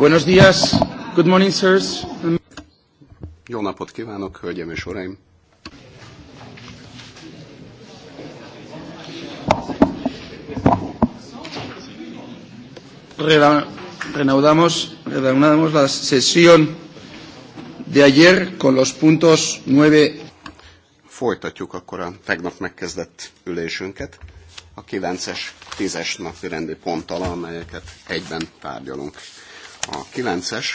Buenos días. Good morning, sirs. Jó napot kívánok, hölgyeim és uraim! Renaudamos, renaudamos la sesión de ayer con los puntos 9. Folytatjuk akkor a tegnap megkezdett ülésünket a 9-es, 10-es napi rendi ponttal, amelyeket egyben tárgyalunk. A 9-es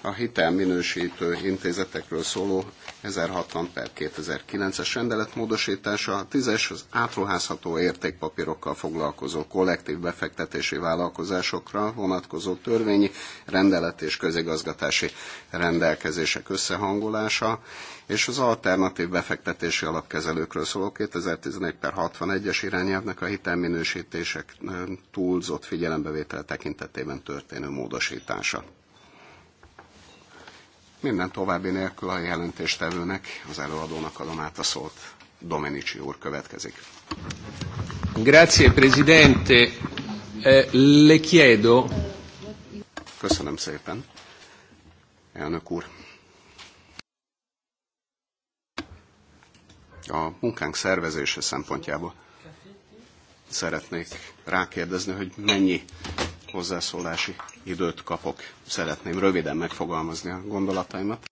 a hitelminősítő intézetekről szóló 1060 per 2009-es rendelet módosítása, a 10-es az átruházható értékpapírokkal foglalkozó kollektív befektetési vállalkozásokra vonatkozó törvényi rendelet és közigazgatási rendelkezések összehangolása, és az alternatív befektetési alapkezelőkről szóló 2011 per 61-es irányelvnek a hitelminősítések túlzott figyelembevétel tekintetében történő módosítása. Minden további nélkül a jelentéstevőnek, az előadónak adom át a szót. Domenici úr következik. Grazie, Presidente. Eh, le chiedo. Köszönöm szépen, elnök úr. a munkánk szervezése szempontjából szeretnék rákérdezni, hogy mennyi hozzászólási időt kapok. Szeretném röviden megfogalmazni a gondolataimat,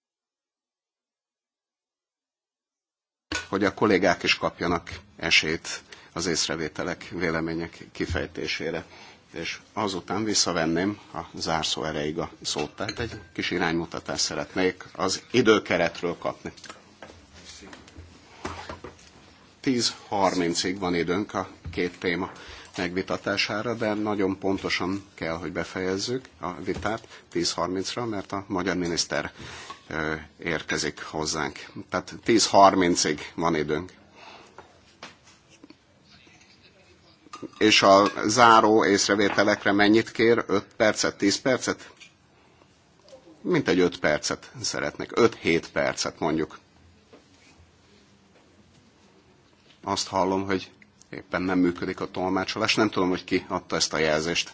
hogy a kollégák is kapjanak esélyt az észrevételek, vélemények kifejtésére. És azután visszavenném a zárszó erejéig a szót, tehát egy kis iránymutatást szeretnék az időkeretről kapni. 10.30-ig van időnk a két téma megvitatására, de nagyon pontosan kell, hogy befejezzük a vitát 10.30-ra, mert a magyar miniszter érkezik hozzánk. Tehát 10.30-ig van időnk. És a záró észrevételekre mennyit kér? 5 percet, 10 percet? Mint egy 5 percet szeretnék. 5-7 percet mondjuk. azt hallom, hogy éppen nem működik a tolmácsolás. Nem tudom, hogy ki adta ezt a jelzést.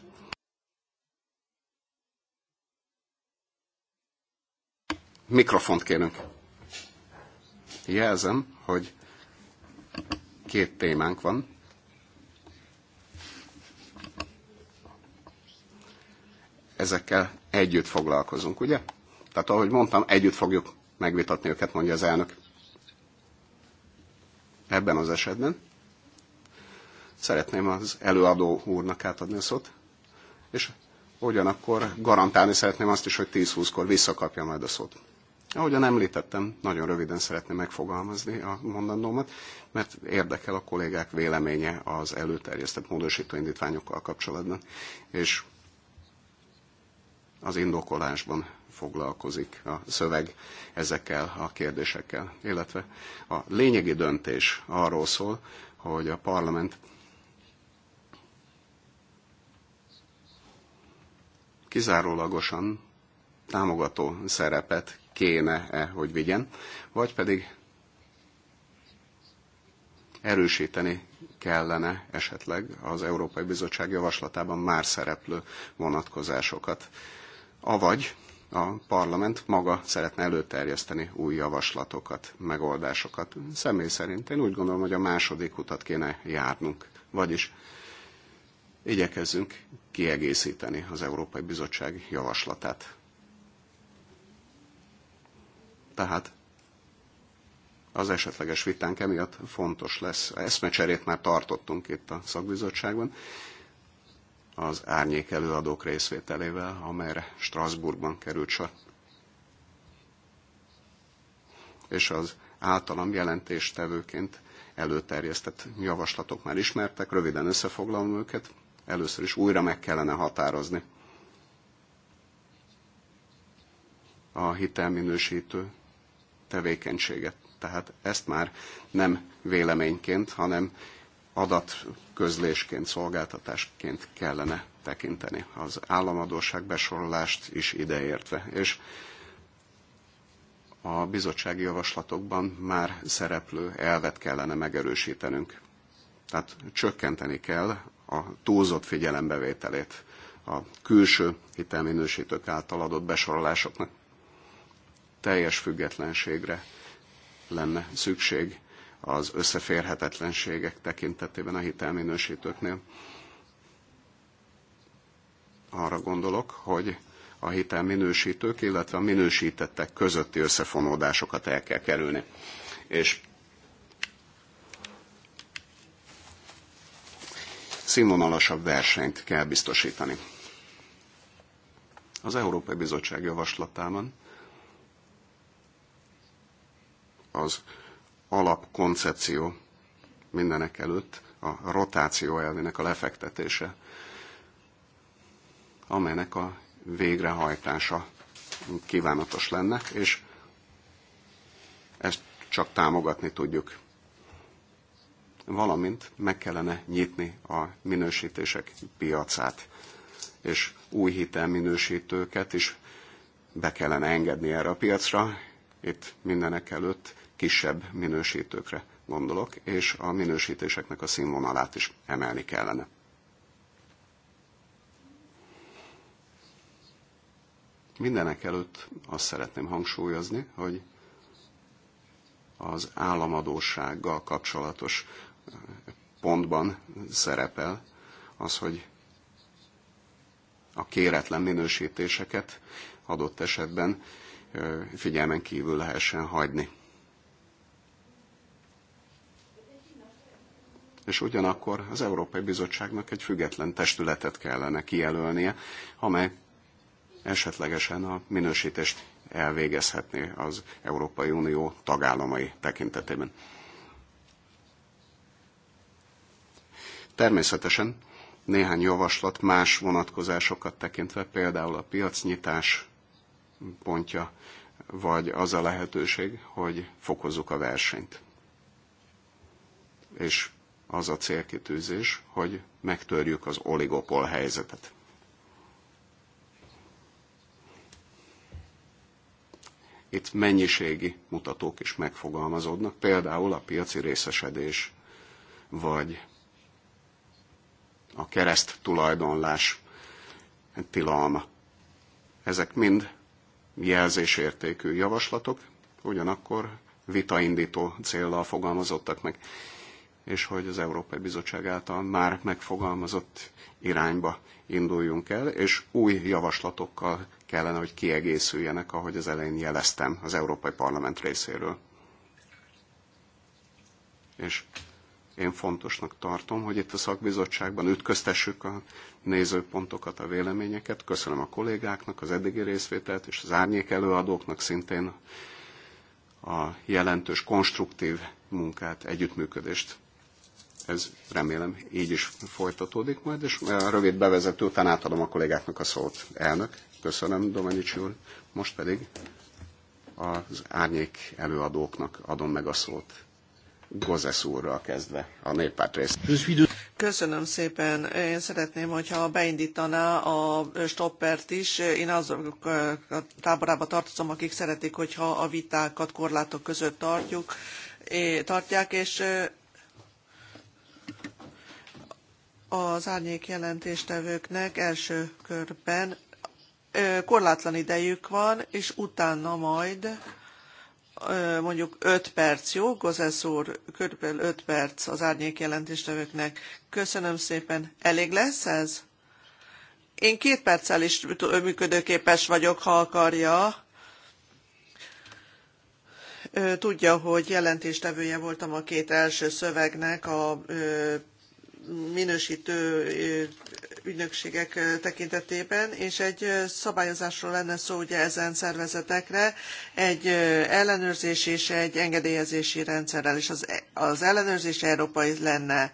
Mikrofont kérünk. Jelzem, hogy két témánk van. Ezekkel együtt foglalkozunk, ugye? Tehát ahogy mondtam, együtt fogjuk megvitatni őket, mondja az elnök ebben az esetben. Szeretném az előadó úrnak átadni a szót, és ugyanakkor garantálni szeretném azt is, hogy 10-20-kor visszakapja majd a szót. Ahogyan említettem, nagyon röviden szeretném megfogalmazni a mondandómat, mert érdekel a kollégák véleménye az előterjesztett módosító indítványokkal kapcsolatban, és az indokolásban foglalkozik a szöveg ezekkel a kérdésekkel, illetve a lényegi döntés arról szól, hogy a parlament kizárólagosan támogató szerepet kéne -e, hogy vigyen, vagy pedig erősíteni kellene esetleg az Európai Bizottság javaslatában már szereplő vonatkozásokat. Avagy a parlament maga szeretne előterjeszteni új javaslatokat, megoldásokat. Személy szerint én úgy gondolom, hogy a második utat kéne járnunk, vagyis igyekezzünk kiegészíteni az Európai Bizottság javaslatát. Tehát az esetleges vitánk emiatt fontos lesz. Eszmecserét már tartottunk itt a szakbizottságban, az árnyék előadók részvételével, amelyre Strasbourgban került sor. És az általam jelentéstevőként előterjesztett javaslatok már ismertek, röviden összefoglalom őket, először is újra meg kellene határozni a hitelminősítő tevékenységet. Tehát ezt már nem véleményként, hanem adatközlésként, szolgáltatásként kellene tekinteni az államadóság besorolást is ideértve. És a bizottsági javaslatokban már szereplő elvet kellene megerősítenünk. Tehát csökkenteni kell a túlzott figyelembevételét a külső hitelminősítők által adott besorolásoknak. Teljes függetlenségre lenne szükség az összeférhetetlenségek tekintetében a hitelminősítőknél. Arra gondolok, hogy a hitelminősítők, illetve a minősítettek közötti összefonódásokat el kell kerülni. És színvonalasabb versenyt kell biztosítani. Az Európai Bizottság javaslatában az alapkoncepció mindenek előtt a rotáció elvének a lefektetése, amelynek a végrehajtása kívánatos lenne, és ezt csak támogatni tudjuk. Valamint meg kellene nyitni a minősítések piacát, és új hitelminősítőket is be kellene engedni erre a piacra. Itt mindenek előtt kisebb minősítőkre gondolok, és a minősítéseknek a színvonalát is emelni kellene. Mindenek előtt azt szeretném hangsúlyozni, hogy az államadósággal kapcsolatos eh, pontban szerepel az, hogy a kéretlen minősítéseket adott esetben eh, figyelmen kívül lehessen hagyni. és ugyanakkor az Európai Bizottságnak egy független testületet kellene kijelölnie, amely esetlegesen a minősítést elvégezhetné az Európai Unió tagállamai tekintetében. Természetesen néhány javaslat más vonatkozásokat tekintve, például a piacnyitás pontja, vagy az a lehetőség, hogy fokozzuk a versenyt. És az a célkitűzés, hogy megtörjük az oligopol helyzetet. Itt mennyiségi mutatók is megfogalmazódnak, például a piaci részesedés, vagy a kereszt tulajdonlás tilalma. Ezek mind jelzésértékű javaslatok, ugyanakkor vitaindító céllal fogalmazottak meg és hogy az Európai Bizottság által már megfogalmazott irányba induljunk el, és új javaslatokkal kellene, hogy kiegészüljenek, ahogy az elején jeleztem az Európai Parlament részéről. És én fontosnak tartom, hogy itt a szakbizottságban ütköztessük a nézőpontokat, a véleményeket. Köszönöm a kollégáknak az eddigi részvételt, és az árnyék előadóknak szintén a jelentős konstruktív munkát, együttműködést. Ez remélem így is folytatódik majd, és a rövid bevezető után átadom a kollégáknak a szót. Elnök, köszönöm Domenics úr, most pedig az árnyék előadóknak adom meg a szót. Gozesz úrral kezdve a néppárt részt. Köszönöm szépen. Én szeretném, hogyha beindítaná a stoppert is. Én azok a táborába tartozom, akik szeretik, hogyha a vitákat korlátok között tartjuk, tartják, és az árnyék jelentéstevőknek első körben korlátlan idejük van, és utána majd mondjuk 5 perc, jó? Gozesz úr, körülbelül 5 perc az árnyék jelentéstevőknek. Köszönöm szépen. Elég lesz ez? Én két perccel is működőképes vagyok, ha akarja. Tudja, hogy jelentéstevője voltam a két első szövegnek, a minősítő ügynökségek tekintetében, és egy szabályozásról lenne szó ugye ezen szervezetekre, egy ellenőrzés és egy engedélyezési rendszerrel, és az, e, az ellenőrzés európai lenne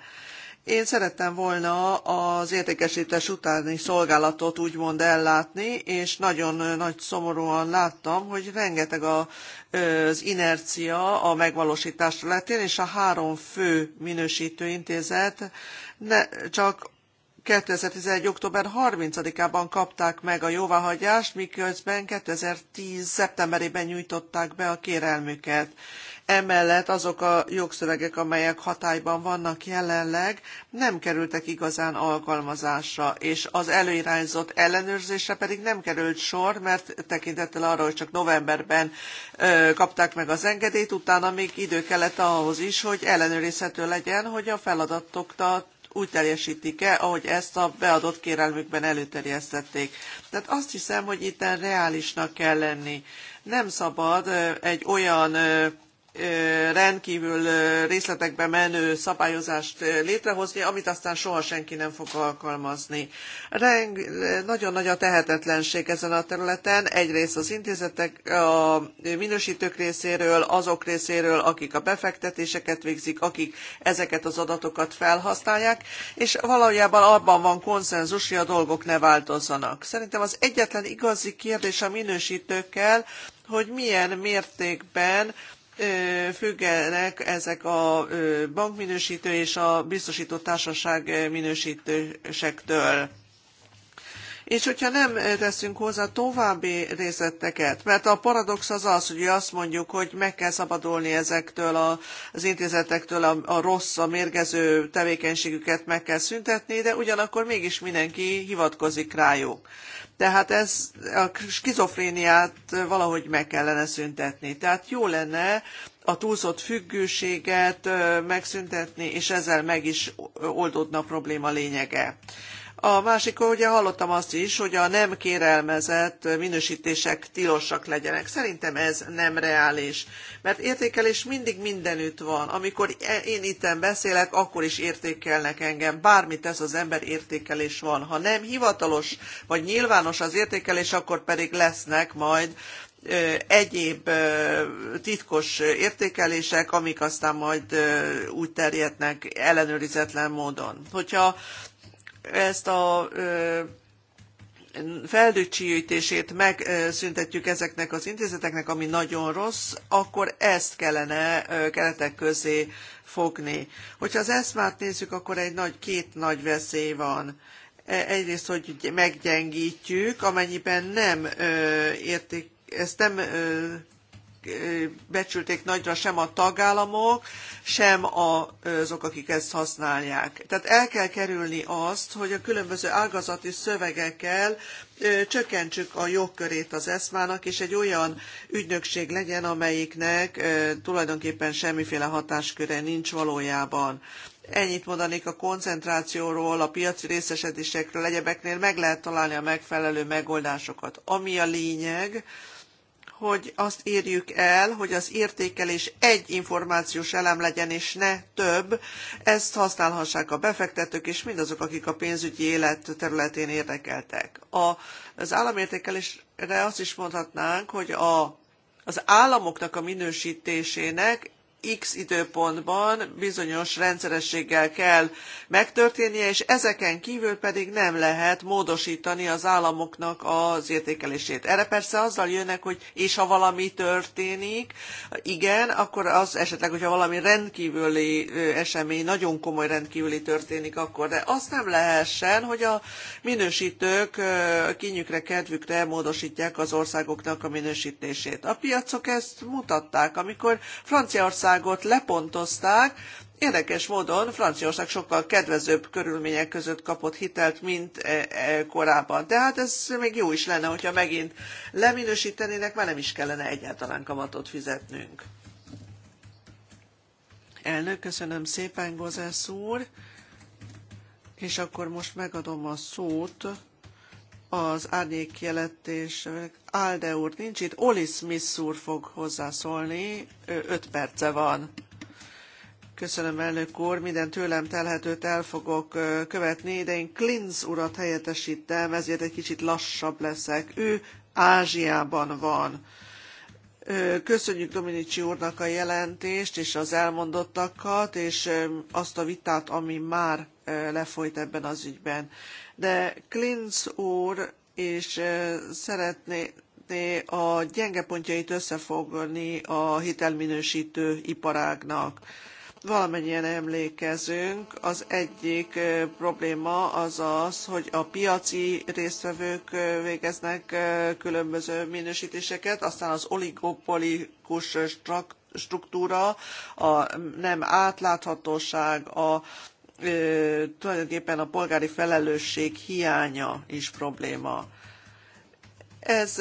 én szerettem volna az értékesítés utáni szolgálatot úgymond ellátni, és nagyon nagy szomorúan láttam, hogy rengeteg a, az inercia a megvalósítás területén, és a három fő minősítő intézet ne, csak 2011. október 30-ában kapták meg a jóváhagyást, miközben 2010. szeptemberében nyújtották be a kérelmüket. Emellett azok a jogszövegek, amelyek hatályban vannak jelenleg, nem kerültek igazán alkalmazásra, és az előirányzott ellenőrzésre pedig nem került sor, mert tekintettel arra, hogy csak novemberben ö, kapták meg az engedélyt, utána még idő kellett ahhoz is, hogy ellenőrizhető legyen, hogy a feladatokat úgy teljesítik-e, ahogy ezt a beadott kérelmükben előterjesztették. Tehát azt hiszem, hogy itt reálisnak kell lenni. Nem szabad egy olyan rendkívül részletekbe menő szabályozást létrehozni, amit aztán soha senki nem fog alkalmazni. Reng, nagyon nagy a tehetetlenség ezen a területen, egyrészt az intézetek, a minősítők részéről, azok részéről, akik a befektetéseket végzik, akik ezeket az adatokat felhasználják, és valójában abban van konszenzus, hogy a dolgok ne változzanak. Szerintem az egyetlen igazi kérdés a minősítőkkel, hogy milyen mértékben függenek ezek a bankminősítő és a biztostó társaság minőstésektől és hogyha nem eh, teszünk hozzá további részleteket, mert a paradox az az, hogy azt mondjuk, hogy meg kell szabadulni ezektől az intézetektől, a, a rossz, a mérgező tevékenységüket meg kell szüntetni, de ugyanakkor mégis mindenki hivatkozik rájuk. Tehát ez a skizofréniát valahogy meg kellene szüntetni. Tehát jó lenne a túlzott függőséget megszüntetni, és ezzel meg is oldódna a probléma lényege. A másik, ugye hallottam azt is, hogy a nem kérelmezett minősítések tilosak legyenek. Szerintem ez nem reális, mert értékelés mindig mindenütt van. Amikor e- én itten beszélek, akkor is értékelnek engem. Bármit tesz az ember, értékelés van. Ha nem hivatalos vagy nyilvános az értékelés, akkor pedig lesznek majd egyéb titkos értékelések, amik aztán majd úgy terjednek ellenőrizetlen módon. Hogyha ezt a feldőcsíjítését megszüntetjük ezeknek az intézeteknek, ami nagyon rossz, akkor ezt kellene keretek közé fogni. Hogyha az eszmát nézzük, akkor egy nagy, két nagy veszély van. E, egyrészt, hogy meggyengítjük, amennyiben nem érték, ezt nem becsülték nagyra sem a tagállamok, sem azok, akik ezt használják. Tehát el kell kerülni azt, hogy a különböző ágazati szövegekkel csökkentsük a jogkörét az eszmának, és egy olyan ügynökség legyen, amelyiknek tulajdonképpen semmiféle hatásköre nincs valójában. Ennyit mondanék a koncentrációról, a piaci részesedésekről, egyebeknél meg lehet találni a megfelelő megoldásokat. Ami a lényeg, hogy azt érjük el, hogy az értékelés egy információs elem legyen, és ne több. Ezt használhassák a befektetők és mindazok, akik a pénzügyi élet területén érdekeltek. A, az államértékelésre azt is mondhatnánk, hogy a az államoknak a minősítésének X időpontban bizonyos rendszerességgel kell megtörténnie, és ezeken kívül pedig nem lehet módosítani az államoknak az értékelését. Erre persze azzal jönnek, hogy és ha valami történik, igen, akkor az esetleg, hogyha valami rendkívüli esemény, nagyon komoly rendkívüli történik akkor, de azt nem lehessen, hogy a minősítők kinyükre, kedvükre módosítják az országoknak a minősítését. A piacok ezt mutatták, amikor Franciaország országot lepontozták, Érdekes módon Franciaország sokkal kedvezőbb körülmények között kapott hitelt, mint e, e, korábban. Tehát ez még jó is lenne, hogyha megint leminősítenének, már nem is kellene egyáltalán kamatot fizetnünk. Elnök, köszönöm szépen, Gozesz úr. És akkor most megadom a szót az árnyék jelentés Alde úr nincs itt, Oli Smith úr fog hozzászólni, öt perce van. Köszönöm, elnök úr, minden tőlem telhetőt el fogok követni, de én Klinz urat helyettesítem, ezért egy kicsit lassabb leszek. Ő Ázsiában van Köszönjük Dominici úrnak a jelentést és az elmondottakat, és azt a vitát, ami már lefolyt ebben az ügyben. De Klinz úr is szeretné a gyenge pontjait összefogni a hitelminősítő iparágnak valamennyien emlékezünk, az egyik probléma az az, hogy a piaci résztvevők végeznek különböző minősítéseket, aztán az oligopolikus struktúra, a nem átláthatóság, a tulajdonképpen a polgári felelősség hiánya is probléma. Ez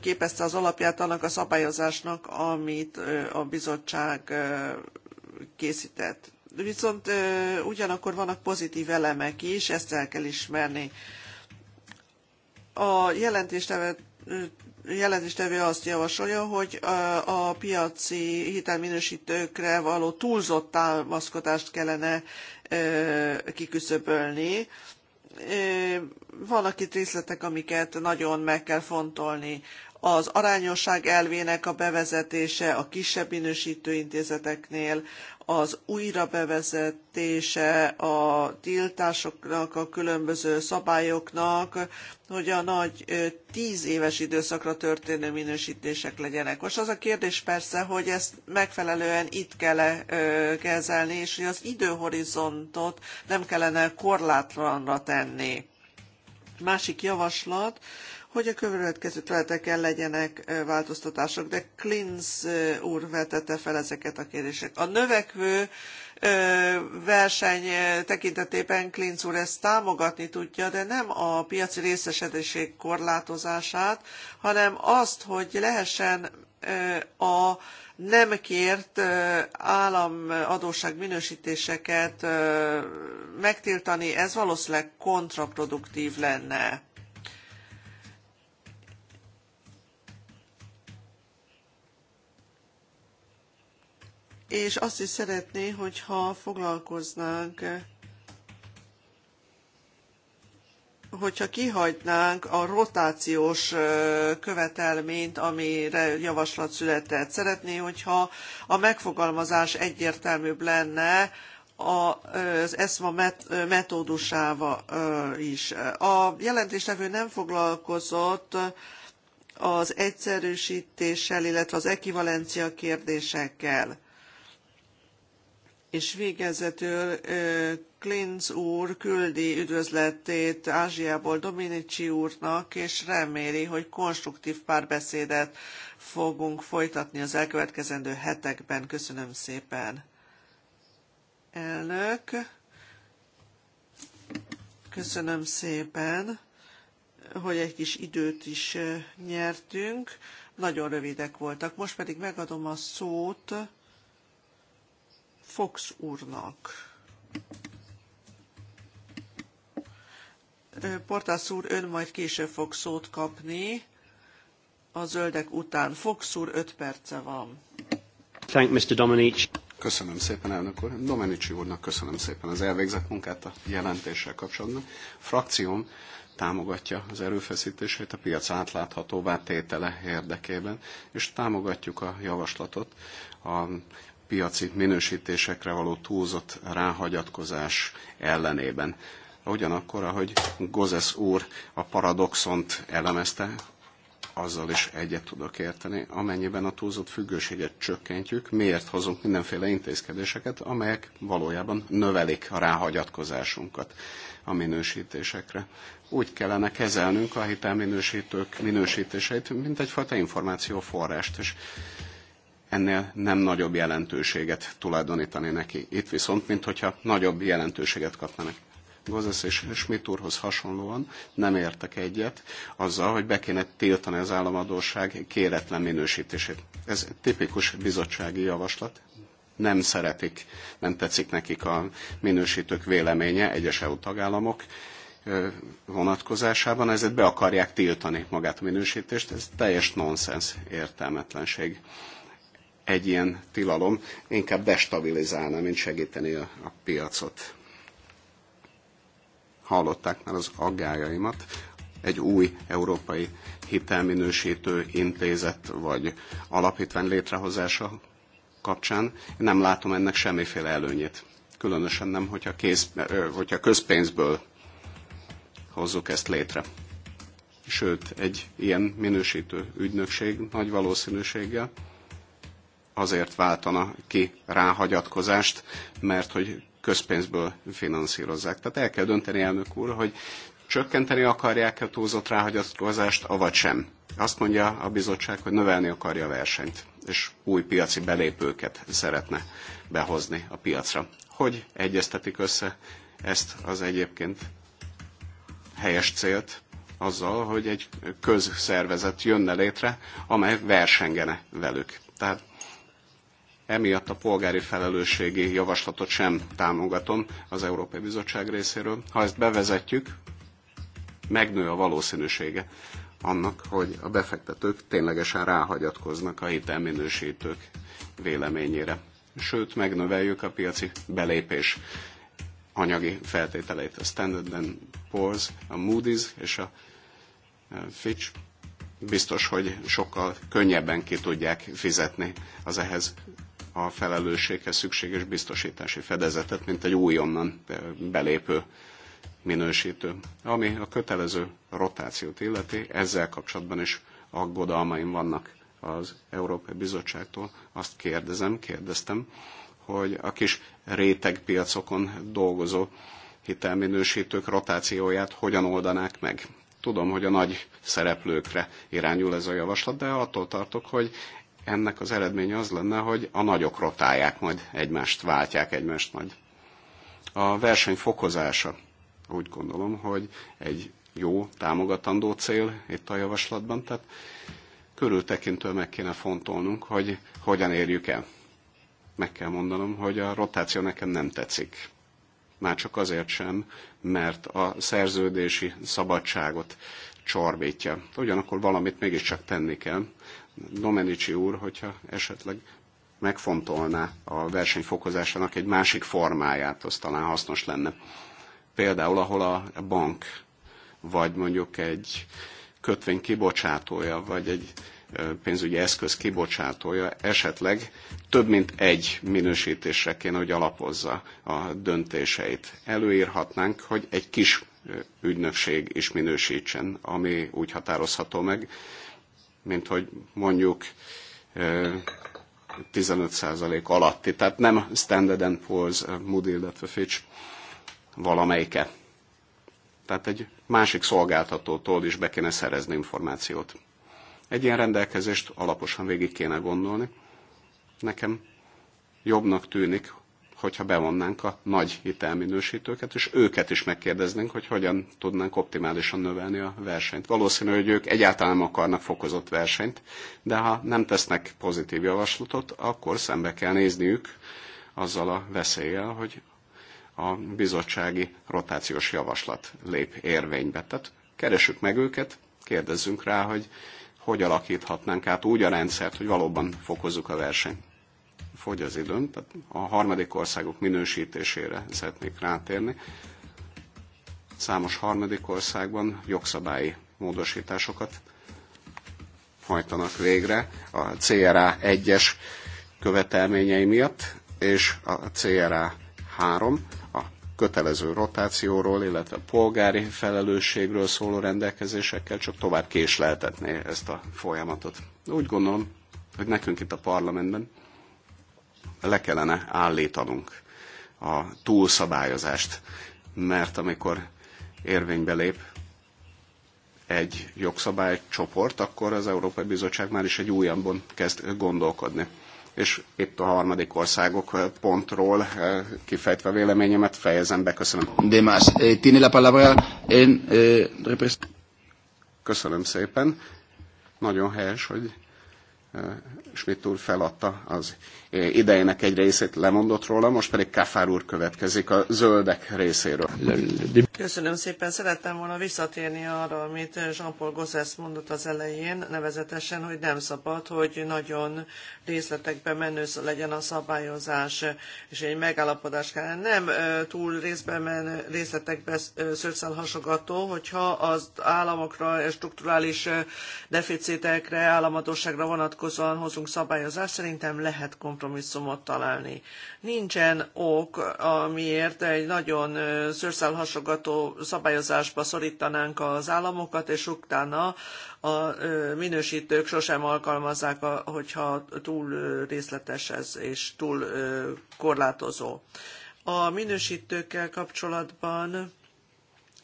képezte az alapját annak a szabályozásnak, amit a bizottság készített. Viszont ugyanakkor vannak pozitív elemek is, ezt el kell ismerni. A jelentéstevő azt javasolja, hogy a piaci hitelminősítőkre való túlzott támaszkodást kellene kiküszöbölni. Vannak itt részletek, amiket nagyon meg kell fontolni az arányosság elvének a bevezetése a kisebb minősítő intézeteknél, az újrabevezetése a tiltásoknak, a különböző szabályoknak, hogy a nagy tíz éves időszakra történő minősítések legyenek. Most az a kérdés persze, hogy ezt megfelelően itt kell -e kezelni, és hogy az időhorizontot nem kellene korlátlanra tenni. Másik javaslat, hogy a következő területeken legyenek változtatások, de Klinz úr vetette fel ezeket a kérdéseket. A növekvő verseny tekintetében Klinz úr ezt támogatni tudja, de nem a piaci részesedéség korlátozását, hanem azt, hogy lehessen a nem kért államadóság minősítéseket megtiltani, ez valószínűleg kontraproduktív lenne. és azt is szeretné, hogyha foglalkoznánk hogyha kihagynánk a rotációs követelményt, amire javaslat született. Szeretné, hogyha a megfogalmazás egyértelműbb lenne az ESMA metódusával is. A jelentéslevő nem foglalkozott az egyszerűsítéssel, illetve az ekivalencia kérdésekkel és végezetül Klinz úr küldi üdvözletét Ázsiából Dominici úrnak, és reméli, hogy konstruktív párbeszédet fogunk folytatni az elkövetkezendő hetekben. Köszönöm szépen. Elnök, köszönöm szépen, hogy egy kis időt is nyertünk. Nagyon rövidek voltak. Most pedig megadom a szót Fox úrnak. Portász úr, ön majd később fog szót kapni a zöldek után. Fox úr, öt perce van. Thank Mr. Dominic. Köszönöm szépen, elnök úr. Domenici úrnak köszönöm szépen az elvégzett munkát a jelentéssel kapcsolatban. Frakcióm támogatja az erőfeszítését a piac átláthatóvá tétele érdekében, és támogatjuk a javaslatot a piaci minősítésekre való túlzott ráhagyatkozás ellenében. Ugyanakkor, ahogy Gozes úr a paradoxont elemezte, azzal is egyet tudok érteni, amennyiben a túlzott függőséget csökkentjük, miért hozunk mindenféle intézkedéseket, amelyek valójában növelik a ráhagyatkozásunkat a minősítésekre. Úgy kellene kezelnünk a hitelminősítők minősítéseit, mint egyfajta információforrást, és ennél nem nagyobb jelentőséget tulajdonítani neki. Itt viszont, mintha nagyobb jelentőséget kapnának. Gozesz és Schmidt úrhoz hasonlóan nem értek egyet azzal, hogy be kéne tiltani az államadóság kéretlen minősítését. Ez tipikus bizottsági javaslat. Nem szeretik, nem tetszik nekik a minősítők véleménye egyes EU tagállamok vonatkozásában, ezért be akarják tiltani magát a minősítést, ez teljes nonsens, értelmetlenség egy ilyen tilalom inkább destabilizálna, mint segíteni a, a piacot. Hallották már az aggájaimat. Egy új európai hitelminősítő intézet vagy alapítvány létrehozása kapcsán. Én nem látom ennek semmiféle előnyét. Különösen nem, hogyha, kéz, hogyha közpénzből hozzuk ezt létre. Sőt, egy ilyen minősítő ügynökség nagy valószínűséggel azért váltana ki ráhagyatkozást, mert hogy közpénzből finanszírozzák. Tehát el kell dönteni, elnök úr, hogy csökkenteni akarják a túlzott ráhagyatkozást, avagy sem. Azt mondja a bizottság, hogy növelni akarja a versenyt, és új piaci belépőket szeretne behozni a piacra. Hogy egyeztetik össze ezt az egyébként helyes célt azzal, hogy egy közszervezet jönne létre, amely versengene velük. Tehát Emiatt a polgári felelősségi javaslatot sem támogatom az Európai Bizottság részéről. Ha ezt bevezetjük, megnő a valószínűsége annak, hogy a befektetők ténylegesen ráhagyatkoznak a hitelminősítők véleményére. Sőt, megnöveljük a piaci belépés anyagi feltételeit. A Standard Poor's, a Moody's és a eh, Fitch biztos, hogy sokkal könnyebben ki tudják fizetni az ehhez a felelősséghez szükséges biztosítási fedezetet, mint egy újonnan belépő minősítő. Ami a kötelező rotációt illeti, ezzel kapcsolatban is aggodalmaim vannak az Európai Bizottságtól. Azt kérdezem, kérdeztem, hogy a kis rétegpiacokon dolgozó hitelminősítők rotációját hogyan oldanák meg. Tudom, hogy a nagy szereplőkre irányul ez a javaslat, de attól tartok, hogy ennek az eredménye az lenne, hogy a nagyok rotálják majd egymást, váltják egymást majd. A verseny fokozása. Úgy gondolom, hogy egy jó, támogatandó cél itt a javaslatban, tehát körültekintően meg kéne fontolnunk, hogy hogyan érjük el. Meg kell mondanom, hogy a rotáció nekem nem tetszik. Már csak azért sem, mert a szerződési szabadságot csorbítja. Ugyanakkor valamit mégiscsak tenni kell Domenici úr, hogyha esetleg megfontolná a versenyfokozásának egy másik formáját, az talán hasznos lenne. Például, ahol a bank, vagy mondjuk egy kötvény kibocsátója, vagy egy pénzügyi eszköz kibocsátója esetleg több mint egy minősítésre kéne, hogy alapozza a döntéseit. Előírhatnánk, hogy egy kis ügynökség is minősítsen, ami úgy határozható meg, mint hogy mondjuk 15% alatti. Tehát nem Standard Poor's, Moody, illetve Fitch valamelyike. Tehát egy másik szolgáltatótól is be kéne szerezni információt. Egy ilyen rendelkezést alaposan végig kéne gondolni. Nekem jobbnak tűnik, hogyha bevonnánk a nagy hitelminősítőket, és őket is megkérdeznénk, hogy hogyan tudnánk optimálisan növelni a versenyt. Valószínű, hogy ők egyáltalán nem akarnak fokozott versenyt, de ha nem tesznek pozitív javaslatot, akkor szembe kell nézniük azzal a veszéllyel, hogy a bizottsági rotációs javaslat lép érvénybe. Tehát keresük meg őket, kérdezzünk rá, hogy hogy alakíthatnánk át úgy a rendszert, hogy valóban fokozzuk a versenyt fogy az időm, tehát a harmadik országok minősítésére szeretnék rátérni. Számos harmadik országban jogszabályi módosításokat hajtanak végre a CRA 1-es követelményei miatt, és a CRA 3 a kötelező rotációról, illetve a polgári felelősségről szóló rendelkezésekkel csak tovább késleltetné ezt a folyamatot. Úgy gondolom, hogy nekünk itt a parlamentben le kellene állítanunk a túlszabályozást, mert amikor érvénybe lép egy jogszabálycsoport, akkor az Európai Bizottság már is egy újabban kezd gondolkodni. És itt a harmadik országok pontról eh, kifejtve véleményemet fejezem be. Köszönöm. De más. Eh, tiene la palabra en, eh, Köszönöm szépen. Nagyon helyes, hogy Schmidt úr feladta az idejének egy részét, lemondott róla, most pedig Kafár úr következik a zöldek részéről. Köszönöm szépen, szerettem volna visszatérni arra, amit Jean-Paul Gossesz mondott az elején, nevezetesen, hogy nem szabad, hogy nagyon részletekben menő legyen a szabályozás, és egy megállapodás kell. Nem túl részben menő, részletekbe szőrszál hasogató, hogyha az államokra, strukturális deficitekre, államadóságra vonatkozó vonatkozóan hozunk szabályozást, szerintem lehet kompromisszumot találni. Nincsen ok, amiért egy nagyon szőrszálhasogató szabályozásba szorítanánk az államokat, és utána a minősítők sosem alkalmazzák, hogyha túl részletes ez, és túl korlátozó. A minősítőkkel kapcsolatban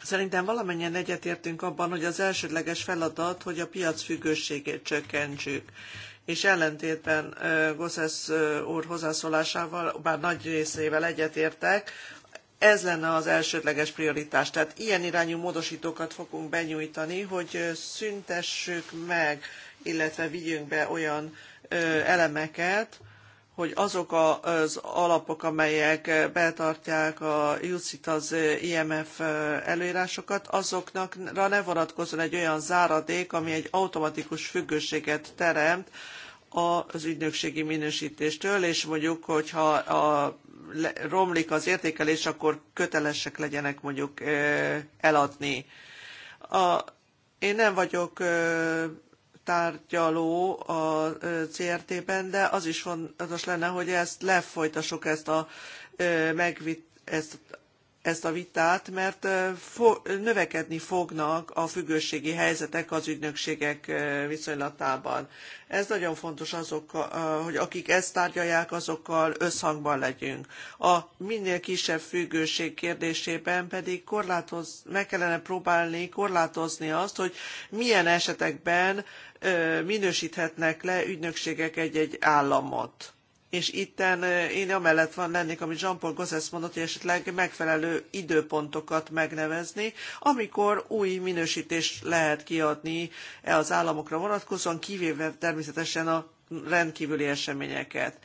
Szerintem valamennyien egyetértünk abban, hogy az elsődleges feladat, hogy a piac függőségét csökkentsük és ellentétben Gossesz úr hozzászólásával, bár nagy részével egyetértek, ez lenne az elsődleges prioritás. Tehát ilyen irányú módosítókat fogunk benyújtani, hogy szüntessük meg, illetve vigyünk be olyan elemeket, hogy azok az alapok, amelyek betartják a UCIT az IMF előírásokat, azoknakra ne vonatkozzon egy olyan záradék, ami egy automatikus függőséget teremt az ügynökségi minősítéstől, és mondjuk, hogyha a, romlik az értékelés, akkor kötelesek legyenek mondjuk eladni. A, én nem vagyok tárgyaló a CRT-ben, de az is fontos lenne, hogy ezt lefolytassuk, ezt a megvit, ezt ezt a vitát, mert növekedni fognak a függőségi helyzetek az ügynökségek viszonylatában. Ez nagyon fontos azokkal, hogy akik ezt tárgyalják, azokkal összhangban legyünk. A minél kisebb függőség kérdésében pedig korlátoz, meg kellene próbálni korlátozni azt, hogy milyen esetekben minősíthetnek le ügynökségek egy-egy államot és itten én amellett van lennék, amit Jean-Paul Gossesz mondott, hogy esetleg megfelelő időpontokat megnevezni, amikor új minősítést lehet kiadni e az államokra vonatkozóan, kivéve természetesen a rendkívüli eseményeket.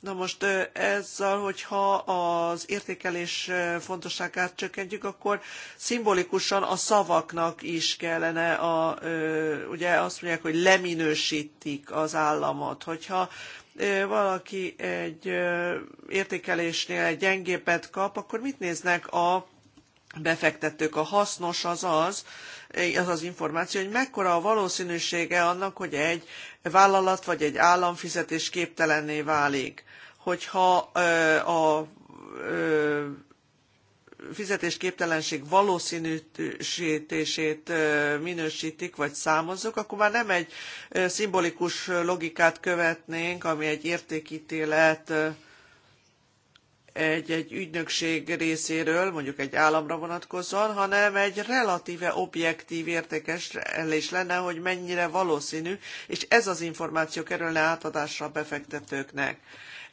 Na most ezzel, hogyha az értékelés fontosságát csökkentjük, akkor szimbolikusan a szavaknak is kellene, a, ugye azt mondják, hogy leminősítik az államot. Hogyha valaki egy értékelésnél egy gyengébbet kap, akkor mit néznek a befektetők? A hasznos az az, az az információ, hogy mekkora a valószínűsége annak, hogy egy vállalat vagy egy állam fizetés képtelenné válik. Hogyha a fizetésképtelenség valószínűsítését minősítik, vagy számozzuk, akkor már nem egy szimbolikus logikát követnénk, ami egy értékítélet egy, egy ügynökség részéről, mondjuk egy államra vonatkozóan, hanem egy relatíve objektív értékeslés lenne, hogy mennyire valószínű, és ez az információ kerülne átadásra a befektetőknek.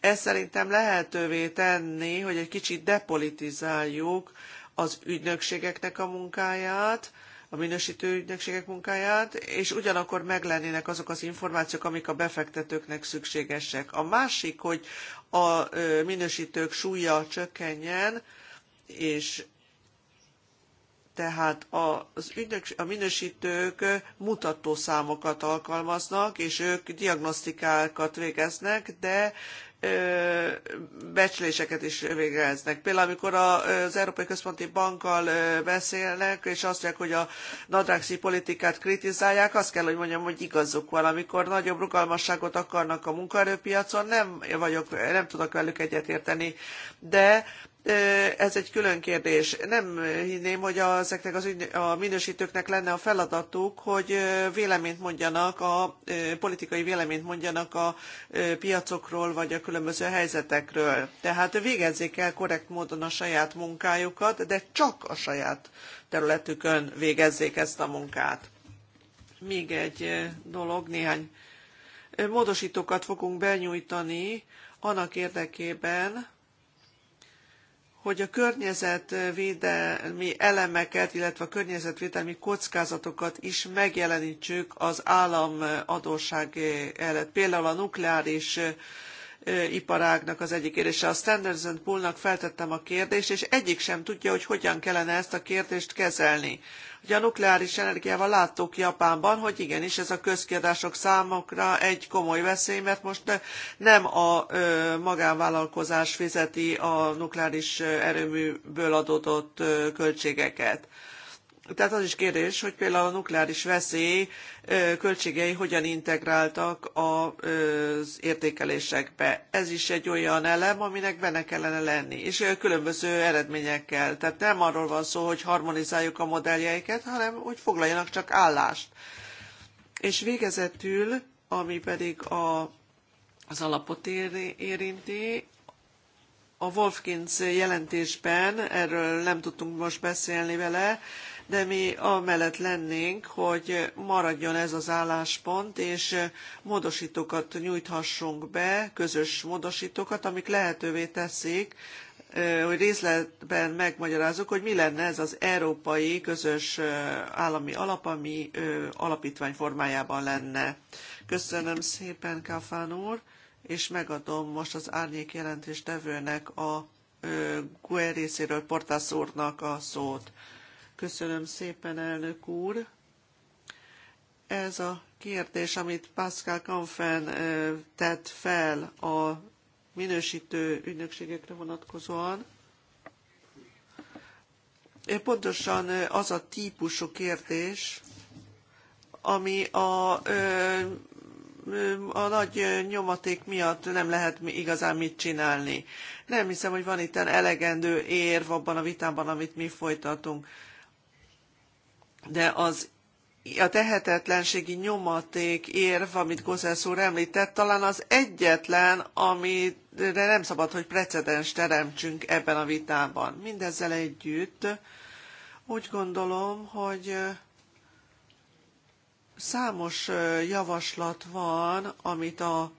Ez szerintem lehetővé tenni, hogy egy kicsit depolitizáljuk az ügynökségeknek a munkáját, a minősítő ügynökségek munkáját, és ugyanakkor meglennének azok az információk, amik a befektetőknek szükségesek. A másik, hogy a minősítők súlya csökkenjen, és tehát az ügynök, a minősítők mutatószámokat alkalmaznak, és ők diagnosztikákat végeznek, de becsléseket is végeznek. Például amikor az Európai Központi Bankkal beszélnek, és azt mondják, hogy a nadrágszi politikát kritizálják, azt kell, hogy mondjam, hogy igazuk van. Amikor nagyobb rugalmasságot akarnak a munkaerőpiacon, nem vagyok, nem tudok velük egyetérteni, de ez egy külön kérdés. Nem hinném, hogy ezeknek az ügy, a minősítőknek lenne a feladatuk, hogy véleményt mondjanak, a politikai véleményt mondjanak a piacokról, vagy a különböző helyzetekről. Tehát végezzék el korrekt módon a saját munkájukat, de csak a saját területükön végezzék ezt a munkát. Még egy dolog, néhány módosítókat fogunk benyújtani annak érdekében, hogy a környezetvédelmi elemeket, illetve a környezetvédelmi kockázatokat is megjelenítsük az állam adósság előtt. Például a nukleáris iparágnak az egyik kérdése. A Standards Poolnak feltettem a kérdést, és egyik sem tudja, hogy hogyan kellene ezt a kérdést kezelni hogy a nukleáris energiával láttuk Japánban, hogy igenis ez a közkiadások számokra egy komoly veszély, mert most nem a magánvállalkozás fizeti a nukleáris erőműből adódott költségeket. Tehát az is kérdés, hogy például a nukleáris veszély költségei hogyan integráltak az értékelésekbe. Ez is egy olyan elem, aminek benne kellene lenni, és különböző eredményekkel. Tehát nem arról van szó, hogy harmonizáljuk a modelljeiket, hanem hogy foglaljanak csak állást. És végezetül, ami pedig a, az alapot érinti, a Wolfkins jelentésben, erről nem tudtunk most beszélni vele, de mi amellett lennénk, hogy maradjon ez az álláspont, és módosítókat nyújthassunk be, közös módosítókat, amik lehetővé teszik, hogy részletben megmagyarázzuk, hogy mi lenne ez az európai közös állami alap, ami alapítvány formájában lenne. Köszönöm szépen, Kafán úr, és megadom most az árnyék jelentéstevőnek a GUE részéről Portász úrnak a szót. Köszönöm szépen, elnök úr. Ez a kérdés, amit Pascal Canfen tett fel a minősítő ügynökségekre vonatkozóan, pontosan az a típusú kérdés, ami a, a nagy nyomaték miatt nem lehet igazán mit csinálni. Nem hiszem, hogy van itt elegendő érv abban a vitában, amit mi folytatunk de az a tehetetlenségi nyomaték érv, amit Gozesz úr említett, talán az egyetlen, amire nem szabad, hogy precedens teremtsünk ebben a vitában. Mindezzel együtt úgy gondolom, hogy számos javaslat van, amit a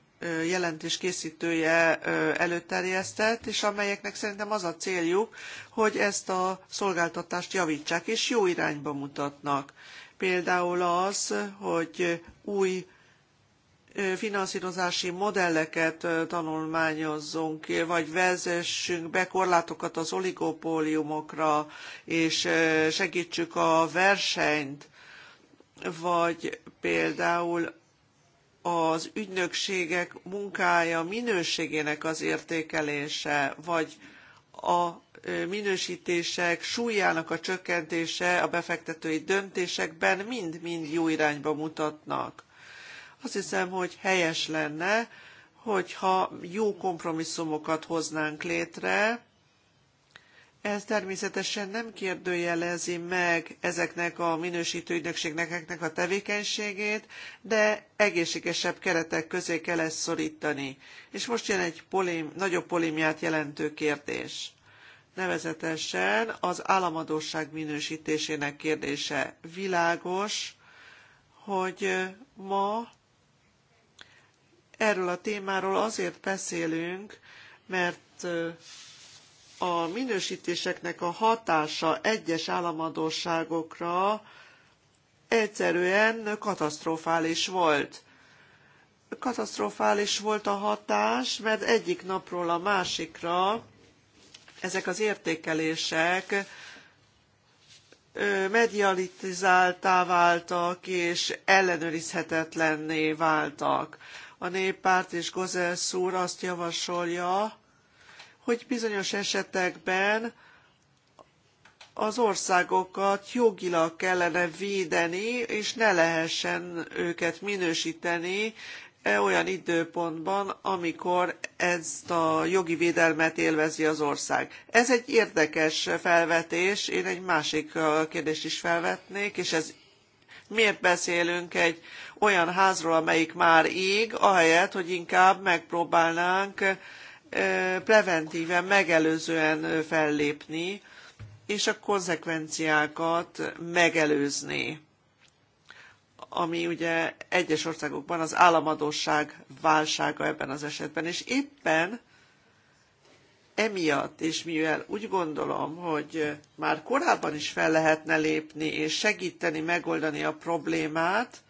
jelentés készítője előterjesztett, és amelyeknek szerintem az a céljuk, hogy ezt a szolgáltatást javítsák, és jó irányba mutatnak. Például az, hogy új finanszírozási modelleket tanulmányozzunk, vagy vezessünk be korlátokat az oligopóliumokra, és segítsük a versenyt, vagy például az ügynökségek munkája minőségének az értékelése, vagy a minősítések súlyának a csökkentése a befektetői döntésekben mind-mind jó irányba mutatnak. Azt hiszem, hogy helyes lenne, hogyha jó kompromisszumokat hoznánk létre, ez természetesen nem kérdőjelezi meg ezeknek a minősítő ügynökségnek a tevékenységét, de egészségesebb keretek közé kell ezt szorítani. És most jön egy polém, nagyobb polémiát jelentő kérdés. Nevezetesen az államadóság minősítésének kérdése világos, hogy ma erről a témáról azért beszélünk, mert a minősítéseknek a hatása egyes államadóságokra egyszerűen katasztrofális volt. Katasztrofális volt a hatás, mert egyik napról a másikra ezek az értékelések medializáltá váltak, és ellenőrizhetetlenné váltak. A néppárt és Gozelsz úr azt javasolja, hogy bizonyos esetekben az országokat jogilag kellene védeni, és ne lehessen őket minősíteni e olyan időpontban, amikor ezt a jogi védelmet élvezi az ország. Ez egy érdekes felvetés, én egy másik kérdést is felvetnék, és ez miért beszélünk egy olyan házról, amelyik már ég, ahelyett, hogy inkább megpróbálnánk preventíven, megelőzően fellépni, és a konzekvenciákat megelőzni, ami ugye egyes országokban az államadóság válsága ebben az esetben. És éppen emiatt, és mivel úgy gondolom, hogy már korábban is fel lehetne lépni és segíteni megoldani a problémát,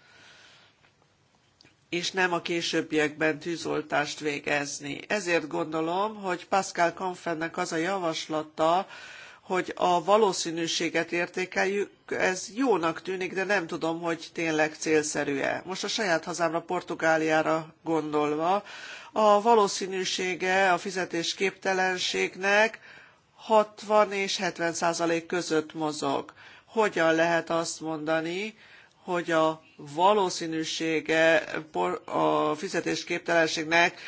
és nem a későbbiekben tűzoltást végezni. Ezért gondolom, hogy Pascal Kanfennek az a javaslata, hogy a valószínűséget értékeljük, ez jónak tűnik, de nem tudom, hogy tényleg célszerű-e. Most a saját hazámra, Portugáliára gondolva, a valószínűsége a fizetésképtelenségnek 60 és 70 százalék között mozog. Hogyan lehet azt mondani, hogy a valószínűsége a fizetésképtelenségnek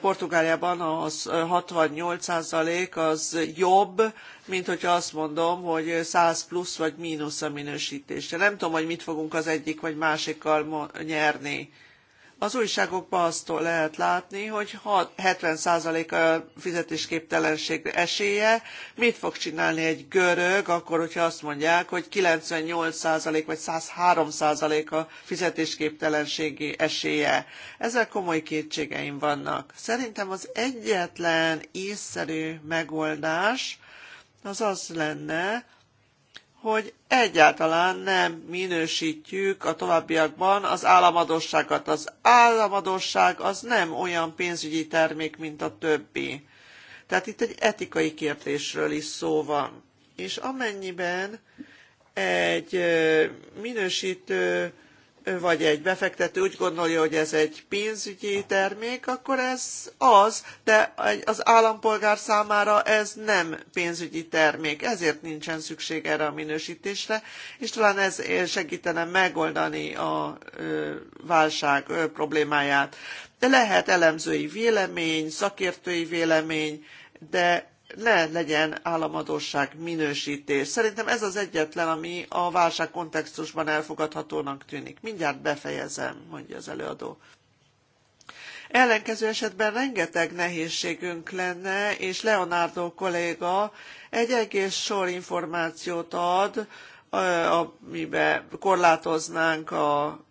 Portugáliában az 68% az jobb, mint hogyha azt mondom, hogy 100 plusz vagy mínusz a minősítése. Nem tudom, hogy mit fogunk az egyik vagy másikkal nyerni. Az újságokban azt lehet látni, hogy 70% a fizetésképtelenség esélye. Mit fog csinálni egy görög, akkor, hogyha azt mondják, hogy 98% vagy 103% a fizetésképtelenségi esélye. Ezzel komoly kétségeim vannak. Szerintem az egyetlen észszerű megoldás az az lenne, hogy egyáltalán nem minősítjük a továbbiakban az államadosságot. Az államadosság az nem olyan pénzügyi termék, mint a többi. Tehát itt egy etikai kérdésről is szó van. És amennyiben egy minősítő vagy egy befektető úgy gondolja, hogy ez egy pénzügyi termék, akkor ez az, de az állampolgár számára ez nem pénzügyi termék, ezért nincsen szükség erre a minősítésre, és talán ez segítene megoldani a válság problémáját. De lehet elemzői vélemény, szakértői vélemény, de ne legyen államadóság minősítés. Szerintem ez az egyetlen, ami a válság kontextusban elfogadhatónak tűnik. Mindjárt befejezem, mondja az előadó. Ellenkező esetben rengeteg nehézségünk lenne, és Leonardo kolléga egy egész sor információt ad, amiben korlátoznánk a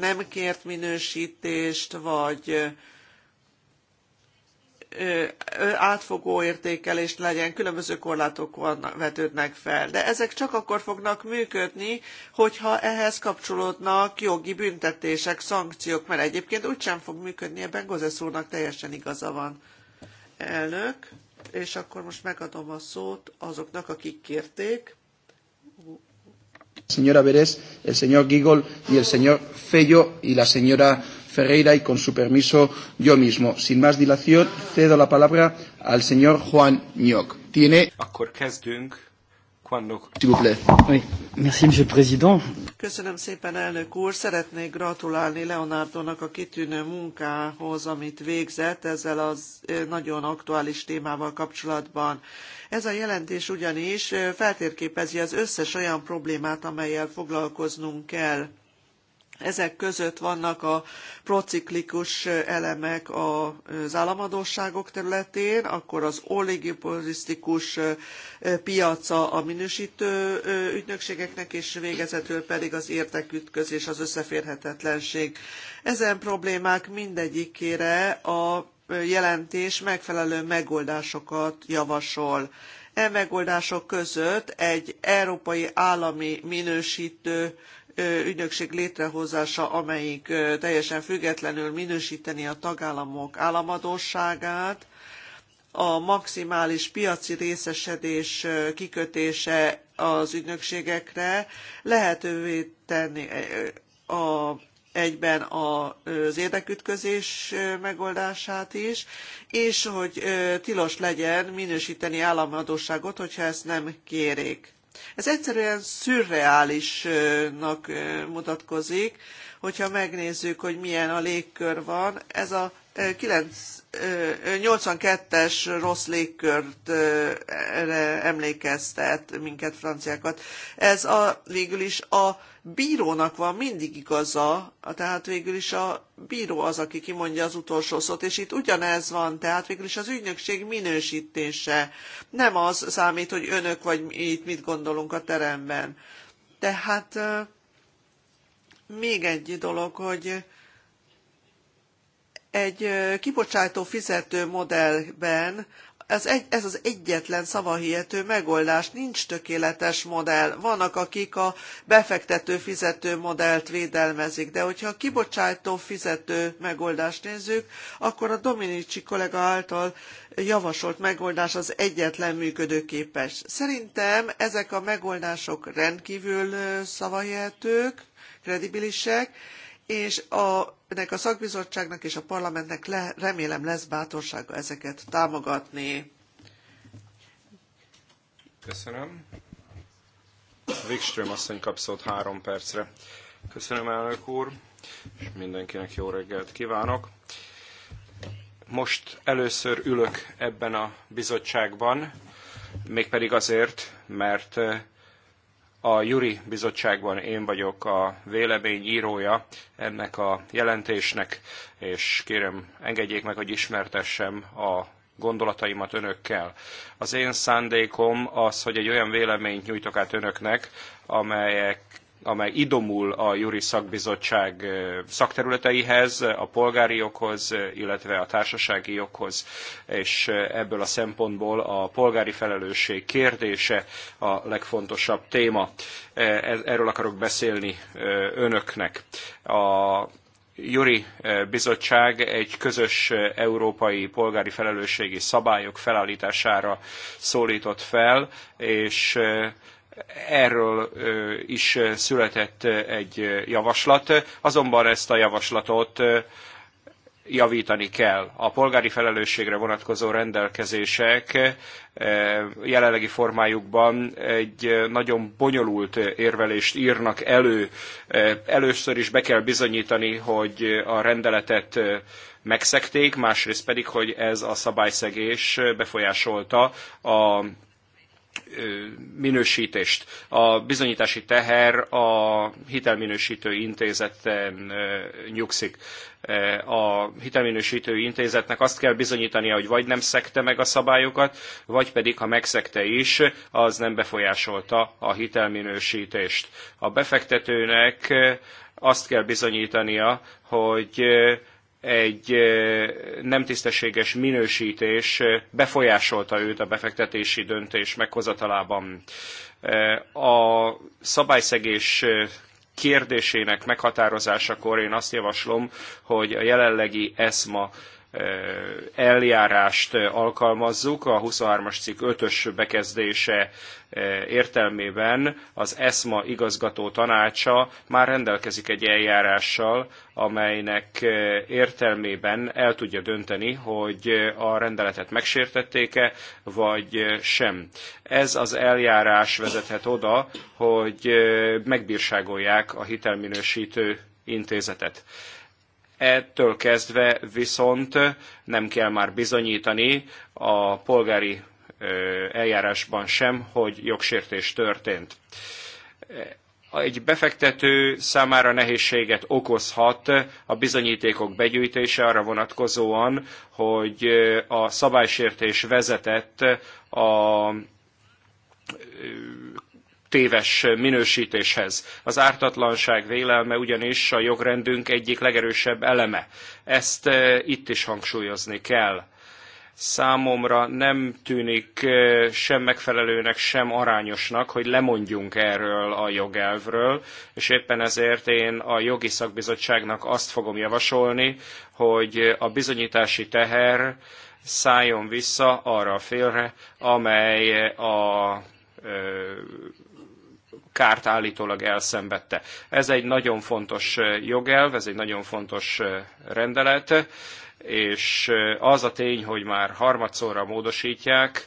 nem kért minősítést, vagy átfogó értékelést legyen, különböző korlátok vetődnek fel. De ezek csak akkor fognak működni, hogyha ehhez kapcsolódnak jogi büntetések, szankciók, mert egyébként úgy sem fog működni, ebben Gozesz úrnak teljesen igaza van. Elnök, és akkor most megadom a szót azoknak, akik kérték. Señora Beres, el señor Gigol y el señor Fello y la señora Ferreira y, con su permiso, yo mismo. Sin más dilación, cedo la palabra al señor Juan Ñoc. Tiene... Akkor kezdünk. Köszönöm szépen, elnök úr. Szeretnék gratulálni Leonardónak a kitűnő munkához, amit végzett ezzel az nagyon aktuális témával kapcsolatban. Ez a jelentés ugyanis feltérképezi az összes olyan problémát, amelyel foglalkoznunk kell ezek között vannak a prociklikus elemek az államadóságok területén, akkor az oligopolisztikus piaca a minősítő ügynökségeknek, és végezetül pedig az értekütközés, az összeférhetetlenség. Ezen problémák mindegyikére a jelentés megfelelő megoldásokat javasol. E megoldások között egy európai állami minősítő ügynökség létrehozása, amelyik teljesen függetlenül minősíteni a tagállamok államadóságát, a maximális piaci részesedés kikötése az ügynökségekre lehetővé tenni a, egyben az érdekütközés megoldását is, és hogy tilos legyen minősíteni államadóságot, hogyha ezt nem kérik. Ez egyszerűen szürreálisnak mutatkozik, hogyha megnézzük, hogy milyen a légkör van. Ez a 82-es rossz légkört emlékeztet minket, franciákat. Ez a, végül is a bírónak van mindig igaza, tehát végül is a bíró az, aki kimondja az utolsó szót, és itt ugyanez van, tehát végül is az ügynökség minősítése. Nem az számít, hogy önök vagy itt mit gondolunk a teremben. Tehát még egy dolog, hogy egy kibocsátó fizető modellben ez, egy, ez az egyetlen szavahihető megoldás, nincs tökéletes modell. Vannak, akik a befektető-fizető modellt védelmezik, de hogyha a kibocsátó-fizető megoldást nézzük, akkor a Dominici kollega által javasolt megoldás az egyetlen működőképes. Szerintem ezek a megoldások rendkívül szavahihetők, kredibilisek, és a, ennek a szakbizottságnak és a parlamentnek le, remélem lesz bátorsága ezeket támogatni. Köszönöm. Wikström asszony kap szót három percre. Köszönöm, elnök úr, és mindenkinek jó reggelt kívánok. Most először ülök ebben a bizottságban, mégpedig azért, mert a Juri Bizottságban én vagyok a véleményírója ennek a jelentésnek, és kérem, engedjék meg, hogy ismertessem a gondolataimat önökkel. Az én szándékom az, hogy egy olyan véleményt nyújtok át önöknek, amelyek amely idomul a Juri Szakbizottság szakterületeihez, a polgári joghoz, illetve a társasági joghoz, és ebből a szempontból a polgári felelősség kérdése a legfontosabb téma. E, erről akarok beszélni önöknek. A Juri Bizottság egy közös európai polgári felelősségi szabályok felállítására szólított fel, és Erről is született egy javaslat, azonban ezt a javaslatot javítani kell. A polgári felelősségre vonatkozó rendelkezések jelenlegi formájukban egy nagyon bonyolult érvelést írnak elő. Először is be kell bizonyítani, hogy a rendeletet megszekték, másrészt pedig, hogy ez a szabályszegés befolyásolta a minősítést. A bizonyítási teher a hitelminősítő intézeten nyugszik. A hitelminősítő intézetnek azt kell bizonyítania, hogy vagy nem szekte meg a szabályokat, vagy pedig, ha megszekte is, az nem befolyásolta a hitelminősítést. A befektetőnek azt kell bizonyítania, hogy egy nem tisztességes minősítés befolyásolta őt a befektetési döntés meghozatalában. A szabályszegés kérdésének meghatározásakor én azt javaslom, hogy a jelenlegi ESMA eljárást alkalmazzuk, a 23-as cikk 5-ös bekezdése értelmében az ESMA igazgató tanácsa már rendelkezik egy eljárással, amelynek értelmében el tudja dönteni, hogy a rendeletet megsértették-e, vagy sem. Ez az eljárás vezethet oda, hogy megbírságolják a hitelminősítő intézetet. Ettől kezdve viszont nem kell már bizonyítani a polgári eljárásban sem, hogy jogsértés történt. Egy befektető számára nehézséget okozhat a bizonyítékok begyűjtése arra vonatkozóan, hogy a szabálysértés vezetett a téves minősítéshez. Az ártatlanság vélelme ugyanis a jogrendünk egyik legerősebb eleme. Ezt eh, itt is hangsúlyozni kell. Számomra nem tűnik eh, sem megfelelőnek, sem arányosnak, hogy lemondjunk erről a jogelvről, és éppen ezért én a jogi szakbizottságnak azt fogom javasolni, hogy a bizonyítási teher szálljon vissza arra a félre, amely a eh, kárt állítólag elszenvedte. Ez egy nagyon fontos jogelv, ez egy nagyon fontos rendelet, és az a tény, hogy már harmadszorra módosítják,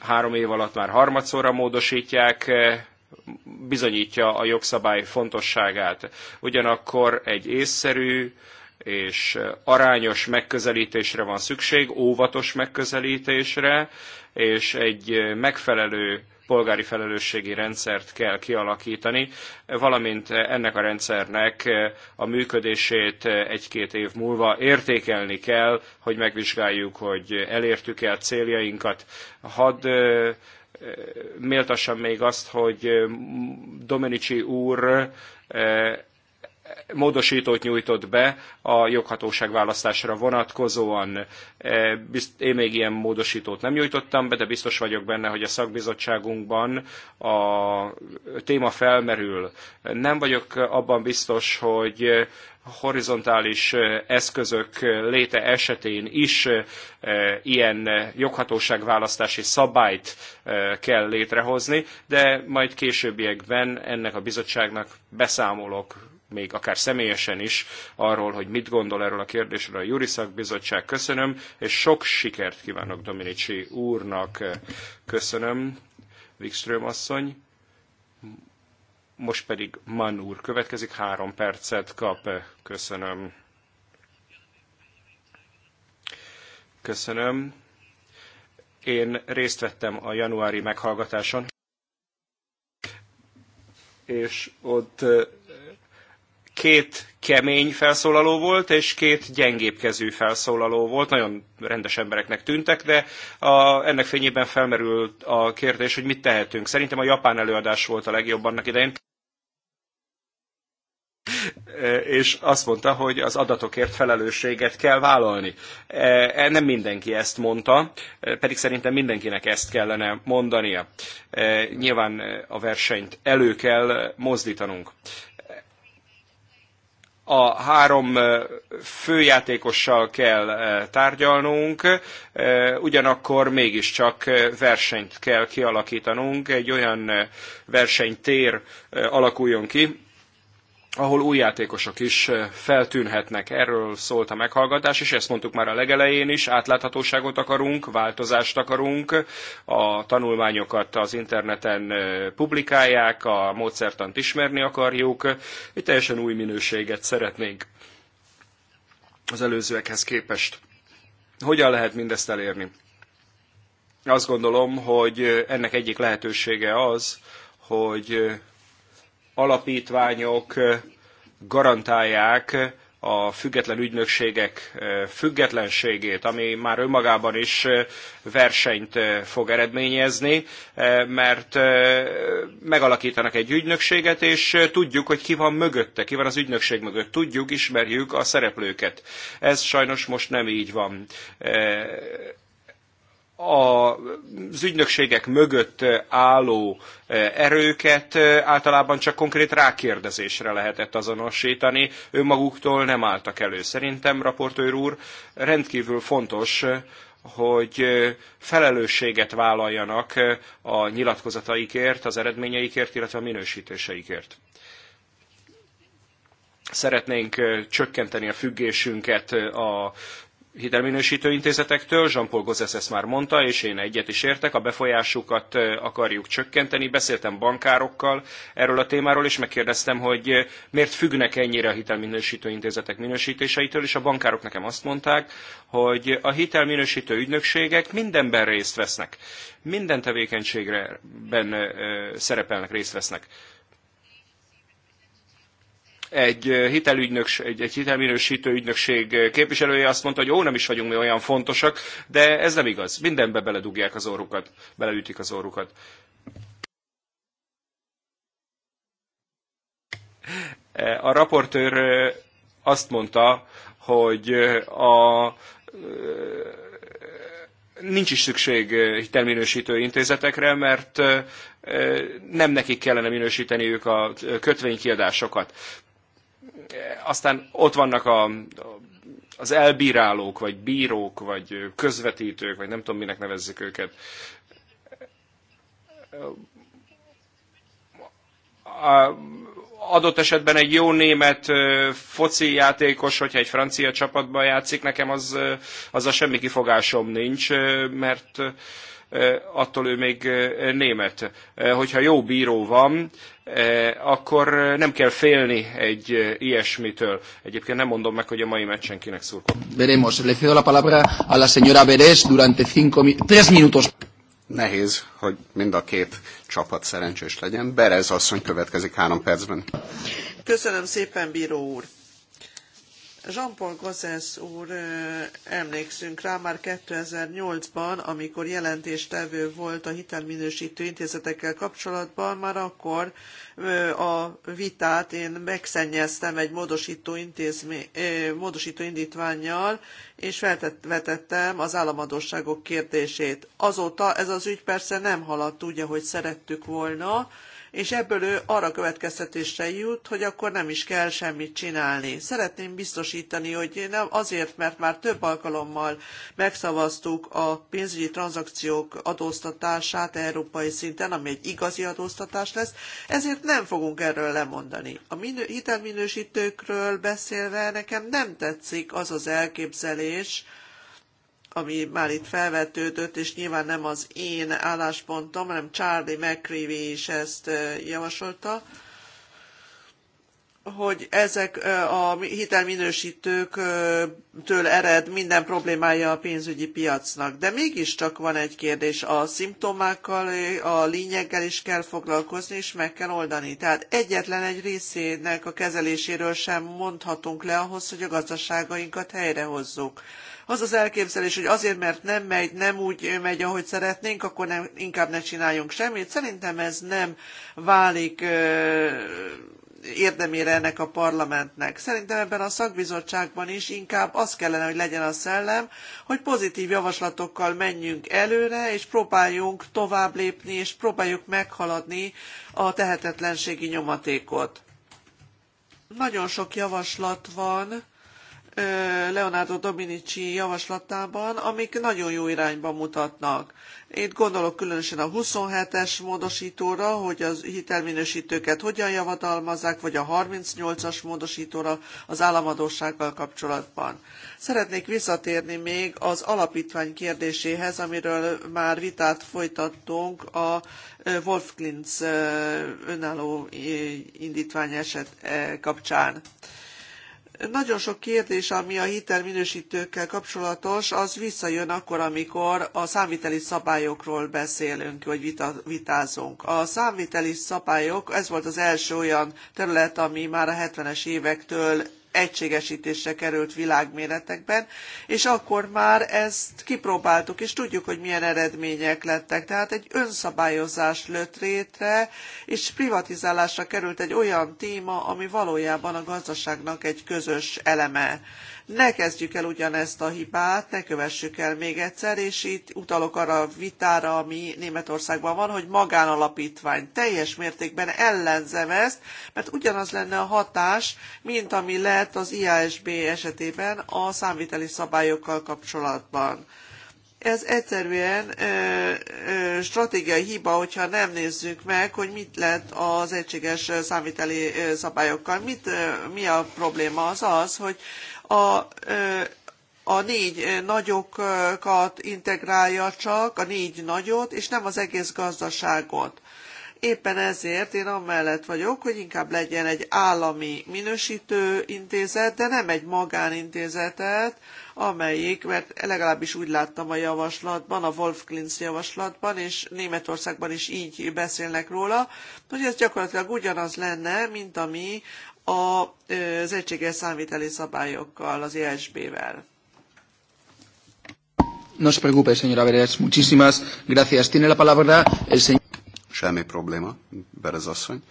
három év alatt már harmadszorra módosítják, bizonyítja a jogszabály fontosságát. Ugyanakkor egy észszerű és arányos megközelítésre van szükség, óvatos megközelítésre, és egy megfelelő polgári felelősségi rendszert kell kialakítani, valamint ennek a rendszernek a működését egy-két év múlva értékelni kell, hogy megvizsgáljuk, hogy elértük-e a céljainkat. Hadd méltassam még azt, hogy Domenici úr módosítót nyújtott be a joghatóság választásra vonatkozóan. E, én még ilyen módosítót nem nyújtottam be, de biztos vagyok benne, hogy a szakbizottságunkban a téma felmerül. Nem vagyok abban biztos, hogy horizontális eh, eszközök eh, léte esetén is eh, ilyen joghatóságválasztási szabályt kell létrehozni, de majd későbbiekben ennek a bizottságnak beszámolok még akár személyesen is arról, hogy mit gondol erről a kérdésről a Juriszak Bizottság. Köszönöm, és sok sikert kívánok Dominici úrnak. Köszönöm, Wikström asszony. Most pedig Mann úr következik, három percet kap. Köszönöm. Köszönöm. Én részt vettem a januári meghallgatáson, és ott két kemény felszólaló volt, és két gyengébb kezű felszólaló volt. Nagyon rendes embereknek tűntek, de a, ennek fényében felmerül a kérdés, hogy mit tehetünk. Szerintem a japán előadás volt a legjobb annak idején. E, és azt mondta, hogy az adatokért felelősséget kell vállalni. E, e, nem mindenki ezt mondta, pedig szerintem mindenkinek ezt kellene mondania. Nyilván a versenyt elő kell mozdítanunk a három főjátékossal kell tárgyalnunk, ugyanakkor mégiscsak versenyt kell kialakítanunk, egy olyan versenytér alakuljon ki, ahol új játékosok is eh, feltűnhetnek. Erről szólt a meghallgatás, és ezt mondtuk már a legelején is, átláthatóságot akarunk, változást akarunk, a tanulmányokat az interneten eh, publikálják, a módszertant ismerni akarjuk, egy teljesen új minőséget szeretnénk az előzőekhez képest. Hogyan lehet mindezt elérni? Azt gondolom, hogy eh, ennek egyik lehetősége az, hogy alapítványok garantálják a független ügynökségek függetlenségét, ami már önmagában is versenyt fog eredményezni, mert megalakítanak egy ügynökséget, és tudjuk, hogy ki van mögötte, ki van az ügynökség mögött. Tudjuk, ismerjük a szereplőket. Ez sajnos most nem így van az ügynökségek mögött álló eh, erőket eh, általában csak konkrét rákérdezésre lehetett azonosítani, önmaguktól nem álltak elő. Szerintem, raportőr úr, rendkívül fontos, eh, hogy felelősséget vállaljanak a nyilatkozataikért, az eredményeikért, illetve a minősítéseikért szeretnénk csökkenteni a függésünket a hitelminősítő intézetektől, Jean-Paul Gozes ezt már mondta, és én egyet is értek, a befolyásukat akarjuk csökkenteni. Beszéltem bankárokkal erről a témáról, és megkérdeztem, hogy miért függnek ennyire a hitelminősítő intézetek minősítéseitől, és a bankárok nekem azt mondták, hogy a hitelminősítő ügynökségek mindenben részt vesznek, minden tevékenységben szerepelnek, részt vesznek egy eh, hitelügynöks, egy, egy hitelminősítő ügynökség eh, képviselője azt mondta, hogy ó, nem is vagyunk mi olyan fontosak, de ez nem igaz. Mindenbe beledugják az orrukat, beleütik az orrukat. Eh, a raportőr azt mondta, hogy a nincs is szükség hitelminősítő intézetekre, mert nem nekik kellene minősíteniük a kötvénykiadásokat aztán ott vannak a, az elbírálók, vagy bírók, vagy közvetítők, vagy nem tudom, minek nevezzük őket. A, adott esetben egy jó német foci játékos, hogyha egy francia csapatban játszik, nekem az, az a semmi kifogásom nincs, mert attól ő még német. Hogyha jó bíró van, akkor nem kell félni egy ilyesmitől. Egyébként nem mondom meg, hogy a mai meccsen kinek szurkol. Veremos. Le cedo la palabra a la señora Beres durante cinco mi tres minutos. Nehéz, hogy mind a két csapat szerencsés legyen. Berez asszony következik három percben. Köszönöm szépen, bíró úr. Jean-Paul Gossens úr, emlékszünk rá már 2008-ban, amikor jelentéstevő volt a hitelminősítő intézetekkel kapcsolatban, már akkor a vitát én megszennyeztem egy módosító, intézmé, módosító indítványjal, és felvetettem az államadóságok kérdését. Azóta ez az ügy persze nem haladt úgy, ahogy szerettük volna, és ebből ő arra következtetésre jut, hogy akkor nem is kell semmit csinálni. Szeretném biztosítani, hogy nem azért, mert már több alkalommal megszavaztuk a pénzügyi tranzakciók adóztatását európai szinten, ami egy igazi adóztatás lesz, ezért nem fogunk erről lemondani. A minő, hitelminősítőkről beszélve nekem nem tetszik az az elképzelés, ami már itt felvetődött, és nyilván nem az én álláspontom, hanem Charlie McCreevy is ezt javasolta, hogy ezek a hitelminősítőktől ered minden problémája a pénzügyi piacnak. De mégiscsak van egy kérdés, a szimptomákkal, a lényeggel is kell foglalkozni, és meg kell oldani. Tehát egyetlen egy részének a kezeléséről sem mondhatunk le ahhoz, hogy a gazdaságainkat helyrehozzuk. Az az elképzelés, hogy azért, mert nem megy, nem úgy megy, ahogy szeretnénk, akkor nem, inkább ne csináljunk semmit. Szerintem ez nem válik érdemére ennek a parlamentnek. Szerintem ebben a szakbizottságban is inkább az kellene, hogy legyen a szellem, hogy pozitív javaslatokkal menjünk előre, és próbáljunk tovább lépni, és próbáljuk meghaladni a tehetetlenségi nyomatékot. Nagyon sok javaslat van, Leonardo Dominici javaslatában, amik nagyon jó irányba mutatnak. Itt gondolok különösen a 27-es módosítóra, hogy az hitelminősítőket hogyan javadalmazzák, vagy a 38-as módosítóra az államadósággal kapcsolatban. Szeretnék visszatérni még az alapítvány kérdéséhez, amiről már vitát folytattunk a Wolf Klintz önálló indítvány eset kapcsán. Nagyon sok kérdés, ami a hitelminősítőkkel kapcsolatos, az visszajön akkor, amikor a számviteli szabályokról beszélünk, vagy vita, vitázunk. A számviteli szabályok, ez volt az első olyan terület, ami már a 70-es évektől egységesítésre került világméretekben, és akkor már ezt kipróbáltuk, és tudjuk, hogy milyen eredmények lettek. Tehát egy önszabályozás lőtt rétre, és privatizálásra került egy olyan téma, ami valójában a gazdaságnak egy közös eleme. Ne kezdjük el ugyanezt a hibát, ne kövessük el még egyszer, és itt utalok arra a vitára, ami Németországban van, hogy magánalapítvány teljes mértékben ellenzem ezt, mert ugyanaz lenne a hatás, mint ami lett az IASB esetében a számviteli szabályokkal kapcsolatban ez egyszerűen ö, ö, stratégiai hiba, hogyha nem nézzük meg, hogy mit lett az egységes számviteli szabályokkal. Mit, ö, mi a probléma az az, hogy a a négy nagyokat integrálja csak, a négy nagyot, és nem az egész gazdaságot. Éppen ezért én amellett vagyok, hogy inkább legyen egy állami minősítő intézet, de nem egy magánintézetet, amelyik, mert legalábbis úgy láttam a javaslatban, a Wolf Klintz javaslatban, és Németországban is így beszélnek róla, hogy ez gyakorlatilag ugyanaz lenne, mint ami az egységes számviteli szabályokkal, az ESB-vel. No se preocupe, Muchísimas gracias. Tiene la palabra el señor... Semmi probléma, Berez asszony.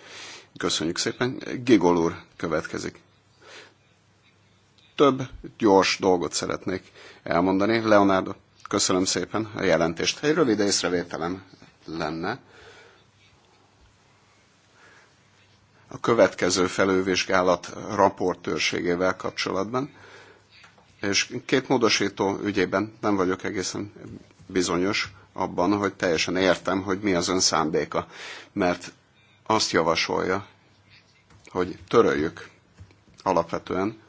Köszönjük szépen. Gigol úr következik. Több gyors dolgot szeretnék elmondani. Leonardo, köszönöm szépen a jelentést. Egy rövid észrevételem lenne a következő felővizsgálat raportőrségével kapcsolatban, és két módosító ügyében nem vagyok egészen bizonyos abban, hogy teljesen értem, hogy mi az ön szándéka, mert azt javasolja, hogy töröljük alapvetően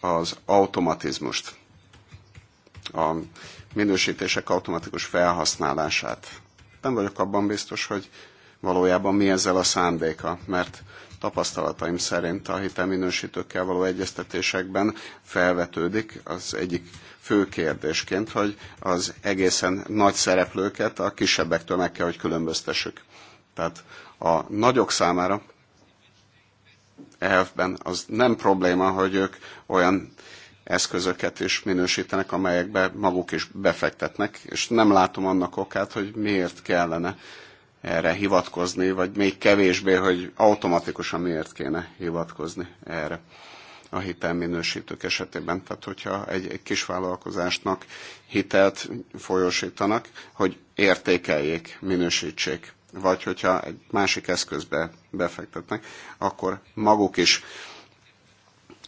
az automatizmust, a minősítések automatikus felhasználását. Nem vagyok abban biztos, hogy valójában mi ezzel a szándéka, mert tapasztalataim szerint a hitelminősítőkkel való egyeztetésekben felvetődik az egyik fő kérdésként, hogy az egészen nagy szereplőket a kisebbektől meg kell, hogy különböztessük. Tehát a nagyok számára elfben az nem probléma, hogy ők olyan eszközöket is minősítenek, amelyekbe maguk is befektetnek, és nem látom annak okát, hogy miért kellene erre hivatkozni, vagy még kevésbé, hogy automatikusan miért kéne hivatkozni erre a hitelminősítők esetében. Tehát, hogyha egy, egy vállalkozásnak hitelt folyósítanak, hogy értékeljék, minősítsék, vagy hogyha egy másik eszközbe befektetnek, akkor maguk is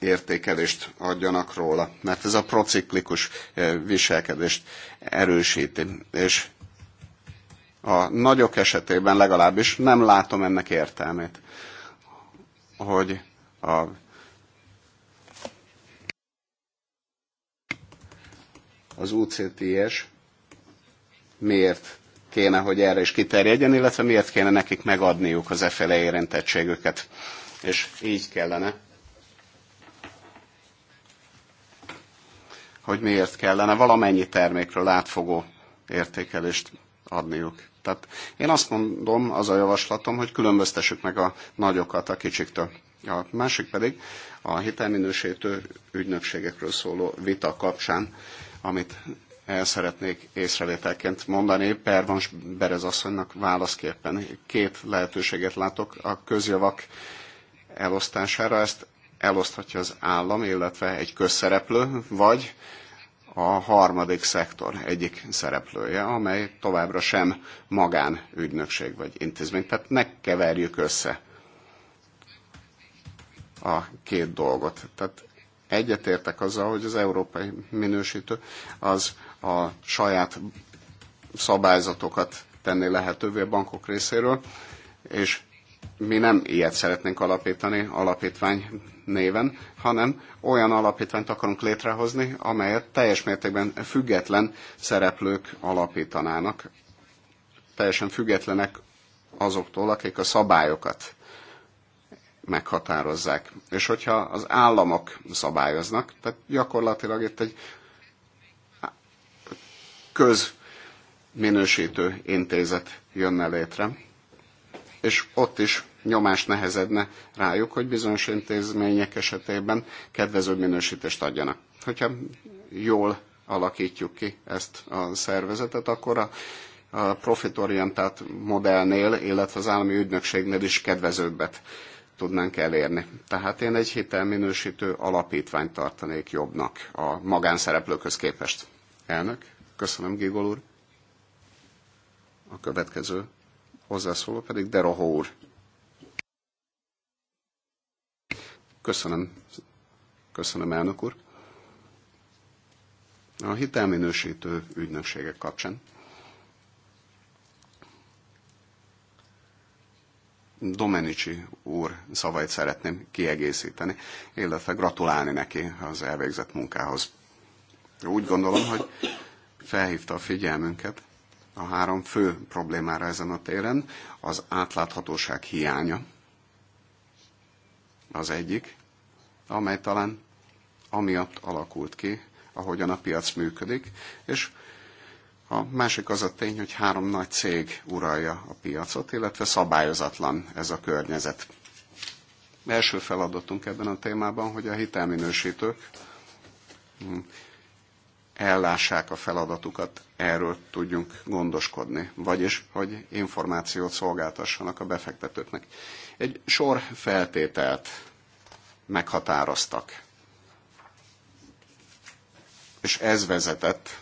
értékelést adjanak róla, mert ez a prociklikus eh, viselkedést erősíti, és a nagyok esetében legalábbis nem látom ennek értelmét, hogy a az UCTS miért kéne, hogy erre is kiterjedjen, illetve miért kéne nekik megadniuk az efele érintettségüket. És így kellene. Hogy miért kellene valamennyi termékről átfogó értékelést adniuk. Tehát én azt mondom, az a javaslatom, hogy különböztessük meg a nagyokat a kicsiktől. A másik pedig a hitelminősítő ügynökségekről szóló vita kapcsán, amit el szeretnék észrevételként mondani, Pervans Berez asszonynak válaszképpen két lehetőséget látok a közjavak elosztására. Ezt eloszthatja az állam, illetve egy közszereplő, vagy a harmadik szektor egyik szereplője, amely továbbra sem magánügynökség vagy intézmény. Tehát ne keverjük össze a két dolgot. Tehát egyetértek azzal, hogy az európai minősítő az a saját szabályzatokat tenni lehetővé a bankok részéről, és mi nem ilyet szeretnénk alapítani alapítvány néven, hanem olyan alapítványt akarunk létrehozni, amelyet teljes mértékben független szereplők alapítanának, teljesen függetlenek azoktól, akik a szabályokat meghatározzák. És hogyha az államok szabályoznak, tehát gyakorlatilag itt egy közminősítő intézet jönne létre, és ott is nyomás nehezedne rájuk, hogy bizonyos intézmények esetében kedvező minősítést adjanak. Hogyha jól alakítjuk ki ezt a szervezetet, akkor a, a profitorientált modellnél, illetve az állami ügynökségnél is kedvezőbbet tudnánk elérni. Tehát én egy hitelminősítő alapítványt tartanék jobbnak a magánszereplőköz képest. Elnök, köszönöm Gigol úr. A következő hozzászóló pedig Deroho úr. Köszönöm. Köszönöm, elnök úr. A hitelminősítő ügynökségek kapcsán. Domenici úr szavait szeretném kiegészíteni, illetve gratulálni neki az elvégzett munkához. Úgy gondolom, hogy felhívta a figyelmünket a három fő problémára ezen a téren. Az átláthatóság hiánya az egyik, amely talán amiatt alakult ki, ahogyan a piac működik, és a másik az a tény, hogy három nagy cég uralja a piacot, illetve szabályozatlan ez a környezet. Első feladatunk ebben a témában, hogy a hitelminősítők hm, ellássák a feladatukat, erről tudjunk gondoskodni, vagyis hogy információt szolgáltassanak a befektetőknek. Egy sor feltételt meghatároztak, és ez vezetett,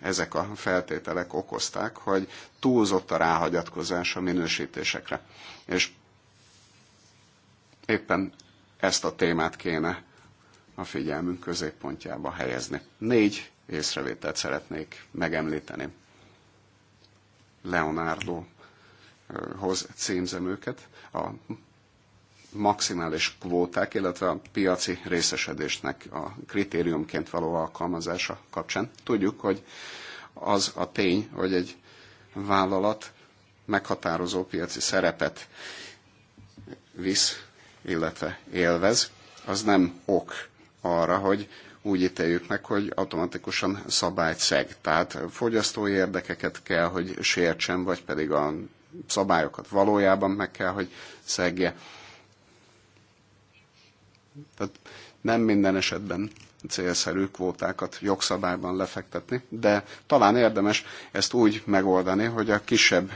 ezek a feltételek okozták, hogy túlzott a ráhagyatkozás a minősítésekre. És éppen ezt a témát kéne a figyelmünk középpontjába helyezni. Négy észrevételt szeretnék megemlíteni. Leonardo-hoz címzem őket, a maximális kvóták, illetve a piaci részesedésnek a kritériumként való alkalmazása kapcsán. Tudjuk, hogy az a tény, hogy egy vállalat meghatározó piaci szerepet visz, illetve élvez, az nem ok arra, hogy úgy ítéljük meg, hogy automatikusan szabályt szeg. Tehát fogyasztói érdekeket kell, hogy sértsen, vagy pedig a szabályokat valójában meg kell, hogy szegje. Tehát nem minden esetben célszerű kvótákat jogszabályban lefektetni, de talán érdemes ezt úgy megoldani, hogy a kisebb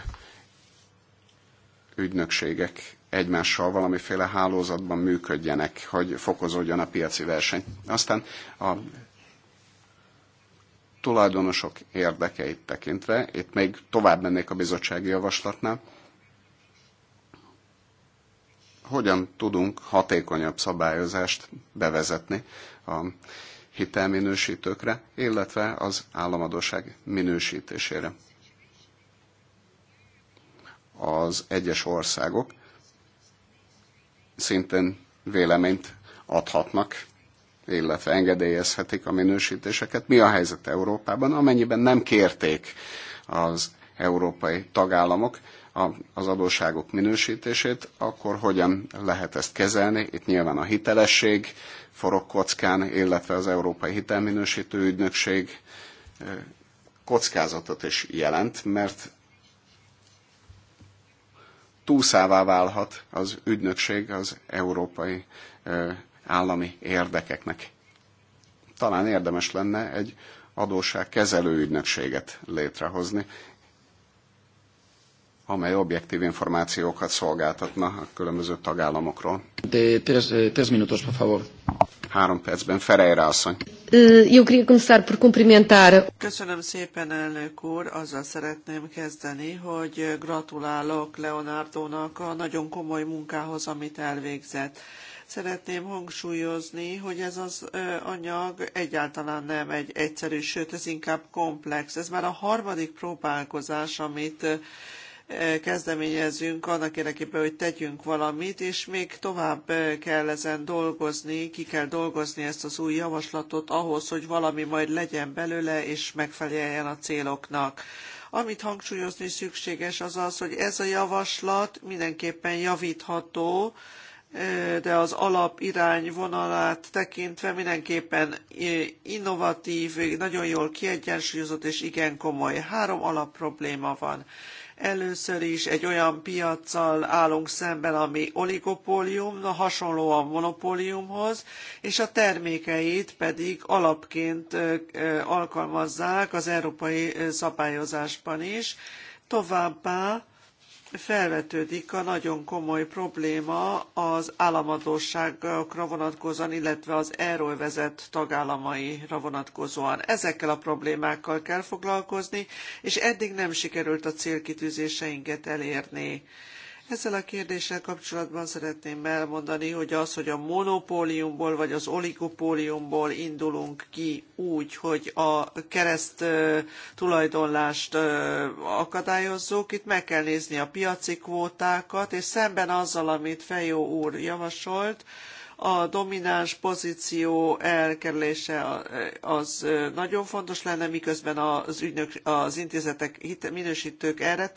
ügynökségek egymással valamiféle hálózatban működjenek, hogy fokozódjon a piaci verseny. Aztán a tulajdonosok érdekeit tekintve, itt még tovább mennék a bizottsági javaslatnál, hogyan tudunk hatékonyabb szabályozást bevezetni a hitelminősítőkre, illetve az államadóság minősítésére. Az egyes országok szintén véleményt adhatnak, illetve engedélyezhetik a minősítéseket. Mi a helyzet Európában, amennyiben nem kérték az európai tagállamok az adósságok minősítését, akkor hogyan lehet ezt kezelni? Itt nyilván a hitelesség forog kockán, illetve az Európai Hitelminősítő Ügynökség eh, kockázatot is jelent, mert túszává válhat az ügynökség az európai állami érdekeknek. Talán érdemes lenne egy adósságkezelő ügynökséget létrehozni, amely objektív információkat szolgáltatna a különböző tagállamokról. De tres, eh, tres minutos, por favor. Három percben, Ferejre asszony. Eh, eu queria começar por cumprimentar. Köszönöm szépen, elnök úr. Azzal szeretném kezdeni, hogy gratulálok Leonardónak a nagyon komoly munkához, amit elvégzett. Szeretném hangsúlyozni, hogy ez az eh, anyag egyáltalán nem egy egyszerű, sőt, ez inkább komplex. Ez már a harmadik próbálkozás, amit kezdeményezünk annak érdekében, hogy tegyünk valamit, és még tovább kell ezen dolgozni, ki kell dolgozni ezt az új javaslatot ahhoz, hogy valami majd legyen belőle, és megfeleljen a céloknak. Amit hangsúlyozni szükséges az az, hogy ez a javaslat mindenképpen javítható, de az alap irányvonalát tekintve mindenképpen innovatív, nagyon jól kiegyensúlyozott és igen komoly. Három alapprobléma van. Először is egy olyan piaccal állunk szemben, ami oligopólium, hasonlóan monopóliumhoz, és a termékeit pedig alapként alkalmazzák az európai szabályozásban is. Továbbá felvetődik a nagyon komoly probléma az államadóságokra vonatkozóan, illetve az erről vezet tagállamaira vonatkozóan. Ezekkel a problémákkal kell foglalkozni, és eddig nem sikerült a célkitűzéseinket elérni. Ezzel a kérdéssel kapcsolatban szeretném elmondani, hogy az, hogy a monopóliumból vagy az oligopóliumból indulunk ki úgy, hogy a kereszt tulajdonlást akadályozzuk, itt meg kell nézni a piaci kvótákat, és szemben azzal, amit Fejó úr javasolt, a domináns pozíció elkerülése eh, az eh, nagyon fontos lenne, miközben az, ügynök, az intézetek minősítők erre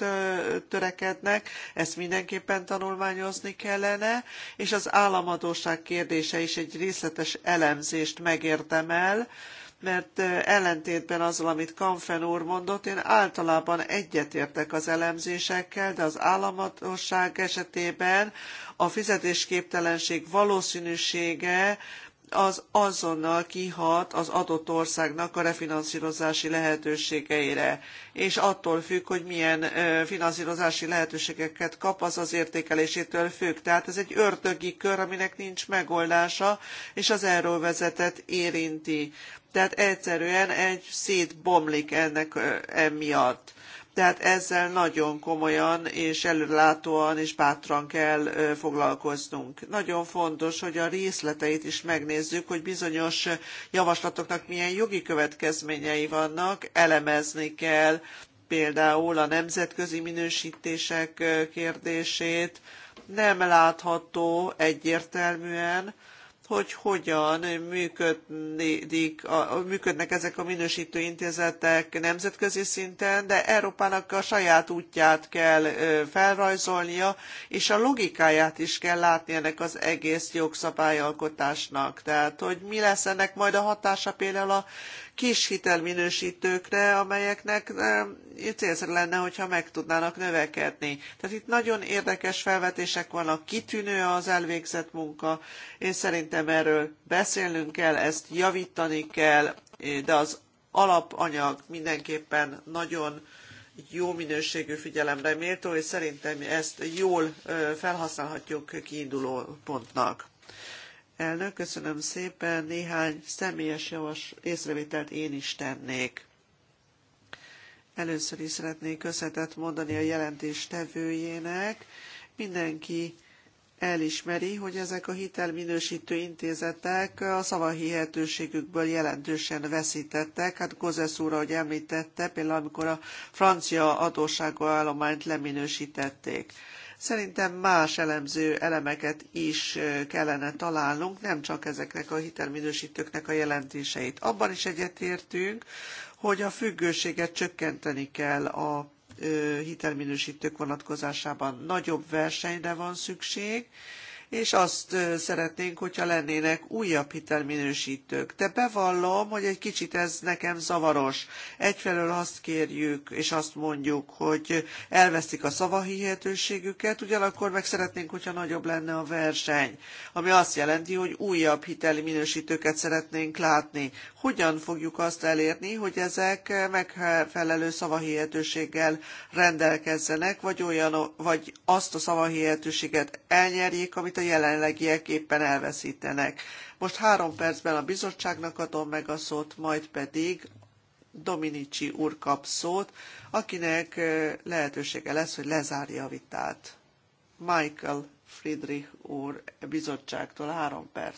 törekednek, ezt mindenképpen tanulmányozni kellene, és az államadóság kérdése is egy részletes elemzést megérdemel, mert eh, ellentétben azzal, amit Kamfen úr mondott, én általában egyetértek az elemzésekkel, de az államadóság esetében a fizetésképtelenség valószínűsége az azonnal kihat az adott országnak a refinanszírozási lehetőségeire, és attól függ, hogy milyen finanszírozási lehetőségeket kap, az az értékelésétől függ. Tehát ez egy ördögi kör, aminek nincs megoldása, és az euróvezetet érinti. Tehát egyszerűen egy szétbomlik ennek emiatt. Tehát ezzel nagyon komolyan és előlátóan és bátran kell foglalkoznunk. Nagyon fontos, hogy a részleteit is megnézzük, hogy bizonyos javaslatoknak milyen jogi következményei vannak, elemezni kell például a nemzetközi minősítések kérdését, nem látható egyértelműen, hogy hogyan működik, a, működnek ezek a minősítő intézetek nemzetközi szinten, de Európának a saját útját kell felrajzolnia, és a logikáját is kell látni ennek az egész jogszabályalkotásnak. Tehát, hogy mi lesz ennek majd a hatása például a kis hitelminősítőkre, amelyeknek célszerű lenne, hogyha meg tudnának növekedni. Tehát itt nagyon érdekes felvetések vannak, kitűnő az elvégzett munka, én szerintem erről beszélnünk kell, ezt javítani kell, de az alapanyag mindenképpen nagyon jó minőségű figyelemre méltó, és szerintem ezt jól felhasználhatjuk kiinduló pontnak. Elnök, köszönöm szépen. Néhány személyes javas észrevételt én is tennék. Először is szeretnék köszönetet mondani a jelentés tevőjének. Mindenki elismeri, hogy ezek a hitelminősítő intézetek a szavahihetőségükből jelentősen veszítettek. Hát Gozesz úr, ahogy említette, például amikor a francia adósságállományt leminősítették. Szerintem más elemző elemeket is kellene találnunk, nem csak ezeknek a hitelminősítőknek a jelentéseit. Abban is egyetértünk, hogy a függőséget csökkenteni kell a hitelminősítők vonatkozásában. Nagyobb versenyre van szükség, és azt szeretnénk, hogyha lennének újabb hitelminősítők. De bevallom, hogy egy kicsit ez nekem zavaros. Egyfelől azt kérjük, és azt mondjuk, hogy elvesztik a szavahihetőségüket, ugyanakkor meg szeretnénk, hogyha nagyobb lenne a verseny, ami azt jelenti, hogy újabb hitelminősítőket szeretnénk látni. Hogyan fogjuk azt elérni, hogy ezek megfelelő szavahihetőséggel rendelkezzenek, vagy, olyan, vagy azt a szavahihetőséget elnyerjék, amit a jelenlegiek éppen elveszítenek. Most három percben a bizottságnak adom meg a szót, majd pedig Dominici úr kap szót, akinek lehetősége lesz, hogy lezárja a vitát. Michael Friedrich úr bizottságtól három perc.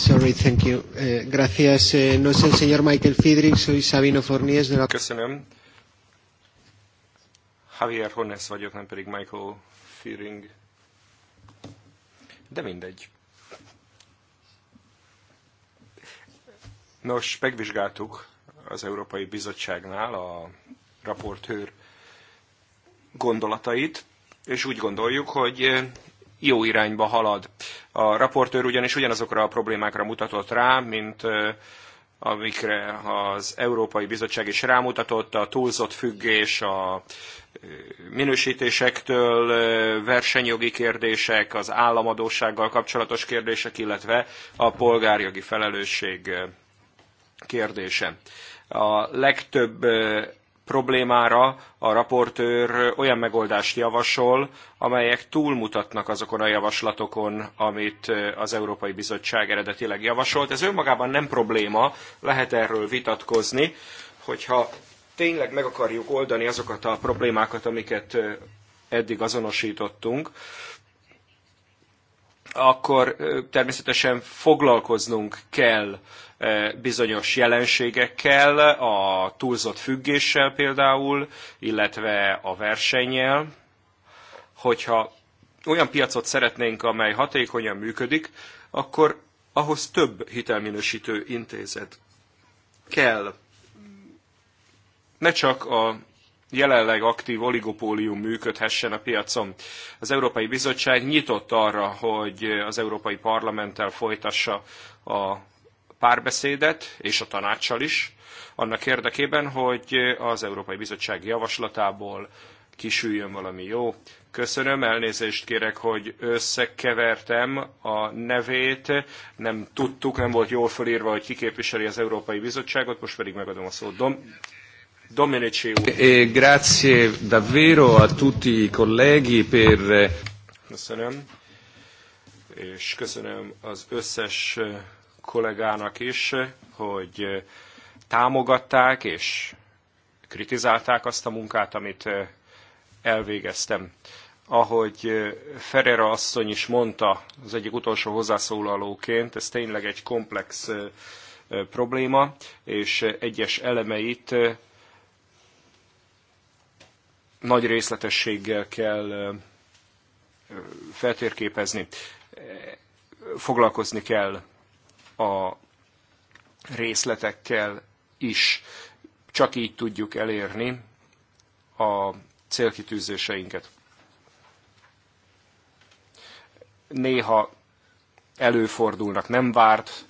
Sorry, thank you. Eh, gracias. Eh, no sé, señor Michael Friedrich, soy Sabino Fornies. De la... Köszönöm. Javier Hones vagyok, nem pedig Michael Friedrich de mindegy. Nos, megvizsgáltuk az Európai Bizottságnál a raportőr gondolatait, és úgy gondoljuk, hogy eh, jó irányba halad. A raportőr ugyanis ugyanazokra a problémákra mutatott rá, mint eh, amikre az Európai Bizottság is rámutatott, a túlzott függés a minősítésektől, versenyjogi kérdések, az államadósággal kapcsolatos kérdések, illetve a polgárjogi felelősség kérdése. A legtöbb problémára a raportőr olyan megoldást javasol, amelyek túlmutatnak azokon a javaslatokon, amit az Európai Bizottság eredetileg javasolt. Ez önmagában nem probléma, lehet erről vitatkozni, hogyha tényleg meg akarjuk oldani azokat a problémákat, amiket eddig azonosítottunk, akkor természetesen foglalkoznunk kell bizonyos jelenségekkel, a túlzott függéssel például, illetve a versennyel, hogyha olyan piacot szeretnénk, amely hatékonyan működik, akkor ahhoz több hitelminősítő intézet kell. Ne csak a jelenleg aktív oligopólium működhessen a piacon. Az Európai Bizottság nyitott arra, hogy az Európai Parlamenttel folytassa a párbeszédet, és a tanácssal is, annak érdekében, hogy az Európai Bizottság javaslatából kisüljön valami jó. Köszönöm, elnézést kérek, hogy összekevertem a nevét, nem tudtuk, nem volt jól fölírva, hogy kiképviseli az Európai Bizottságot, most pedig megadom a szót Dom Dominici úr. E grazie davvero a tutti i colleghi per... Eh, köszönöm, és köszönöm az összes eh, kollégának is, hogy támogatták és kritizálták azt a munkát, amit elvégeztem. Ahogy Ferrera asszony is mondta az egyik utolsó hozzászólalóként, ez tényleg egy komplex probléma, és egyes elemeit nagy részletességgel kell feltérképezni. Foglalkozni kell a részletekkel is. Csak így tudjuk elérni a célkitűzéseinket. Néha előfordulnak nem várt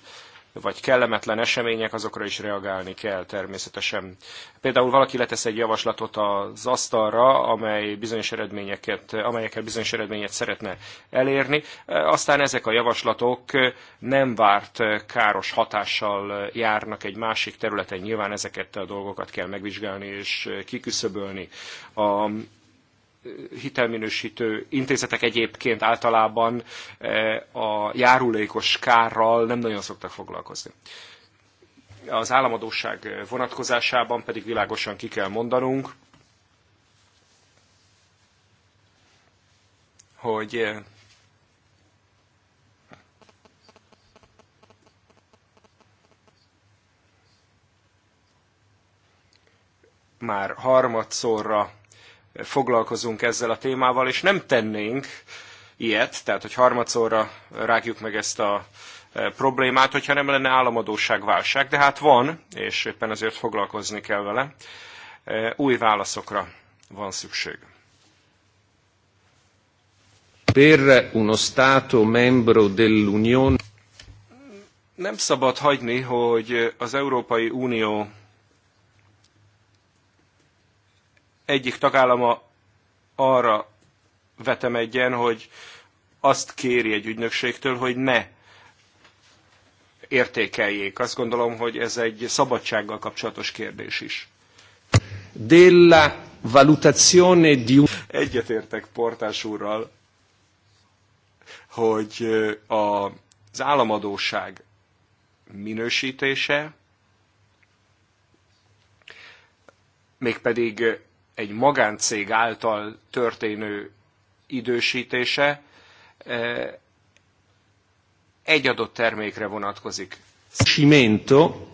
vagy kellemetlen események, azokra is reagálni kell természetesen. Például valaki letesz egy javaslatot az asztalra, amely bizonyos eredményeket, amelyekkel bizonyos eredményet szeretne elérni, aztán ezek a javaslatok nem várt káros hatással járnak egy másik területen, nyilván ezeket a dolgokat kell megvizsgálni és kiküszöbölni. A hitelminősítő intézetek egyébként általában eh, a járulékos kárral nem nagyon szoktak foglalkozni. Az államadóság vonatkozásában pedig világosan ki kell mondanunk, hogy eh, már harmadszorra foglalkozunk ezzel a témával, és nem tennénk ilyet, tehát hogy harmadszorra rágjuk meg ezt a e, problémát, hogyha nem lenne államadóságválság, de hát van, és éppen ezért foglalkozni kell vele. E, új válaszokra van szükség. Per uno Stato membro dell'Unione nem szabad hagyni, hogy az Európai Unió egyik tagállama arra vetemedjen, hogy azt kéri egy ügynökségtől, hogy ne értékeljék. Azt gondolom, hogy ez egy szabadsággal kapcsolatos kérdés is. Della valutazione di un... Egyetértek Portás úrral, hogy a, az államadóság minősítése, mégpedig egy magáncég által történő idősítése e, egy adott termékre vonatkozik. Cimento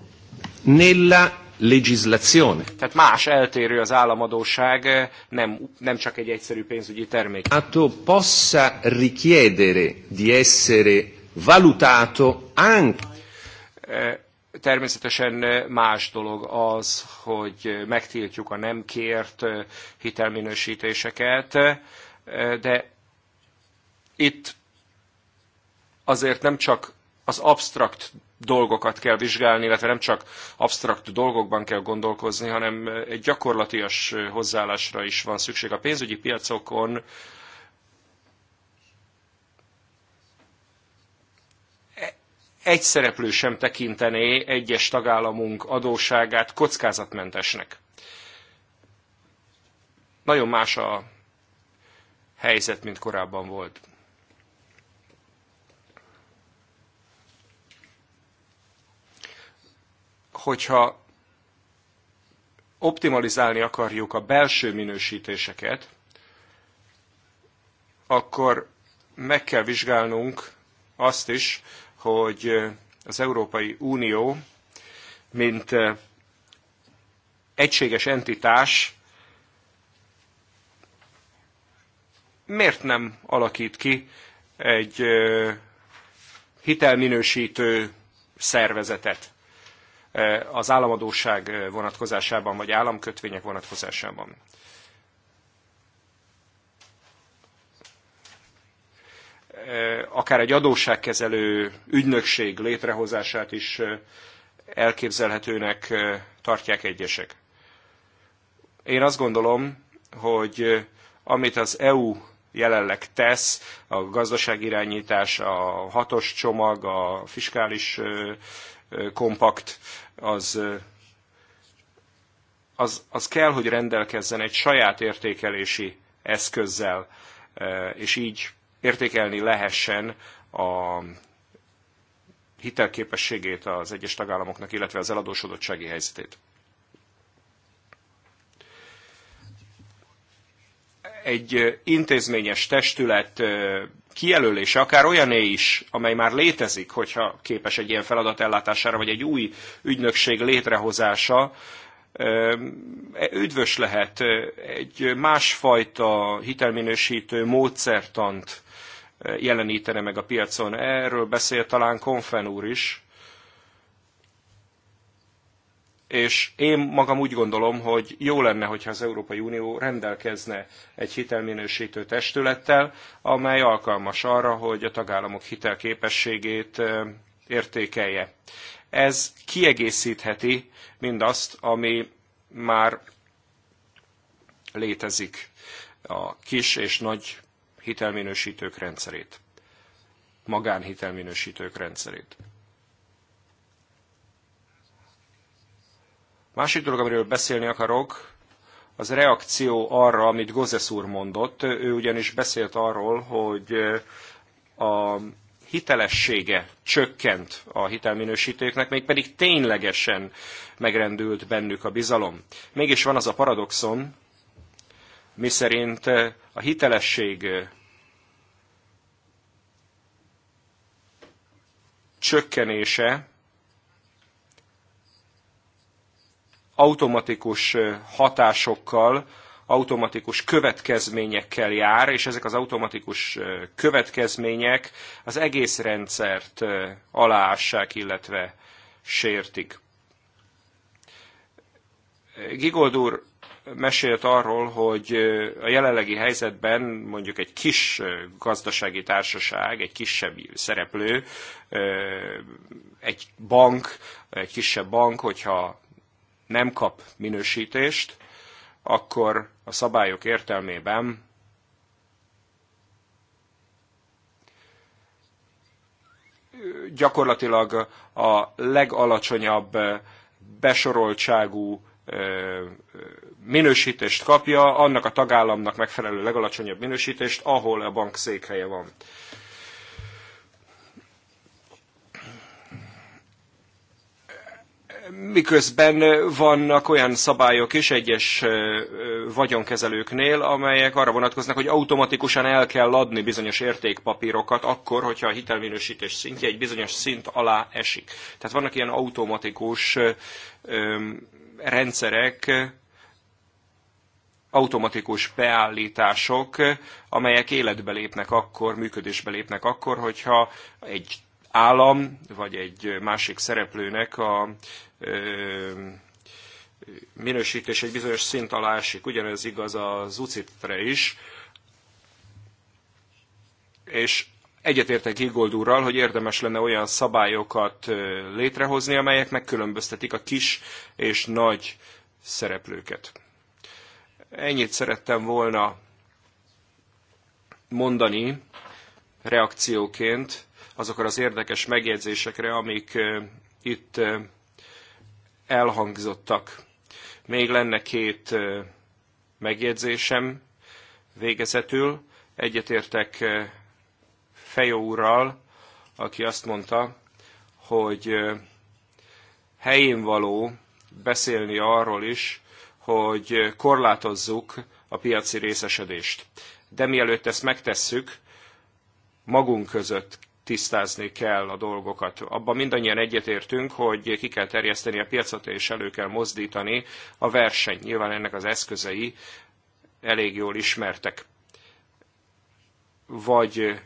nella legislazione. Tehát más eltérő az államadóság, e, nem, nem csak egy egyszerű pénzügyi termék. Ato possa richiedere di essere valutato anche e, Természetesen más dolog az, hogy megtiltjuk a nem kért hitelminősítéseket, de itt azért nem csak az absztrakt dolgokat kell vizsgálni, illetve nem csak absztrakt dolgokban kell gondolkozni, hanem egy gyakorlatias hozzáállásra is van szükség. A pénzügyi piacokon egy szereplő sem tekintené egyes tagállamunk adósságát kockázatmentesnek. Nagyon más a helyzet, mint korábban volt. Hogyha optimalizálni akarjuk a belső minősítéseket, akkor meg kell vizsgálnunk azt is, hogy az Európai Unió, mint egységes entitás, miért nem alakít ki egy hitelminősítő szervezetet az államadóság vonatkozásában, vagy államkötvények vonatkozásában. Eh, akár egy adósságkezelő ügynökség létrehozását is eh, elképzelhetőnek eh, tartják egyesek. Én azt gondolom, hogy amit az EU jelenleg tesz, a gazdaságirányítás, a hatos csomag, a fiskális kompakt, az, az, az kell, hogy rendelkezzen egy saját értékelési eszközzel, és így értékelni lehessen a hitelképességét az egyes tagállamoknak, illetve az eladósodottsági helyzetét. Egy intézményes testület kijelölése, akár olyané is, amely már létezik, hogyha képes egy ilyen feladat ellátására, vagy egy új ügynökség létrehozása, e, üdvös lehet egy másfajta hitelminősítő módszertant jelenítene meg a piacon. Erről beszél talán Konfen úr is. És én magam úgy gondolom, hogy jó lenne, hogyha az Európai Unió rendelkezne egy hitelminősítő testülettel, amely alkalmas arra, hogy a tagállamok hitelképességét értékelje. Ez kiegészítheti mindazt, ami már létezik a kis és nagy hitelminősítők rendszerét, magánhitelminősítők rendszerét. Másik dolog, amiről beszélni akarok, az reakció arra, amit Gozesz úr mondott. Ő ugyanis beszélt arról, hogy eh, a hitelessége csökkent a hitelminősítőknek, mégpedig ténylegesen megrendült bennük a bizalom. Mégis van az a paradoxon, miszerint eh, a hitelesség eh, csökkenése automatikus eh, hatásokkal, automatikus következményekkel jár, és ezek az automatikus következmények az egész rendszert aláássák, illetve sértik. Gigold úr mesélt arról, hogy a jelenlegi helyzetben mondjuk egy kis gazdasági társaság, egy kisebb szereplő, egy bank, egy kisebb bank, hogyha nem kap minősítést, akkor a szabályok értelmében gyakorlatilag a legalacsonyabb besoroltságú minősítést kapja, annak a tagállamnak megfelelő legalacsonyabb minősítést, ahol a bank székhelye van. miközben vannak olyan szabályok is egyes vagyonkezelőknél, amelyek arra vonatkoznak, hogy automatikusan el kell adni bizonyos értékpapírokat akkor, hogyha a hitelminősítés szintje egy bizonyos szint alá esik. Tehát vannak ilyen automatikus rendszerek, automatikus beállítások, amelyek életbe lépnek akkor, működésbe lépnek akkor, hogyha egy állam vagy egy másik szereplőnek a ö, minősítés egy bizonyos szint alá esik. Ugyanez igaz az ucit is. És egyetértek Higold úrral, hogy érdemes lenne olyan szabályokat létrehozni, amelyek megkülönböztetik a kis és nagy szereplőket. Ennyit szerettem volna mondani reakcióként azokra az érdekes megjegyzésekre, amik itt elhangzottak. Még lenne két megjegyzésem végezetül. Egyetértek Fejó úrral, aki azt mondta, hogy helyén való beszélni arról is, hogy korlátozzuk a piaci részesedést. De mielőtt ezt megtesszük, magunk között tisztázni kell a dolgokat. Abban mindannyian egyetértünk, hogy ki kell terjeszteni a piacot és elő kell mozdítani a verseny. Nyilván ennek az eszközei elég jól ismertek. Vagy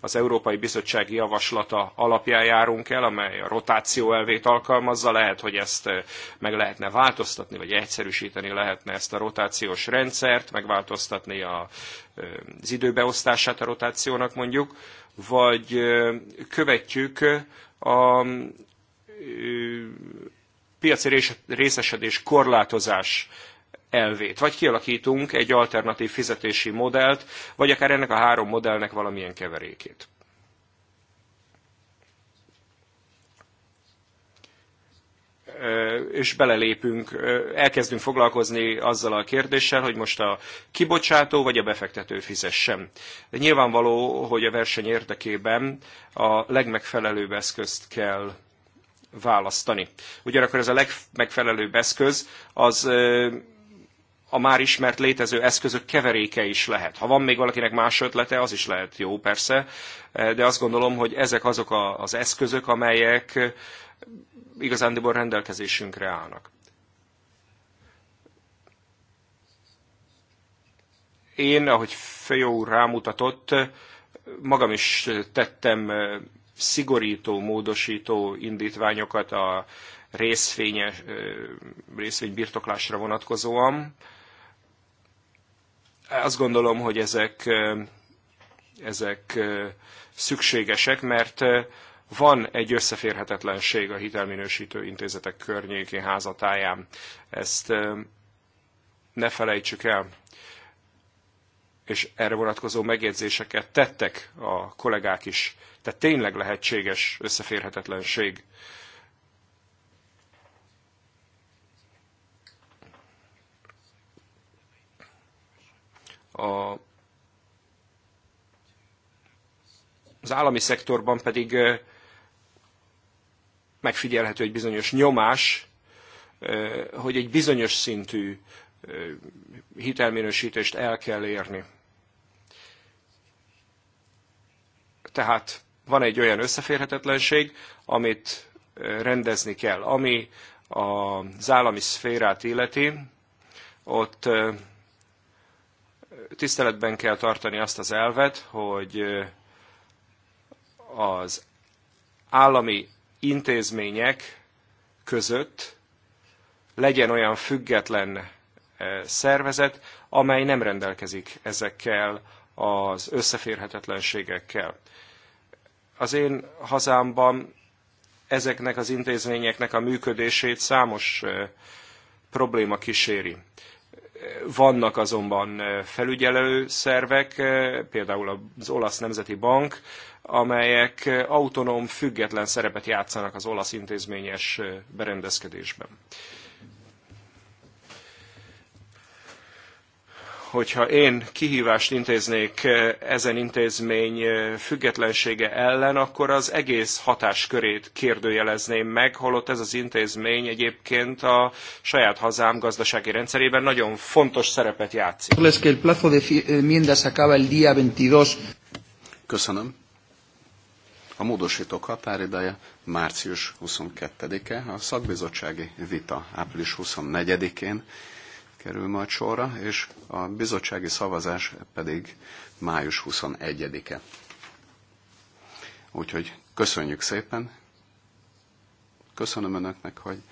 az Európai Bizottsági Javaslata alapján járunk el, amely a rotáció elvét alkalmazza. Lehet, hogy ezt meg lehetne változtatni, vagy egyszerűsíteni lehetne ezt a rotációs rendszert, megváltoztatni a, az időbeosztását a rotációnak mondjuk, vagy követjük a piaci részesedés korlátozás elvét. Vagy kialakítunk egy alternatív fizetési modellt, vagy akár ennek a három modellnek valamilyen keverékét. és belelépünk, elkezdünk foglalkozni azzal a kérdéssel, hogy most a kibocsátó vagy a befektető fizessen. Nyilvánvaló, hogy a verseny érdekében a legmegfelelőbb eszközt kell választani. Ugyanakkor ez a legmegfelelőbb eszköz az a már ismert létező eszközök keveréke is lehet. Ha van még valakinek más ötlete, az is lehet jó, persze, de azt gondolom, hogy ezek azok az eszközök, amelyek igazándiból rendelkezésünkre állnak. Én, ahogy Fejó úr rámutatott, magam is tettem szigorító, módosító indítványokat a részvény részvénybirtoklásra vonatkozóan. Azt gondolom, hogy ezek, ezek szükségesek, mert van egy összeférhetetlenség a hitelminősítő intézetek környékén házatáján. Ezt ne felejtsük el. És erre vonatkozó megjegyzéseket tettek a kollégák is. Tehát tényleg lehetséges összeférhetetlenség A, az állami szektorban pedig megfigyelhető egy bizonyos nyomás, hogy egy bizonyos szintű hitelminősítést el kell érni. Tehát van egy olyan összeférhetetlenség, amit rendezni kell. Ami az állami szférát illeti, ott tiszteletben kell tartani azt az elvet, hogy az állami intézmények között legyen olyan független szervezet, amely nem rendelkezik ezekkel az összeférhetetlenségekkel. Az én hazámban ezeknek az intézményeknek a működését számos probléma kíséri. Vannak azonban felügyelő szervek, például az Olasz Nemzeti Bank, amelyek autonóm, független szerepet játszanak az olasz intézményes berendezkedésben. hogyha én kihívást intéznék eh, ezen intézmény eh, függetlensége ellen, akkor az egész hatáskörét kérdőjelezném meg, holott ez az intézmény egyébként a saját hazám gazdasági rendszerében nagyon fontos szerepet játszik. Köszönöm. A módosítók határideje március 22-e, a szakbizottsági vita április 24-én, kerül majd sorra, és a bizottsági szavazás pedig május 21-e. Úgyhogy köszönjük szépen, köszönöm Önöknek, hogy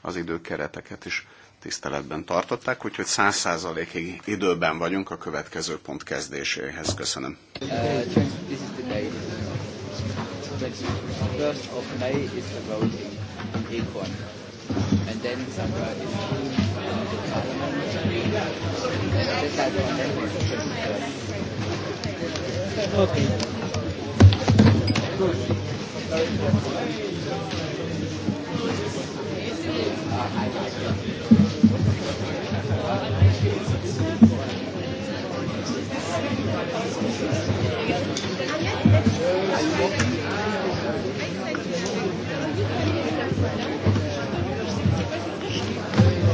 az időkereteket is tiszteletben tartották, úgyhogy száz százalékig időben vagyunk a következő pont kezdéséhez. Köszönöm. Uh, Okay. Good. Thank you.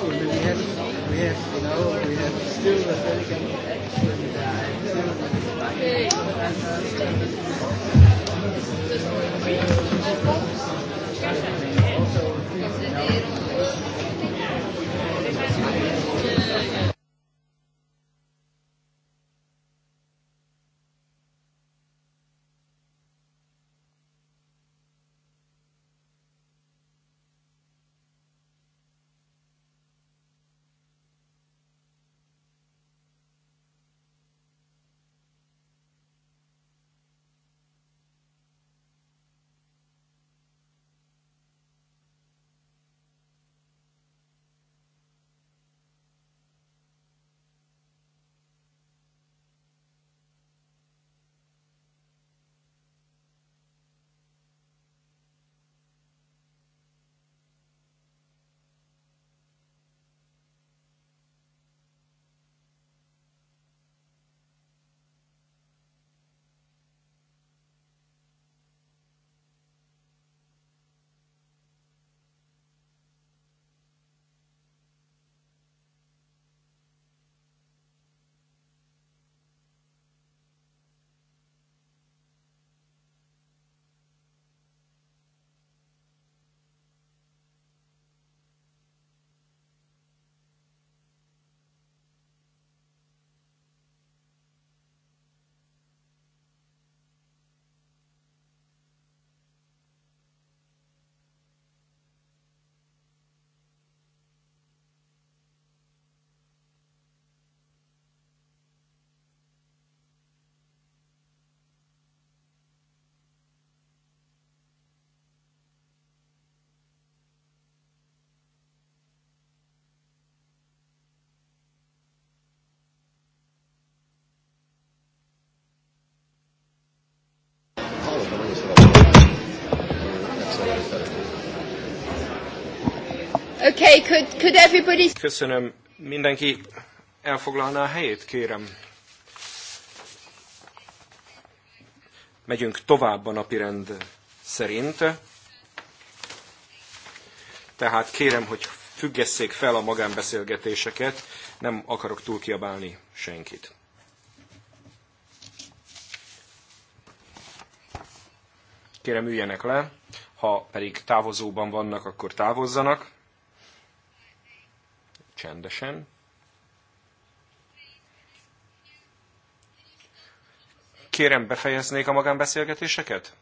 No, oh, we have, we have, you know, we have still a very kind of excellent, uh, still, and, uh, also, you know, Okay, could, could everybody... Köszönöm. Mindenki elfoglalná a helyét, kérem. Megyünk tovább a napirend szerint. Tehát kérem, hogy függesszék fel a magánbeszélgetéseket, nem akarok túl kiabálni senkit. Kérem, üljenek le, ha pedig távozóban vannak, akkor távozzanak csendesen. Kérem, befejeznék a magánbeszélgetéseket?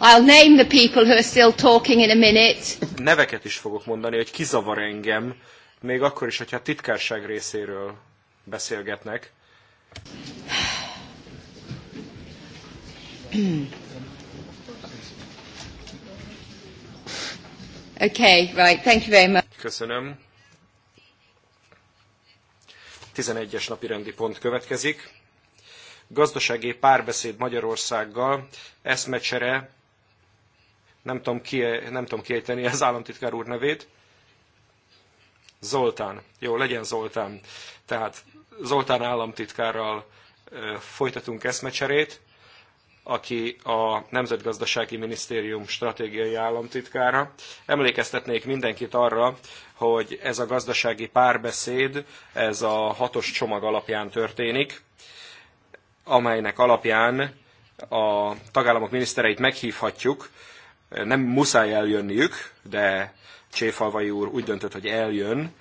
I'll name the people who are still talking in a minute. Neveket is fogok mondani, hogy kizavar engem, még akkor is, hogyha a titkárság részéről beszélgetnek. Okay, right, thank you very much. Köszönöm. 11-es napi rendi pont következik. Gazdasági párbeszéd Magyarországgal, eszmecsere, nem tudom, ki, nem tudom kiejteni az államtitkár úr nevét, Zoltán. Jó, legyen Zoltán. Tehát Zoltán államtitkárral folytatunk eszmecserét aki a Nemzetgazdasági Minisztérium stratégiai államtitkára. Emlékeztetnék mindenkit arra, hogy ez a gazdasági párbeszéd, ez a hatos csomag alapján történik, amelynek alapján a tagállamok minisztereit meghívhatjuk, nem muszáj eljönniük, de Cséfalvai úr úgy döntött, hogy eljön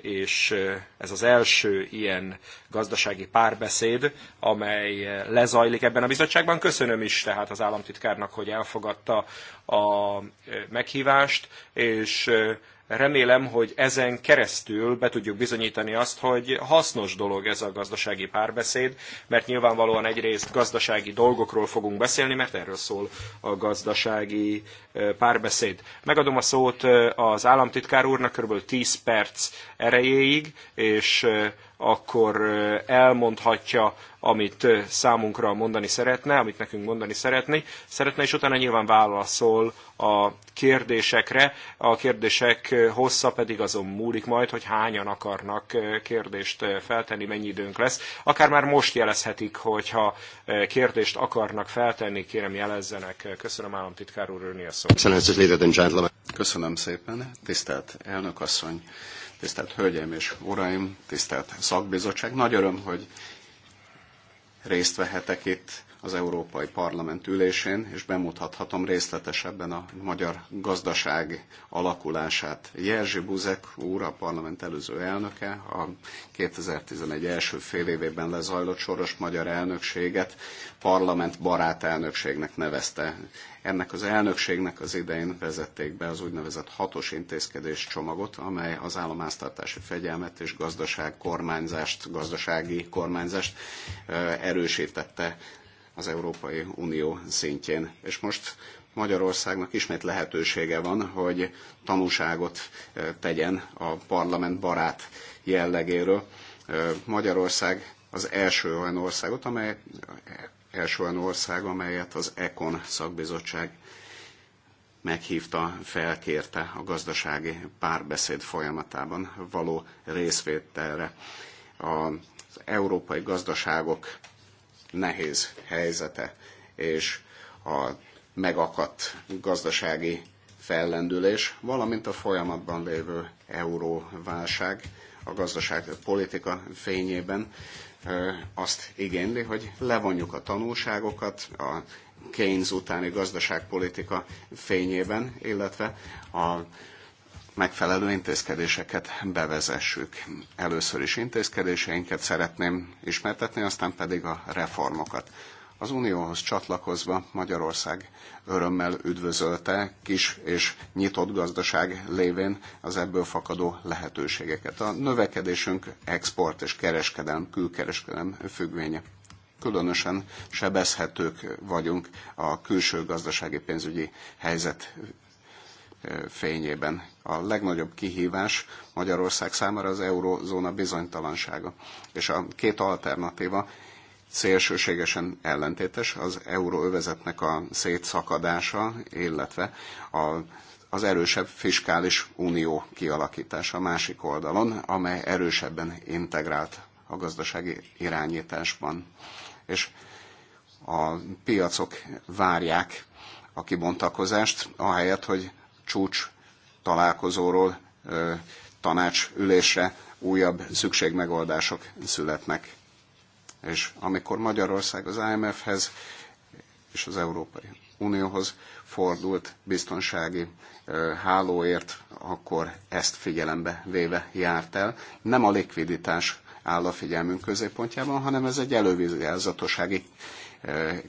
és ez az első ilyen gazdasági párbeszéd, amely lezajlik ebben a bizottságban. Köszönöm is tehát az államtitkárnak, hogy elfogadta a meghívást, és Remélem, hogy ezen keresztül be tudjuk bizonyítani azt, hogy hasznos dolog ez a gazdasági párbeszéd, mert nyilvánvalóan egyrészt gazdasági dolgokról fogunk beszélni, mert erről szól a gazdasági párbeszéd. Megadom a szót az államtitkár úrnak kb. 10 perc erejéig, és akkor elmondhatja, amit számunkra mondani szeretne, amit nekünk mondani szeretné, szeretne, és utána nyilván válaszol a kérdésekre. A kérdések hossza pedig azon múlik majd, hogy hányan akarnak kérdést feltenni, mennyi időnk lesz. Akár már most jelezhetik, hogyha kérdést akarnak feltenni, kérem jelezzenek. Köszönöm államtitkár úr, ön a szó. Köszönöm szépen, tisztelt elnök asszony tisztelt Hölgyeim és Uraim, tisztelt Szakbizottság. Nagy öröm, hogy részt vehetek itt az Európai Parlament ülésén, és bemutathatom részletesebben a magyar gazdaság alakulását. Jerzy Buzek úr, a parlament előző elnöke, a 2011 első fél évében lezajlott soros magyar elnökséget parlament barát elnökségnek nevezte ennek az elnökségnek az idején vezették be az úgynevezett hatos intézkedés csomagot, amely az államháztartási fegyelmet és gazdaság kormányzást, gazdasági kormányzást erősítette az Európai Unió szintjén. És most Magyarországnak ismét lehetősége van, hogy tanúságot tegyen a parlament barát jellegéről. Magyarország az első olyan országot, amely első olyan ország, amelyet az ECON szakbizottság meghívta, felkérte a gazdasági párbeszéd folyamatában való részvételre. Az európai gazdaságok nehéz helyzete és a megakadt gazdasági fellendülés, valamint a folyamatban lévő euróválság a gazdaságpolitika fényében azt igényli, hogy levonjuk a tanulságokat a Keynes utáni gazdaságpolitika fényében, illetve a megfelelő intézkedéseket bevezessük. Először is intézkedéseinket szeretném ismertetni, aztán pedig a reformokat. Az Unióhoz csatlakozva Magyarország örömmel üdvözölte kis és nyitott gazdaság lévén az ebből fakadó lehetőségeket. A növekedésünk export és kereskedelem, külkereskedelem függvénye. Különösen sebezhetők vagyunk a külső gazdasági pénzügyi helyzet fényében. A legnagyobb kihívás Magyarország számára az eurózóna bizonytalansága. És a két alternatíva szélsőségesen ellentétes az euróövezetnek a szétszakadása, illetve a, az erősebb fiskális unió kialakítása a másik oldalon, amely erősebben integrált a gazdasági irányításban. És a piacok várják a kibontakozást, ahelyett, hogy csúcs találkozóról tanácsülésre újabb szükségmegoldások születnek. És amikor Magyarország az IMF-hez és az Európai Unióhoz fordult biztonsági hálóért, akkor ezt figyelembe véve járt el. Nem a likviditás áll a figyelmünk középpontjában, hanem ez egy elővigyázatossági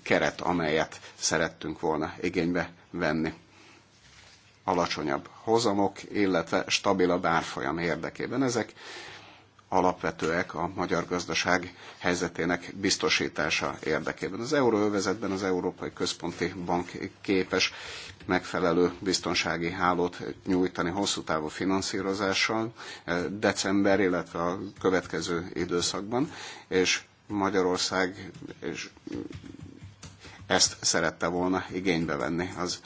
keret, amelyet szerettünk volna igénybe venni alacsonyabb hozamok, illetve stabilabb árfolyam érdekében. Ezek alapvetőek a magyar gazdaság helyzetének biztosítása érdekében. Az euróövezetben az Európai Központi Bank képes megfelelő biztonsági hálót nyújtani hosszú távú finanszírozással eh, december, illetve a következő időszakban, és Magyarország és ezt szerette volna igénybe venni az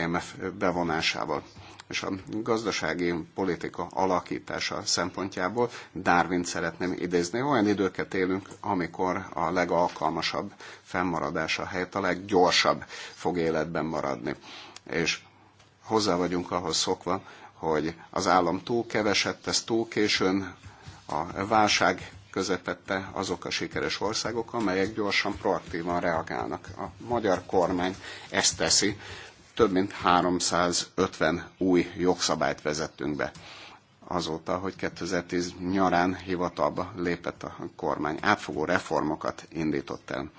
IMF bevonásával és a gazdasági politika alakítása szempontjából Darwin szeretném idézni. Olyan időket élünk, amikor a legalkalmasabb fennmaradása helyett a leggyorsabb fog életben maradni. És hozzá vagyunk ahhoz szokva, hogy az állam túl keveset tesz túl későn, a válság közepette azok a sikeres országok, amelyek gyorsan, proaktívan reagálnak. A magyar kormány ezt teszi több mint 350 új jogszabályt vezettünk be azóta, hogy 2010 nyarán hivatalba lépett a kormány. Átfogó reformokat indított el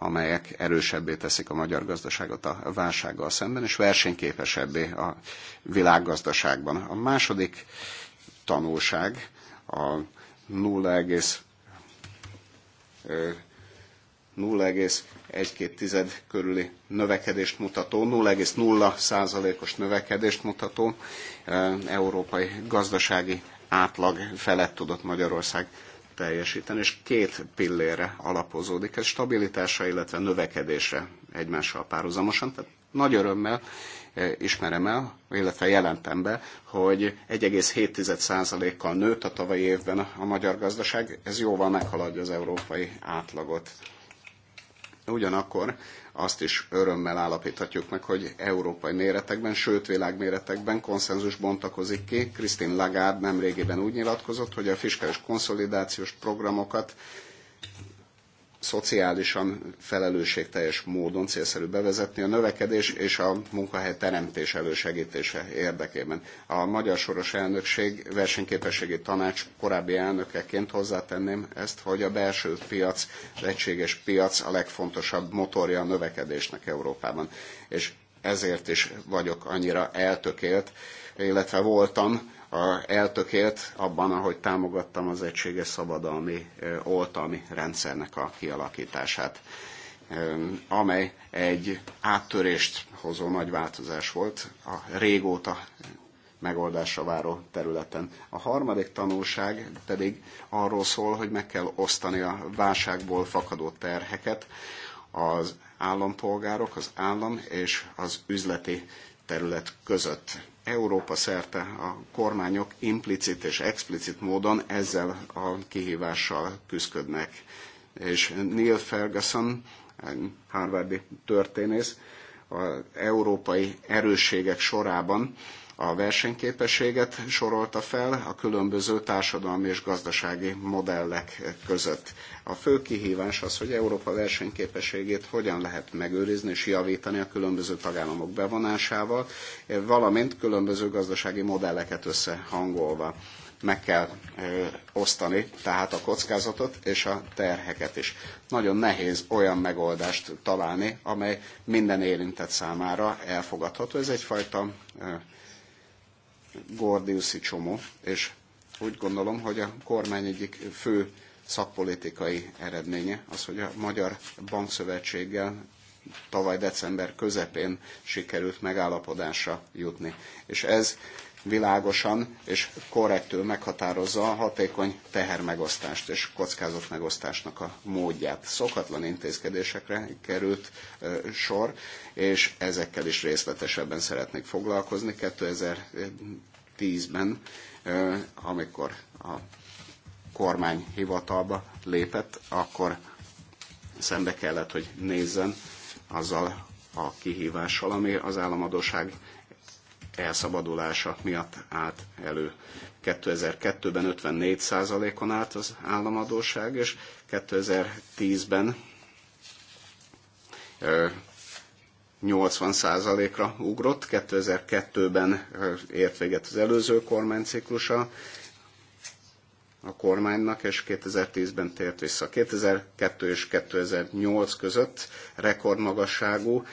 amelyek erősebbé teszik a magyar gazdaságot a válsággal szemben, és versenyképesebbé a világgazdaságban. A második tanulság a 0,5 1-2 tized körüli növekedést mutató, 0,0 százalékos növekedést mutató e, európai gazdasági átlag felett tudott Magyarország teljesíteni, és két pillére alapozódik. Ez stabilitásra, illetve növekedésre egymással párhuzamosan. Tehát nagy örömmel e, ismerem el, illetve jelentem be, hogy 1,7%-kal nőtt a tavalyi évben a magyar gazdaság, ez jóval meghaladja az európai átlagot. Ugyanakkor azt is örömmel állapíthatjuk meg, hogy európai méretekben, sőt világméretekben konszenzus bontakozik ki. Christine Lagarde nemrégiben úgy nyilatkozott, hogy a fiskális konszolidációs programokat szociálisan felelősségteljes módon célszerű bevezetni a növekedés és a munkahely teremtés elősegítése érdekében. A magyar soros elnökség versenyképességi tanács korábbi elnökeként hozzátenném ezt, hogy a belső piac, az egységes piac a legfontosabb motorja a növekedésnek Európában. És ezért is vagyok annyira eltökélt, illetve voltam eltökélt abban, ahogy támogattam az egységes szabadalmi oltalmi rendszernek a kialakítását, amely egy áttörést hozó nagy változás volt a régóta megoldásra váró területen. A harmadik tanulság pedig arról szól, hogy meg kell osztani a válságból fakadó terheket az állampolgárok, az állam és az üzleti terület között Európa szerte a kormányok implicit és explicit módon ezzel a kihívással küzdködnek. És Neil Ferguson, harvardi történész, az európai erősségek sorában a versenyképességet sorolta fel a különböző társadalmi és gazdasági modellek között. A fő kihívás az, hogy Európa versenyképességét hogyan lehet megőrizni és javítani a különböző tagállamok bevonásával, valamint különböző gazdasági modelleket összehangolva meg kell ö, osztani, tehát a kockázatot és a terheket is. Nagyon nehéz olyan megoldást találni, amely minden érintett számára elfogadható. Ez egyfajta ö, gordiuszi csomó, és úgy gondolom, hogy a kormány egyik fő szakpolitikai eredménye az, hogy a Magyar Bankszövetséggel tavaly december közepén sikerült megállapodásra jutni. És ez világosan és korrektül meghatározza a hatékony tehermegosztást és kockázatmegosztásnak a módját. Szokatlan intézkedésekre került sor, és ezekkel is részletesebben szeretnék foglalkozni. 2010-ben, amikor a kormány hivatalba lépett, akkor szembe kellett, hogy nézzen azzal a kihívással, ami az államadóság elszabadulása miatt állt elő. 2002-ben 54 százalékon állt az államadóság, és 2010-ben 80 ra ugrott, 2002-ben ért véget az előző kormányciklusa, a kormánynak, és 2010-ben tért vissza. 2002 és 2008 között rekordmagasságú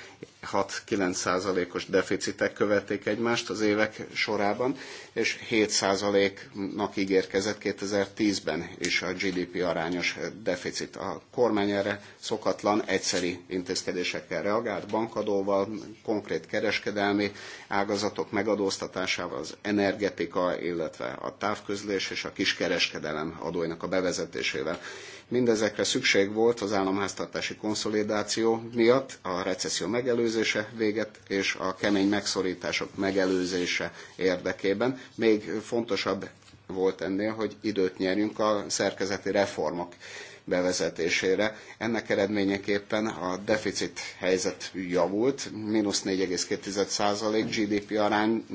6-9%-os deficitek követték egymást az évek sorában, és 7%-nak ígérkezett 2010-ben is a GDP arányos deficit. A kormány erre szokatlan egyszeri intézkedésekkel reagált, bankadóval, konkrét kereskedelmi ágazatok megadóztatásával, az energetika, illetve a távközlés és a kiskereskedelem adóinak a bevezetésével. Mindezekre szükség volt az államháztartási konszolidáció miatt, a recesszió megelőzése véget és a kemény megszorítások megelőzése érdekében. Még fontosabb volt ennél, hogy időt nyerjünk a szerkezeti reformok bevezetésére. Ennek eredményeképpen a deficit helyzet javult, mínusz 4,2% GDP arány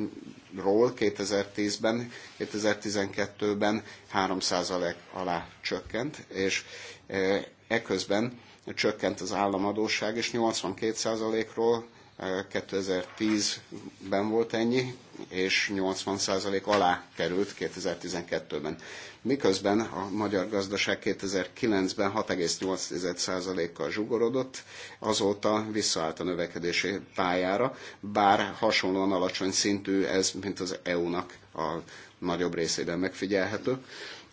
ról 2010-ben, 2012-ben 3% alá csökkent, és eh, eközben csökkent az államadóság, és 82%-ról 2010-ben volt ennyi, és 80% alá került 2012-ben. Miközben a magyar gazdaság 2009-ben 6,8%-kal zsugorodott, azóta visszaállt a növekedési pályára, bár hasonlóan alacsony szintű ez, mint az EU-nak a nagyobb részében megfigyelhető.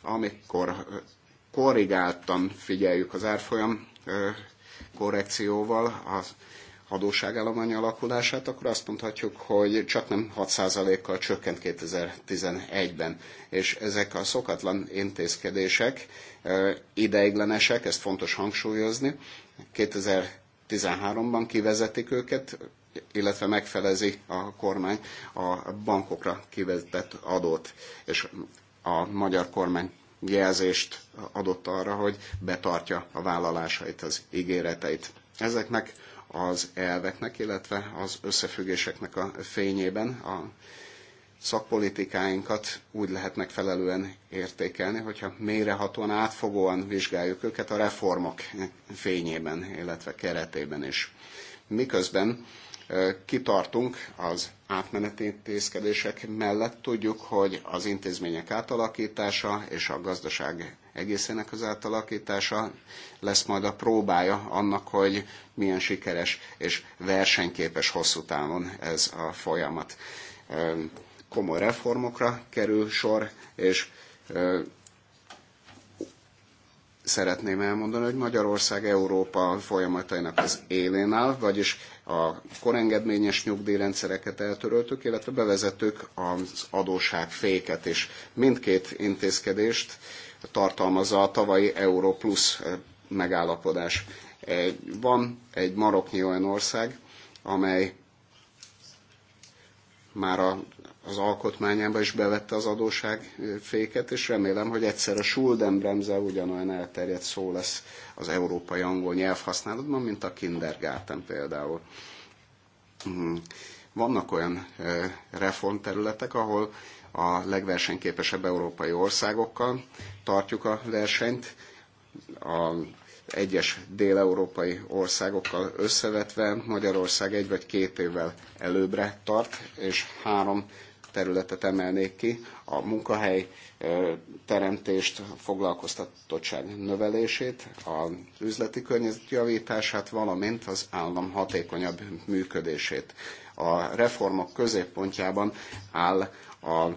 Amikor korrigáltan figyeljük az árfolyam korrekcióval, az adósságállomány alakulását, akkor azt mondhatjuk, hogy csak nem 6%-kal csökkent 2011-ben. És ezek a szokatlan intézkedések ideiglenesek, ezt fontos hangsúlyozni. 2013-ban kivezetik őket, illetve megfelezi a kormány a bankokra kivetett adót. És a magyar kormány jelzést adott arra, hogy betartja a vállalásait, az ígéreteit. Ezeknek az elveknek, illetve az összefüggéseknek a fényében a szakpolitikáinkat úgy lehet megfelelően értékelni, hogyha mélyrehatóan, átfogóan vizsgáljuk őket a reformok fényében, illetve keretében is. Miközben kitartunk az átmeneti intézkedések mellett tudjuk, hogy az intézmények átalakítása és a gazdaság egészének az átalakítása lesz majd a próbája annak, hogy milyen sikeres és versenyképes hosszú távon ez a folyamat. Komoly reformokra kerül sor, és szeretném elmondani, hogy Magyarország Európa folyamatainak az élén áll, vagyis a korengedményes nyugdíjrendszereket eltöröltük, illetve bevezettük az adósságféket, és mindkét intézkedést tartalmazza a tavalyi Euró plusz megállapodás. Van egy maroknyi olyan ország, amely már a az alkotmányába is bevette az adóságféket, és remélem, hogy egyszer a Schuldenbremse ugyanolyan elterjedt szó lesz az európai angol nyelvhasználatban, mint a kindergarten például. Hmm. Vannak olyan reformterületek, ahol a legversenyképesebb európai országokkal tartjuk a versenyt, a egyes déleurópai országokkal összevetve Magyarország egy vagy két évvel előbbre tart, és három területet emelnék ki, a munkahely teremtést, foglalkoztatottság növelését, a üzleti környezet javítását, valamint az állam hatékonyabb működését. A reformok középpontjában áll a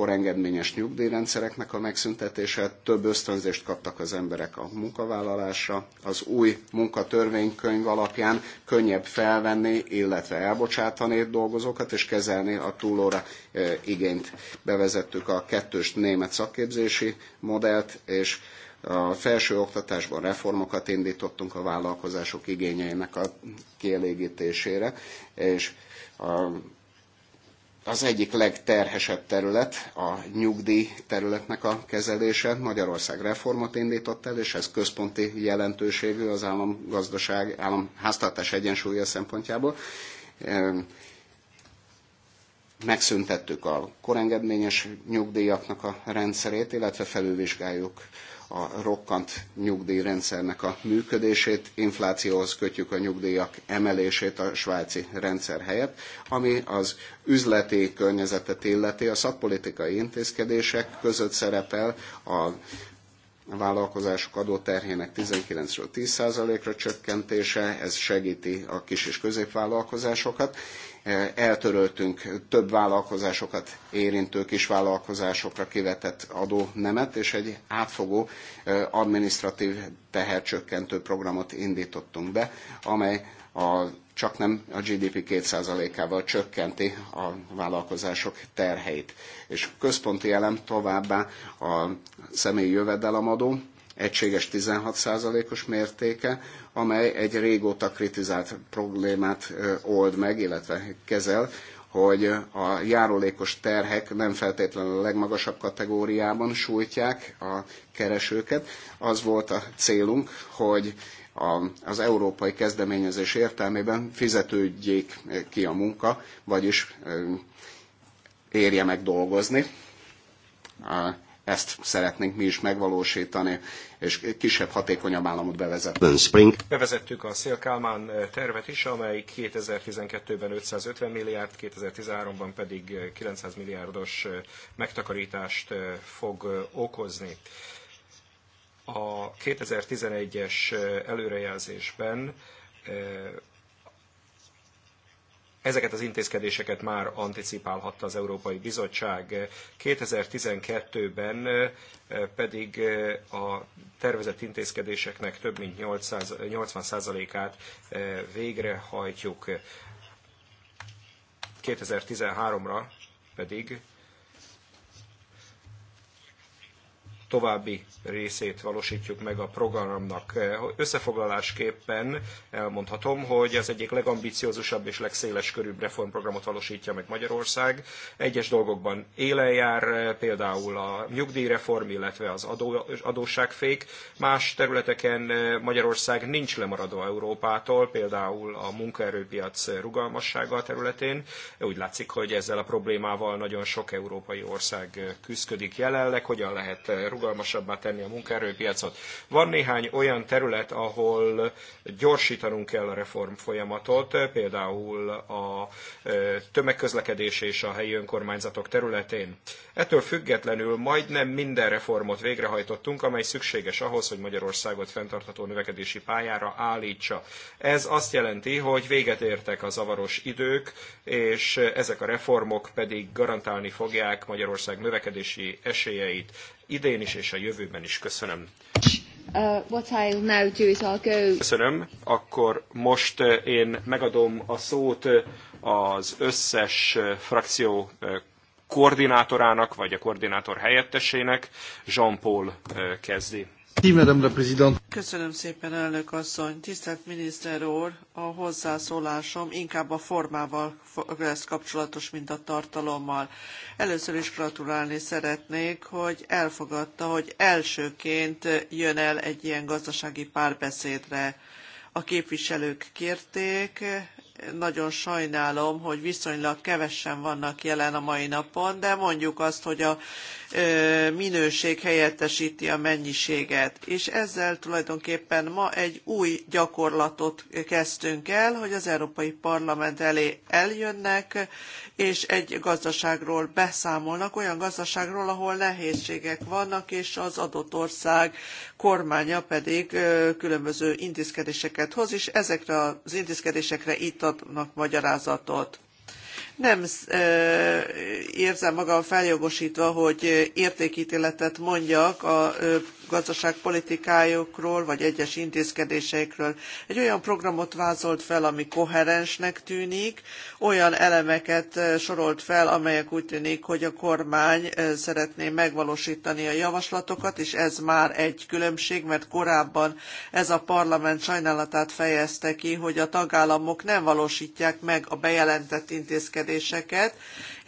korengedményes nyugdíjrendszereknek a megszüntetése, több ösztönzést kaptak az emberek a munkavállalásra, az új munkatörvénykönyv alapján könnyebb felvenni, illetve elbocsátani dolgozókat és kezelni a túlóra e, igényt. Bevezettük a kettős német szakképzési modellt, és a felső oktatásban reformokat indítottunk a vállalkozások igényeinek a kielégítésére, és a az egyik legterhesebb terület a nyugdíj területnek a kezelése. Magyarország reformot indított el, és ez központi jelentőségű az államgazdaság, államháztartás egyensúlya szempontjából. Ehm, megszüntettük a korengedményes nyugdíjaknak a rendszerét, illetve felülvizsgáljuk a rokkant nyugdíjrendszernek a működését, inflációhoz kötjük a nyugdíjak emelését a svájci rendszer helyett, ami az üzleti környezetet illeti, a szakpolitikai intézkedések között szerepel a a vállalkozások adóterhének 19-ről 10%-ra csökkentése, ez segíti a kis és középvállalkozásokat, Eh, eltöröltünk több vállalkozásokat érintő kisvállalkozásokra kivetett adónemet, és egy átfogó eh, administratív tehercsökkentő programot indítottunk be, amely a, csak nem a GDP 2%-ával csökkenti a vállalkozások terheit. És központi elem továbbá a személyi jövedelemadó, egységes 16%-os mértéke, amely egy régóta kritizált problémát old meg, illetve kezel, hogy a járulékos terhek nem feltétlenül a legmagasabb kategóriában sújtják a keresőket. Az volt a célunk, hogy az európai kezdeményezés értelmében fizetődjék ki a munka, vagyis érje meg dolgozni ezt szeretnénk mi is megvalósítani, és kisebb, hatékonyabb államot bevezetni. Bevezettük a Szélkálmán eh, tervet is, amely 2012-ben 550 milliárd, 2013-ban pedig 900 eh, milliárdos eh, megtakarítást fog okozni. A 2011-es előrejelzésben Ezeket az intézkedéseket már anticipálhatta az Európai Bizottság. 2012-ben pedig a tervezett intézkedéseknek több mint 800, 80%-át végrehajtjuk. 2013-ra pedig további részét valósítjuk meg a programnak. Összefoglalásképpen elmondhatom, hogy az egyik legambiciózusabb és legszéles körűbb reformprogramot valósítja meg Magyarország. Egyes dolgokban élen jár, például a nyugdíjreform, illetve az adó, adósságfék. Más területeken Magyarország nincs lemaradva Európától, például a munkaerőpiac rugalmassága területén. Úgy látszik, hogy ezzel a problémával nagyon sok európai ország küzdködik jelenleg, hogyan lehet rugalmasabbá tenni a munkaerőpiacot. Van néhány olyan terület, ahol gyorsítanunk kell a reform folyamatot, például a tömegközlekedés és a helyi önkormányzatok területén. Ettől függetlenül majdnem minden reformot végrehajtottunk, amely szükséges ahhoz, hogy Magyarországot fenntartható növekedési pályára állítsa. Ez azt jelenti, hogy véget értek a zavaros idők, és ezek a reformok pedig garantálni fogják Magyarország növekedési esélyeit idén is és a jövőben is. Köszönöm. Uh, Köszönöm. Akkor most uh, én megadom a szót uh, az összes frakció koordinátorának, vagy a koordinátor helyettesének. Jean-Paul kezdi. Köszönöm szépen, elnök asszony. Tisztelt miniszter úr, a hozzászólásom inkább a formával lesz kapcsolatos, mint a tartalommal. Először is gratulálni szeretnék, hogy elfogadta, hogy elsőként jön el egy ilyen gazdasági párbeszédre. A képviselők kérték, nagyon sajnálom, hogy viszonylag kevesen vannak jelen a mai napon, de mondjuk azt, hogy a minőség helyettesíti a mennyiséget. És ezzel tulajdonképpen ma egy új gyakorlatot kezdtünk el, hogy az Európai Parlament elé eljönnek, és egy gazdaságról beszámolnak, olyan gazdaságról, ahol nehézségek vannak, és az adott ország kormánya pedig különböző intézkedéseket hoz, és ezekre az intézkedésekre itt a adnak magyarázatot. Nem érzem magam feljogosítva, hogy értékítéletet mondjak a gazdaságpolitikájukról, vagy egyes intézkedéseikről. Egy olyan programot vázolt fel, ami koherensnek tűnik, olyan elemeket sorolt fel, amelyek úgy tűnik, hogy a kormány szeretné megvalósítani a javaslatokat, és ez már egy különbség, mert korábban ez a parlament sajnálatát fejezte ki, hogy a tagállamok nem valósítják meg a bejelentett intézkedéseket,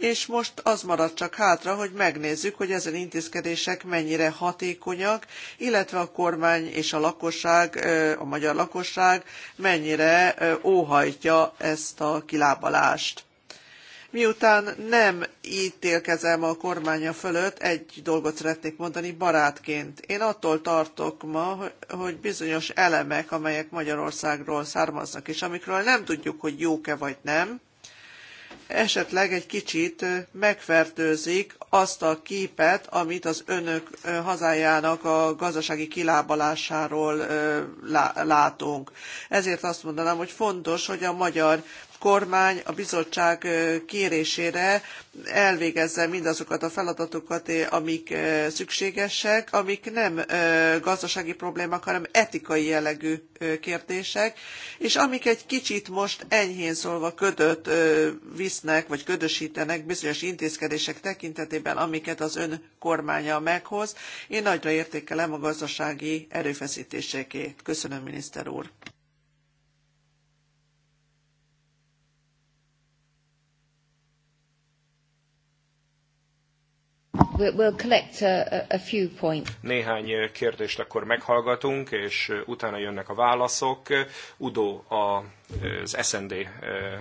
és most az marad csak hátra, hogy megnézzük, hogy ezen intézkedések mennyire hatékonyak, illetve a kormány és a lakosság, a magyar lakosság mennyire óhajtja ezt a kilábalást. Miután nem ítélkezem a kormánya fölött, egy dolgot szeretnék mondani barátként. Én attól tartok ma, hogy bizonyos elemek, amelyek Magyarországról származnak, és amikről nem tudjuk, hogy jók-e vagy nem, esetleg egy kicsit megfertőzik azt a képet, amit az önök hazájának a gazdasági kilábalásáról látunk. Ezért azt mondanám, hogy fontos, hogy a magyar kormány a bizottság kérésére elvégezze mindazokat a feladatokat, amik szükségesek, amik nem gazdasági problémák, hanem etikai jellegű kérdések, és amik egy kicsit most enyhén szólva ködöt visznek, vagy ködösítenek bizonyos intézkedések tekintetében, amiket az ön kormánya meghoz. Én nagyra értékelem a gazdasági erőfeszítését. Köszönöm, miniszter úr! We'll collect a, a few points. Néhány eh, kérdést akkor meghallgatunk, és eh, utána jönnek a válaszok. Udo eh, az SND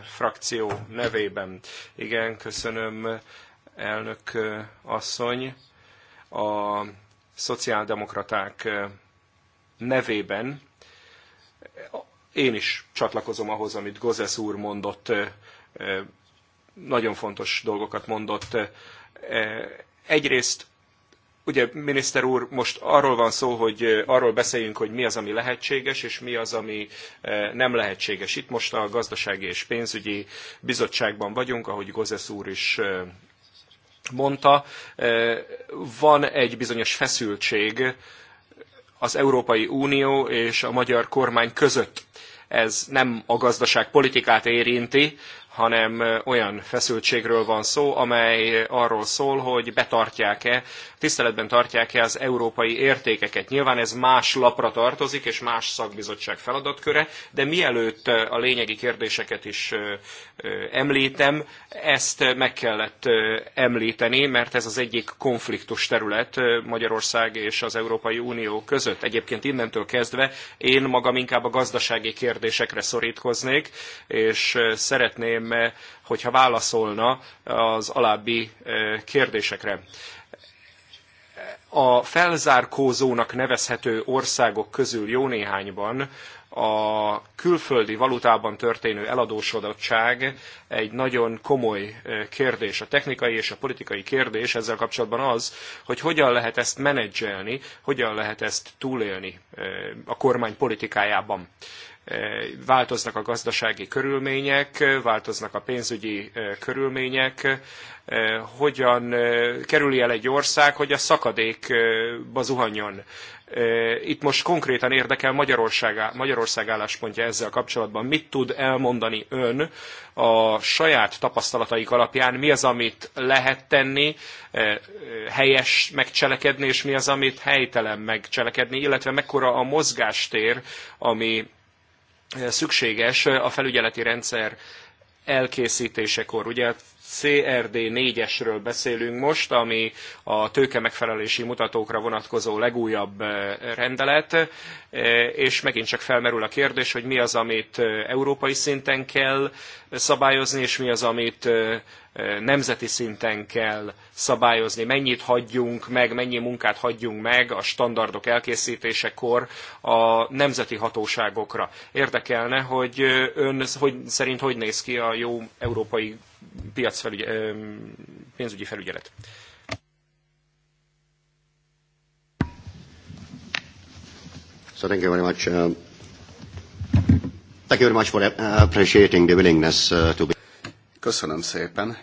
frakció nevében. Igen, köszönöm, elnök asszony. A szociáldemokraták nevében én is csatlakozom ahhoz, amit Gozesz úr mondott, nagyon fontos dolgokat mondott Egyrészt ugye miniszter úr, most arról van szó, hogy arról beszéljünk, hogy mi az, ami lehetséges, és mi az, ami nem lehetséges. Itt most a gazdasági és pénzügyi bizottságban vagyunk, ahogy Gozesz úr is mondta. Van egy bizonyos feszültség az Európai Unió és a magyar kormány között. Ez nem a gazdaságpolitikát érinti, hanem olyan feszültségről van szó, amely arról szól, hogy betartják-e, tiszteletben tartják-e az európai értékeket. Nyilván ez más lapra tartozik, és más szakbizottság feladatköre, de mielőtt a lényegi kérdéseket is említem, ezt meg kellett említeni, mert ez az egyik konfliktus terület Magyarország és az Európai Unió között. Egyébként innentől kezdve én magam inkább a gazdasági kérdésekre szorítkoznék, és szeretném szeretném, eh, hogyha válaszolna az alábbi eh, kérdésekre a felzárkózónak nevezhető országok közül jó néhányban a külföldi valutában történő eladósodottság egy nagyon komoly eh, kérdés. A technikai és a politikai kérdés ezzel kapcsolatban az, hogy hogyan lehet ezt menedzselni, hogyan lehet ezt túlélni a kormány politikájában. Eh, változnak a gazdasági körülmények, eh, változnak a pénzügyi eh, körülmények, hogyan kerüli el egy ország, hogy a szakadékba zuhanjon. Itt most konkrétan érdekel Magyarország, Magyarország álláspontja ezzel kapcsolatban. Mit tud elmondani ön a saját tapasztalataik alapján? Mi az, amit lehet tenni, helyes megcselekedni, és mi az, amit helytelen megcselekedni, illetve mekkora a mozgástér, ami Eh, szükséges eh, a felügyeleti rendszer elkészítésekor. Ugye a CRD 4-esről beszélünk most, ami a tőke megfelelési mutatókra vonatkozó legújabb eh, rendelet, és megint csak felmerül a kérdés, hogy mi az, amit európai szinten kell szabályozni, és mi az, amit nemzeti szinten kell szabályozni, mennyit hagyjunk meg, mennyi munkát hagyjunk meg a standardok elkészítésekor a nemzeti hatóságokra. Érdekelne, hogy ön hogy, szerint hogy néz ki a jó európai piacfelügy, pénzügyi felügyelet? So thank you very much. Uh, thank you very much for uh, appreciating the willingness uh, to be. Köszönöm szépen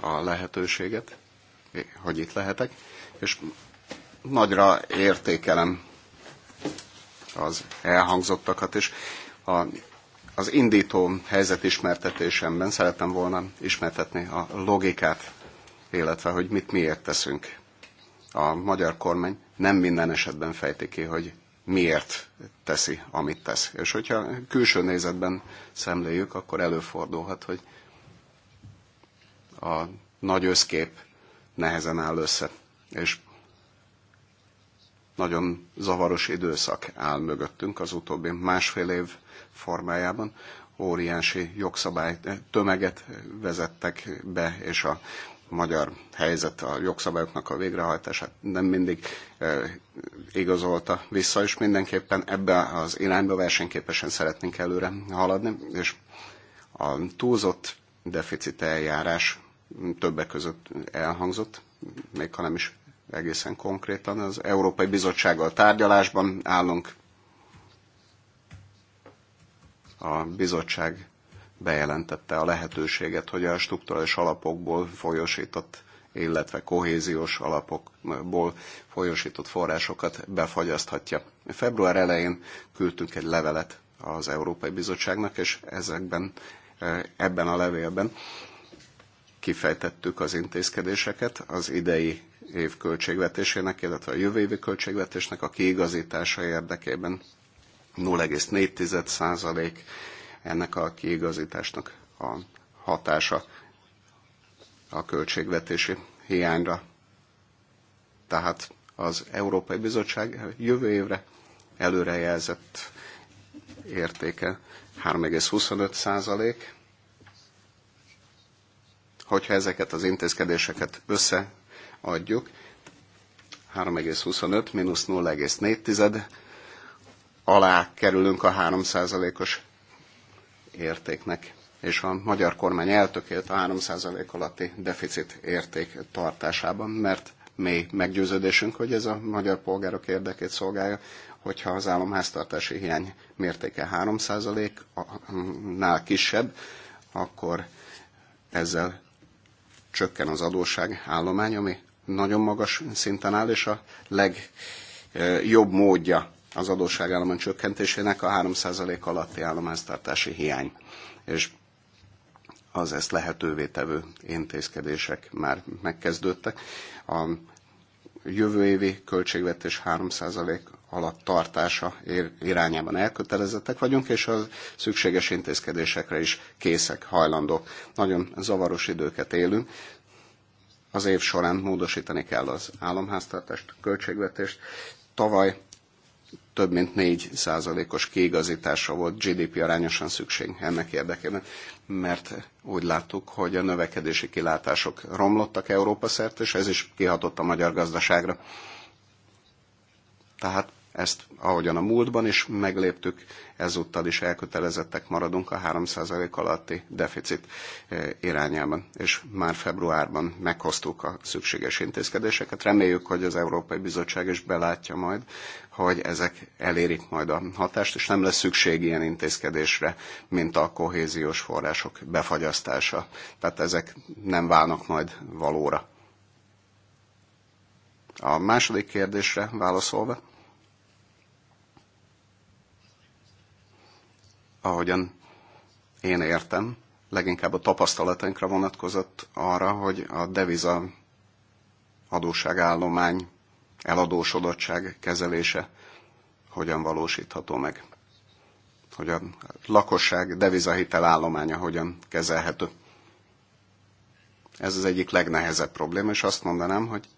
a lehetőséget, hogy itt lehetek, és nagyra értékelem az elhangzottakat, és a, az indító helyzet ismertetésemben szeretem volna ismertetni a logikát, illetve hogy mit miért teszünk. A magyar kormány nem minden esetben fejti ki, hogy miért teszi, amit tesz. És hogyha külső nézetben szemléljük, akkor előfordulhat, hogy a nagy összkép nehezen áll össze, és nagyon zavaros időszak áll mögöttünk az utóbbi másfél év formájában. Óriási jogszabály tömeget vezettek be, és a magyar helyzet a jogszabályoknak a végrehajtását nem mindig e, igazolta vissza, és mindenképpen ebbe az irányba versenyképesen szeretnénk előre haladni, és a túlzott deficit eljárás többek között elhangzott, még ha nem is egészen konkrétan, az Európai Bizottsággal tárgyalásban állunk. A bizottság bejelentette a lehetőséget, hogy a strukturális alapokból folyosított, illetve kohéziós alapokból folyosított forrásokat befagyaszthatja. Február elején küldtünk egy levelet az Európai Bizottságnak, és ezekben, e, ebben a levélben kifejtettük az intézkedéseket az idei év költségvetésének, illetve a jövő évi költségvetésnek a kiigazítása érdekében 0,4 ennek a kiigazításnak a hatása a költségvetési hiányra. Tehát az Európai Bizottság jövő évre előrejelzett értéke 3,25 százalék. Hogyha ezeket az intézkedéseket összeadjuk, 3,25 mínusz 0,4 alá kerülünk a 3 százalékos értéknek, és a magyar kormány eltökélt a 3% alatti deficit érték tartásában, mert mély meggyőződésünk, hogy ez a magyar polgárok érdekét szolgálja, hogyha az államháztartási hiány mértéke 3%-nál kisebb, akkor ezzel csökken az adósság állomány, ami nagyon magas szinten áll, és a legjobb módja az adósságállomány csökkentésének a 3% alatti államháztartási hiány. És az ezt lehetővé tevő intézkedések már megkezdődtek. A jövő évi költségvetés 3% alatt tartása irányában elkötelezettek vagyunk, és a szükséges intézkedésekre is készek, hajlandók. Nagyon zavaros időket élünk. Az év során módosítani kell az államháztartást, költségvetést. Tavaly több mint 4 százalékos kiigazításra volt GDP arányosan szükség ennek érdekében, mert úgy láttuk, hogy a növekedési kilátások romlottak Európa szerte, és ez is kihatott a magyar gazdaságra. Tehát ezt ahogyan a múltban is megléptük, ezúttal is elkötelezettek maradunk a 3% alatti deficit eh, irányában, és már februárban meghoztuk a szükséges intézkedéseket. Reméljük, hogy az Európai Bizottság is belátja majd, hogy ezek elérik majd a hatást, és nem lesz szükség ilyen intézkedésre, mint a kohéziós források befagyasztása. Tehát ezek nem válnak majd valóra. A második kérdésre válaszolva, ahogyan én értem, leginkább a tapasztalatainkra vonatkozott arra, hogy a deviza adósságállomány, eladósodottság kezelése hogyan valósítható meg. Hogy a lakosság devizahitel állománya hogyan kezelhető. Ez az egyik legnehezebb probléma, és azt mondanám, hogy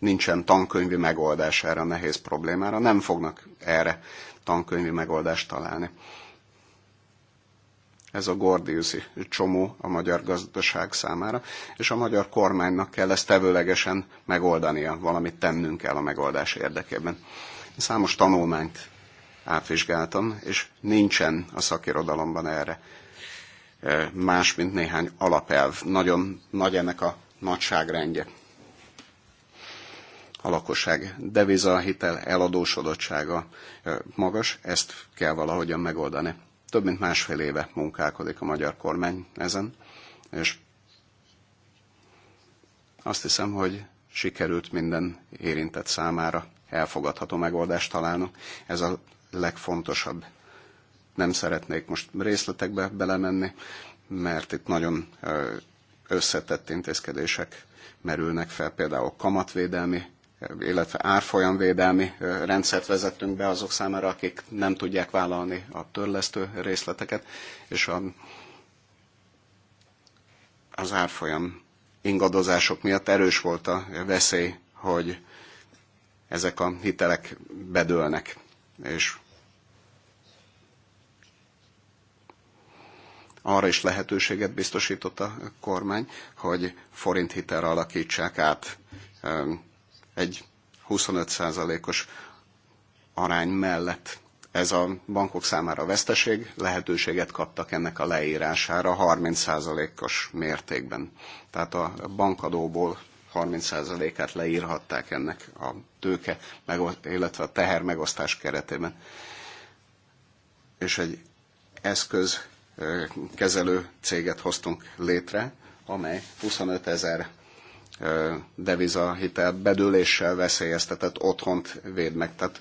nincsen tankönyvi megoldás erre a nehéz problémára, nem fognak erre tankönyvi megoldást találni. Ez a gordiuszi csomó a magyar gazdaság számára, és a magyar kormánynak kell ezt tevőlegesen megoldania, valamit tennünk kell a megoldás érdekében. Számos tanulmányt átvizsgáltam, és nincsen a szakirodalomban erre eh, más, mint néhány alapelv. Nagyon nagy ennek a nagyságrendje a lakosság devizahitel eladósodottsága magas, ezt kell valahogyan megoldani. Több mint másfél éve munkálkodik a magyar kormány ezen, és azt hiszem, hogy sikerült minden érintett számára elfogadható megoldást találnunk. Ez a legfontosabb. Nem szeretnék most részletekbe belemenni, mert itt nagyon összetett intézkedések merülnek fel, például kamatvédelmi illetve árfolyamvédelmi rendszert vezettünk be azok számára, akik nem tudják vállalni a törlesztő részleteket, és a, az árfolyam ingadozások miatt erős volt a veszély, hogy ezek a hitelek bedőlnek, és arra is lehetőséget biztosított a kormány, hogy forint hitelre alakítsák át egy 25%-os arány mellett ez a bankok számára veszteség, lehetőséget kaptak ennek a leírására 30%-os mértékben. Tehát a bankadóból 30%-át leírhatták ennek a tőke, illetve a teher megosztás keretében. És egy eszközkezelő céget hoztunk létre, amely 25 ezer devizahitel bedőléssel veszélyeztetett otthont véd meg. Tehát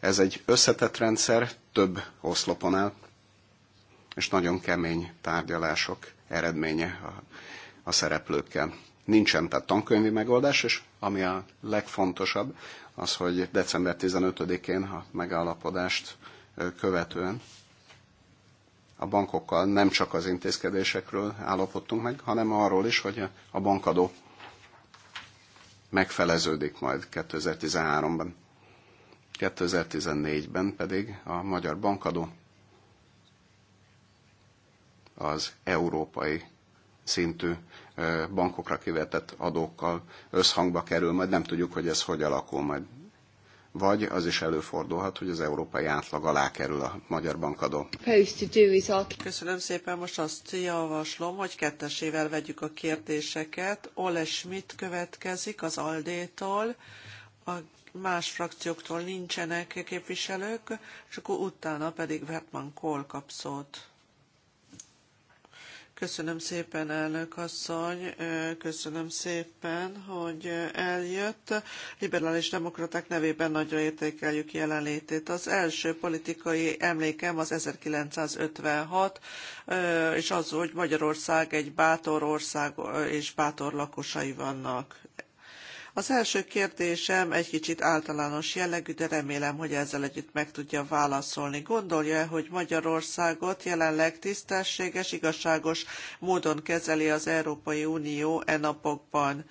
ez egy összetett rendszer, több oszlopon áll, és nagyon kemény tárgyalások eredménye a, a szereplőkkel. Nincsen tehát tankönyvi megoldás, és ami a legfontosabb, az, hogy december 15-én a megállapodást követően a bankokkal nem csak az intézkedésekről állapodtunk meg, hanem arról is, hogy a bankadó megfeleződik majd 2013-ban. 2014-ben pedig a magyar bankadó az európai szintű bankokra kivetett adókkal összhangba kerül, majd nem tudjuk, hogy ez hogy alakul majd vagy az is előfordulhat, hogy az európai átlag alá kerül a magyar bankadó. Köszönöm szépen, most azt javaslom, hogy kettesével vegyük a kérdéseket. Ole Schmidt következik az Aldétól, a más frakcióktól nincsenek képviselők, és akkor utána pedig Vertman Kohl kap szót. Köszönöm szépen, elnök asszony, köszönöm szépen, hogy eljött. Liberális demokraták nevében nagyra értékeljük jelenlétét. Az első politikai emlékem az 1956, és az, hogy Magyarország egy bátor ország és bátor lakosai vannak az első kérdésem egy kicsit általános jellegű, de remélem, hogy ezzel együtt meg tudja válaszolni. Gondolja, -e, hogy Magyarországot jelenleg tisztességes, igazságos módon kezeli az Európai Unió e napokban?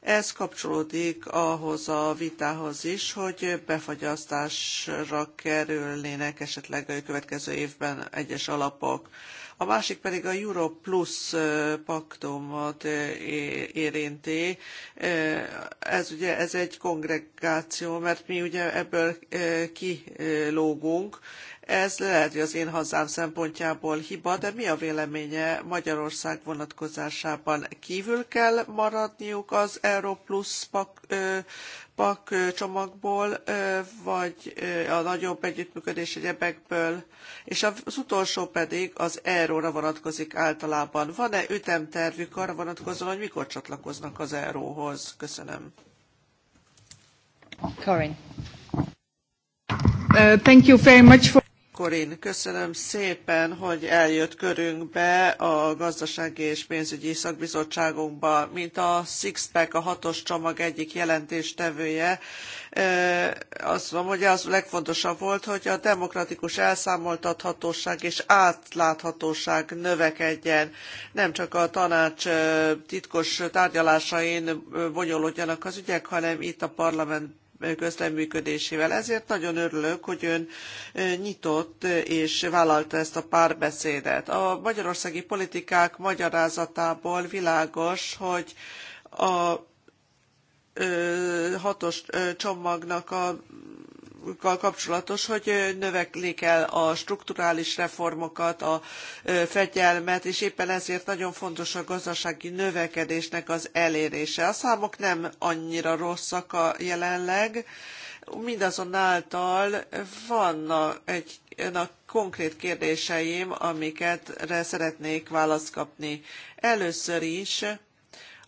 Ez kapcsolódik ahhoz a vitához is, hogy befagyasztásra kerülnének esetleg a következő évben egyes alapok a másik pedig a Euro Plus paktumot érinti. Ez ugye ez egy kongregáció, mert mi ugye ebből kilógunk, ez lehet, hogy az én hazám szempontjából hiba, de mi a véleménye Magyarország vonatkozásában? Kívül kell maradniuk az Plus pak, csomagból vagy a nagyobb együttműködés egyebekből, és az utolsó pedig az euróra vonatkozik általában. Van-e ütemtervük arra vonatkozóan, hogy mikor csatlakoznak az euróhoz? Köszönöm. Corinne. Uh, thank you very much for Korin, köszönöm szépen, hogy eljött körünkbe a Gazdasági és Pénzügyi Szakbizottságunkba. Mint a Sixpack, a hatos csomag egyik jelentéstevője, azt mondom, hogy az legfontosabb volt, hogy a demokratikus elszámoltathatóság és átláthatóság növekedjen. Nem csak a tanács titkos tárgyalásain bonyolódjanak az ügyek, hanem itt a parlament közleműködésével. Ezért nagyon örülök, hogy ön nyitott és vállalta ezt a párbeszédet. A magyarországi politikák magyarázatából világos, hogy a hatos csomagnak a kapcsolatos, hogy növekli kell a strukturális reformokat, a fegyelmet, és éppen ezért nagyon fontos a gazdasági növekedésnek az elérése. A számok nem annyira rosszak a jelenleg, mindazonáltal vannak egy a konkrét kérdéseim, amiket szeretnék választ kapni. Először is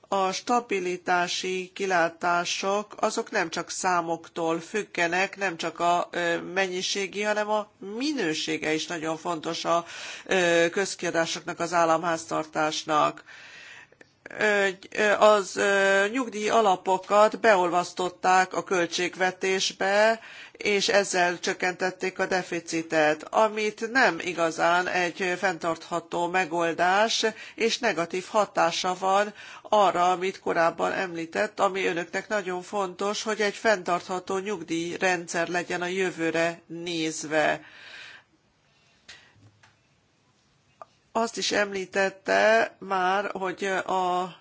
a stabilitási kilátások azok nem csak számoktól függenek, nem csak a mennyiségi, hanem a minősége is nagyon fontos a közkiadásoknak, az államháztartásnak az nyugdíj alapokat beolvasztották a költségvetésbe, és ezzel csökkentették a deficitet, amit nem igazán egy fenntartható megoldás, és negatív hatása van arra, amit korábban említett, ami önöknek nagyon fontos, hogy egy fenntartható nyugdíjrendszer legyen a jövőre nézve Azt is említette már, hogy a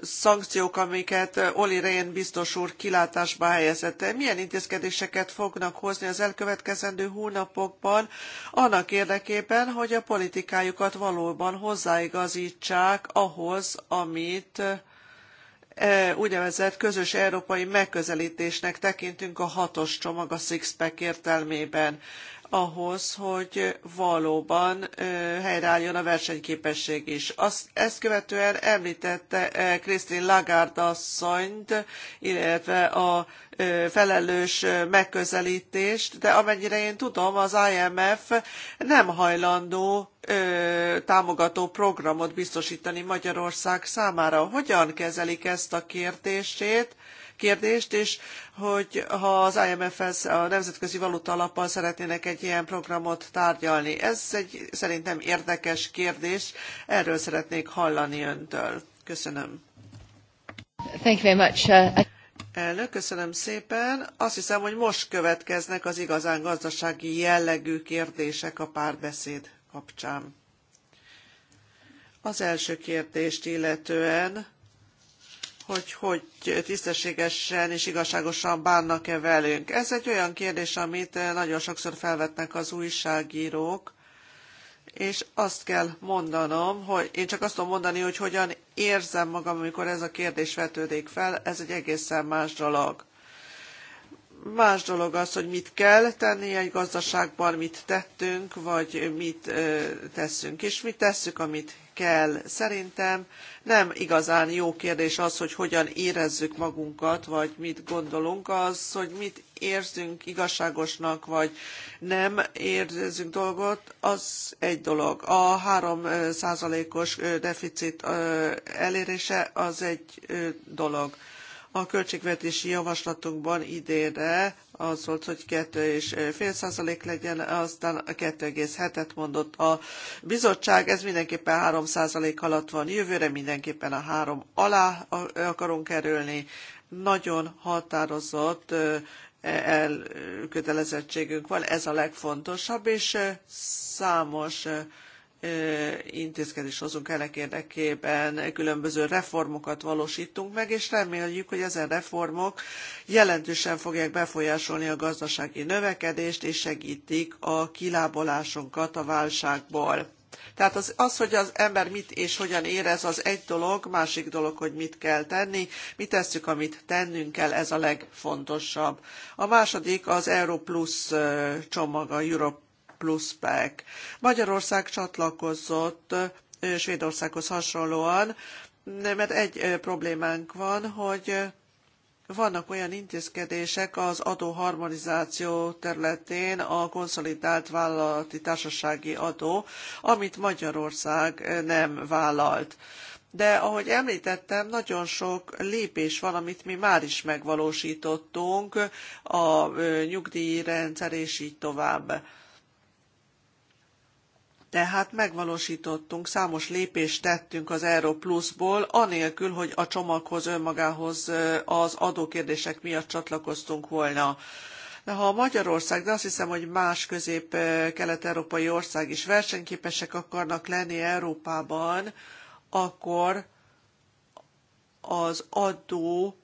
szankciók, amiket Oli Rehn biztos úr kilátásba helyezett. Milyen intézkedéseket fognak hozni az elkövetkezendő hónapokban annak érdekében, hogy a politikájukat valóban hozzáigazítsák ahhoz, amit úgynevezett közös európai megközelítésnek tekintünk a hatos csomag a six-pack értelmében ahhoz, hogy valóban helyreálljon a versenyképesség is. Azt, ezt követően említette Christine Lagarde asszonyt, illetve a felelős megközelítést, de amennyire én tudom, az IMF nem hajlandó támogató programot biztosítani Magyarország számára. Hogyan kezelik ezt a kérdését? kérdést, és hogy ha az IMF-hez, a Nemzetközi Valuta Alappal szeretnének egy ilyen programot tárgyalni. Ez egy szerintem érdekes kérdés, erről szeretnék hallani öntől. Köszönöm. Thank you very much. Uh, Elnök, köszönöm szépen. Azt hiszem, hogy most következnek az igazán gazdasági jellegű kérdések a párbeszéd kapcsán. Az első kérdést illetően hogy hogy tisztességesen és igazságosan bánnak-e velünk. Ez egy olyan kérdés, amit eh, nagyon sokszor felvetnek az újságírók, és azt kell mondanom, hogy én csak azt tudom mondani, hogy hogyan érzem magam, amikor ez a kérdés vetődik fel, ez egy egészen más dolog. Más dolog az, hogy mit kell tenni egy gazdaságban, mit tettünk, vagy mit ö, eh, teszünk, és mit tesszük, amit kell. Szerintem nem igazán jó kérdés az, hogy hogyan érezzük magunkat, vagy mit gondolunk, az, hogy mit érzünk igazságosnak, vagy nem érzünk dolgot, az egy dolog. A 3 százalékos deficit elérése az egy dolog. A költségvetési javaslatunkban idénre az volt, hogy 2,5 százalék legyen, aztán 2,7-et mondott a bizottság, ez mindenképpen 3 százalék alatt van jövőre, mindenképpen a 3 alá akarunk kerülni. Nagyon határozott elkötelezettségünk van, ez a legfontosabb, és számos intézkedés hozunk ennek érdekében, különböző reformokat valósítunk meg, és reméljük, hogy ezen reformok jelentősen fogják befolyásolni a gazdasági növekedést, és segítik a kilábolásunkat a válságból. Tehát az, az, hogy az ember mit és hogyan érez, az egy dolog, másik dolog, hogy mit kell tenni, mi tesszük, amit tennünk kell, ez a legfontosabb. A második az Euro Plus csomag, a Europe pluszpek. Magyarország csatlakozott Svédországhoz hasonlóan, mert egy problémánk van, hogy vannak olyan intézkedések az adóharmonizáció területén a konszolidált vállalati társasági adó, amit Magyarország nem vállalt. De ahogy említettem, nagyon sok lépés van, amit mi már is megvalósítottunk, a nyugdíjrendszer és így tovább. Tehát megvalósítottunk, számos lépést tettünk az Euro Plusból, anélkül, hogy a csomaghoz önmagához az adókérdések miatt csatlakoztunk volna. De ha Magyarország, de azt hiszem, hogy más közép-kelet-európai ország is versenyképesek akarnak lenni Európában, akkor az adó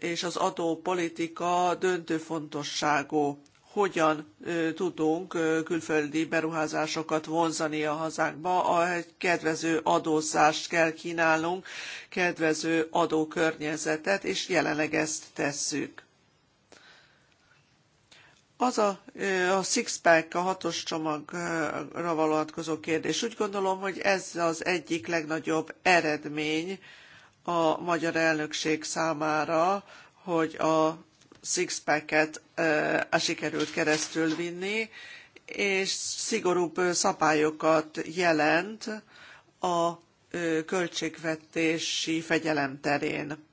és az adópolitika döntő fontosságú hogyan tudunk külföldi beruházásokat vonzani a hazánkba. Egy kedvező adózást kell kínálnunk, kedvező adókörnyezetet, és jelenleg ezt tesszük. Az a, a six-pack, a hatos csomagra vonatkozó kérdés. Úgy gondolom, hogy ez az egyik legnagyobb eredmény a magyar elnökség számára, hogy a six a sikerült keresztül vinni, és szigorúbb szabályokat jelent a költségvetési fegyelem terén.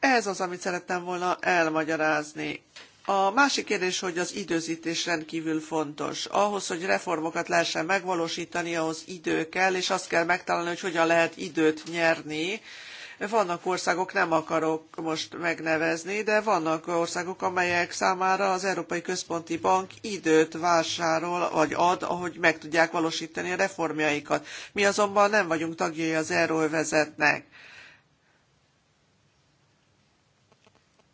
Ez az, amit szerettem volna elmagyarázni. A másik kérdés, hogy az időzítés rendkívül fontos. Ahhoz, hogy reformokat lehessen megvalósítani, ahhoz idő kell, és azt kell megtalálni, hogy hogyan lehet időt nyerni, vannak országok, nem akarok most megnevezni, de vannak országok, amelyek számára az Európai Központi Bank időt vásárol, vagy ad, ahogy meg tudják valósítani a reformjaikat. Mi azonban nem vagyunk tagjai az euróvezetnek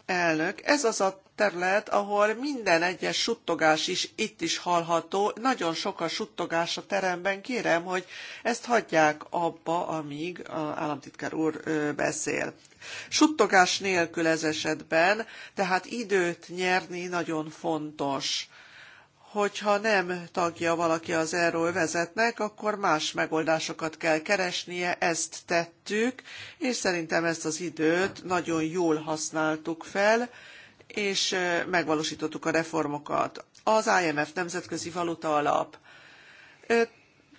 elnök, ez az a terület, ahol minden egyes suttogás is itt is hallható. Nagyon sok a suttogás a teremben. Kérem, hogy ezt hagyják abba, amíg a államtitkár úr beszél. Suttogás nélkül ez esetben, tehát időt nyerni nagyon fontos hogyha nem tagja valaki az euróövezetnek, akkor más megoldásokat kell keresnie, ezt tettük, és szerintem ezt az időt nagyon jól használtuk fel, és megvalósítottuk a reformokat. Az IMF Nemzetközi Valuta Alap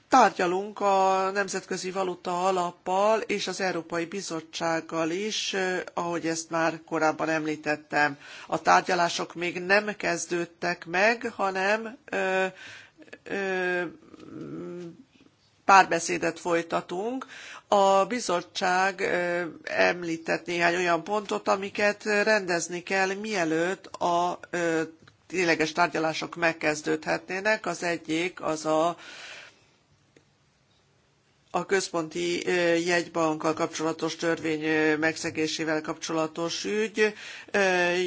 tárgyalunk a Nemzetközi Valuta Alappal és az Európai Bizottsággal is, ahogy ezt már korábban említettem. A tárgyalások még nem kezdődtek meg, hanem ö, ö, párbeszédet folytatunk. A bizottság említett néhány olyan pontot, amiket rendezni kell, mielőtt a tényleges tárgyalások megkezdődhetnének. Az egyik az a a központi jegybankkal kapcsolatos törvény megszegésével kapcsolatos ügy.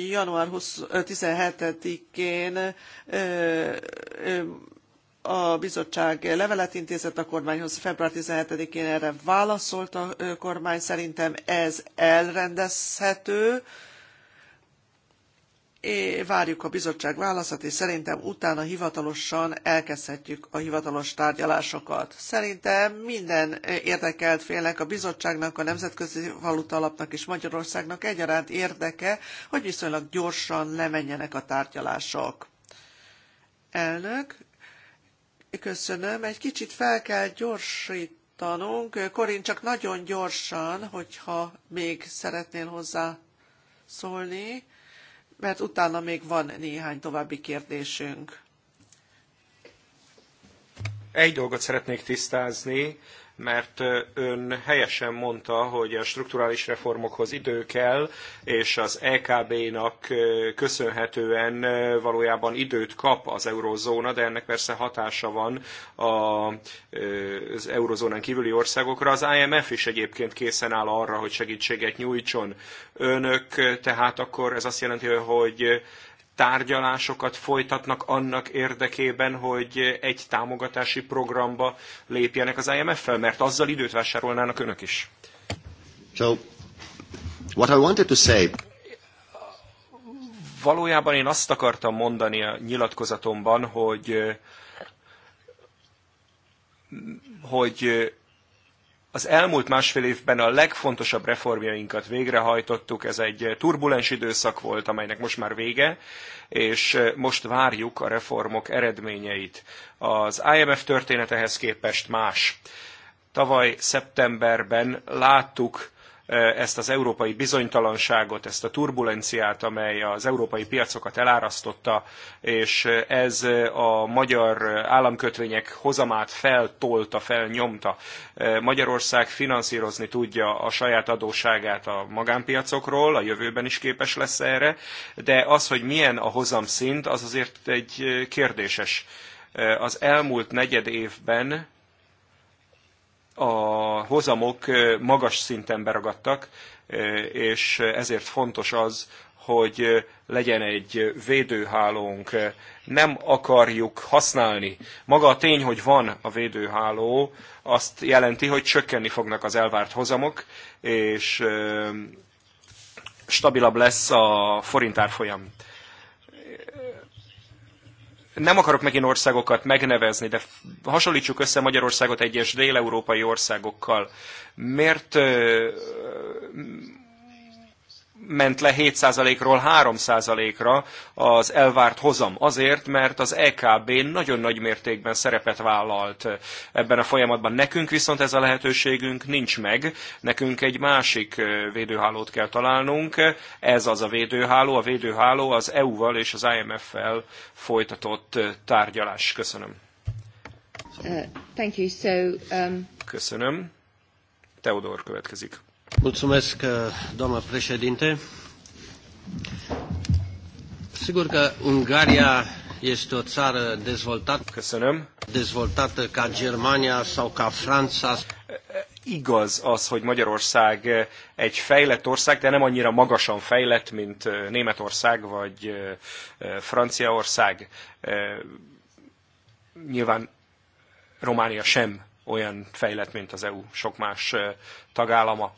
Január 17-én a bizottság levelet intézett a kormányhoz, február 17-én erre válaszolt a kormány, szerintem ez elrendezhető, É, várjuk a bizottság válaszát, és szerintem utána hivatalosan elkezdhetjük a hivatalos tárgyalásokat. Szerintem minden érdekelt félnek, a bizottságnak, a Nemzetközi Valutalapnak és Magyarországnak egyaránt érdeke, hogy viszonylag gyorsan lemenjenek a tárgyalások. Elnök, köszönöm. Egy kicsit fel kell gyorsítanunk. Korin, csak nagyon gyorsan, hogyha még szeretnél hozzá szólni mert utána még van néhány további kérdésünk. Egy dolgot szeretnék tisztázni, mert ön helyesen mondta, hogy a strukturális reformokhoz idő kell, és az EKB-nak köszönhetően valójában időt kap az eurozóna, de ennek persze hatása van az eurozónán kívüli országokra. Az IMF is egyébként készen áll arra, hogy segítséget nyújtson. Önök tehát akkor ez azt jelenti, hogy tárgyalásokat folytatnak annak érdekében, hogy egy támogatási programba lépjenek az IMF-fel, mert azzal időt vásárolnának önök is. So, what I wanted to say... Valójában én azt akartam mondani a nyilatkozatomban, hogy hogy az elmúlt másfél évben a legfontosabb reformjainkat végrehajtottuk, ez egy turbulens időszak volt, amelynek most már vége, és most várjuk a reformok eredményeit. Az IMF történetehez képest más. Tavaly szeptemberben láttuk, Eh, ezt az európai bizonytalanságot, ezt a turbulenciát, amely az európai piacokat elárasztotta, és ez a magyar államkötvények hozamát feltolta, felnyomta. Eh, Magyarország finanszírozni tudja a saját adósságát a magánpiacokról, a jövőben is képes lesz erre, de az, hogy milyen a hozamszint, az azért egy kérdéses. Eh, az elmúlt negyed évben a hozamok magas szinten beragadtak, és ezért fontos az, hogy legyen egy védőhálónk. Nem akarjuk használni. Maga a tény, hogy van a védőháló, azt jelenti, hogy csökkenni fognak az elvárt hozamok, és stabilabb lesz a forintárfolyam nem akarok megint országokat megnevezni, de hasonlítsuk össze Magyarországot egyes dél-európai országokkal. Miért ment le 7%-ról 3%-ra az elvárt hozam. Azért, mert az EKB nagyon nagy mértékben szerepet vállalt ebben a folyamatban. Nekünk viszont ez a lehetőségünk nincs meg. Nekünk egy másik védőhálót kell találnunk. Ez az a védőháló. A védőháló az EU-val és az IMF-fel folytatott tárgyalás. Köszönöm. Uh, thank you. So, um... Köszönöm. Teodor következik. Mulțumesc, uh, doamnă președinte. Sigur că Ungaria este o țară dezvoltată, dezvoltată ca Germania sau ca Franța. Igaz az, hogy Magyarország uh, egy fejlett ország, de nem annyira magasan fejlett, mint uh, Németország vagy Franciaország. Nyilván Románia sem olyan fejlett, mint az EU sok más tagállama.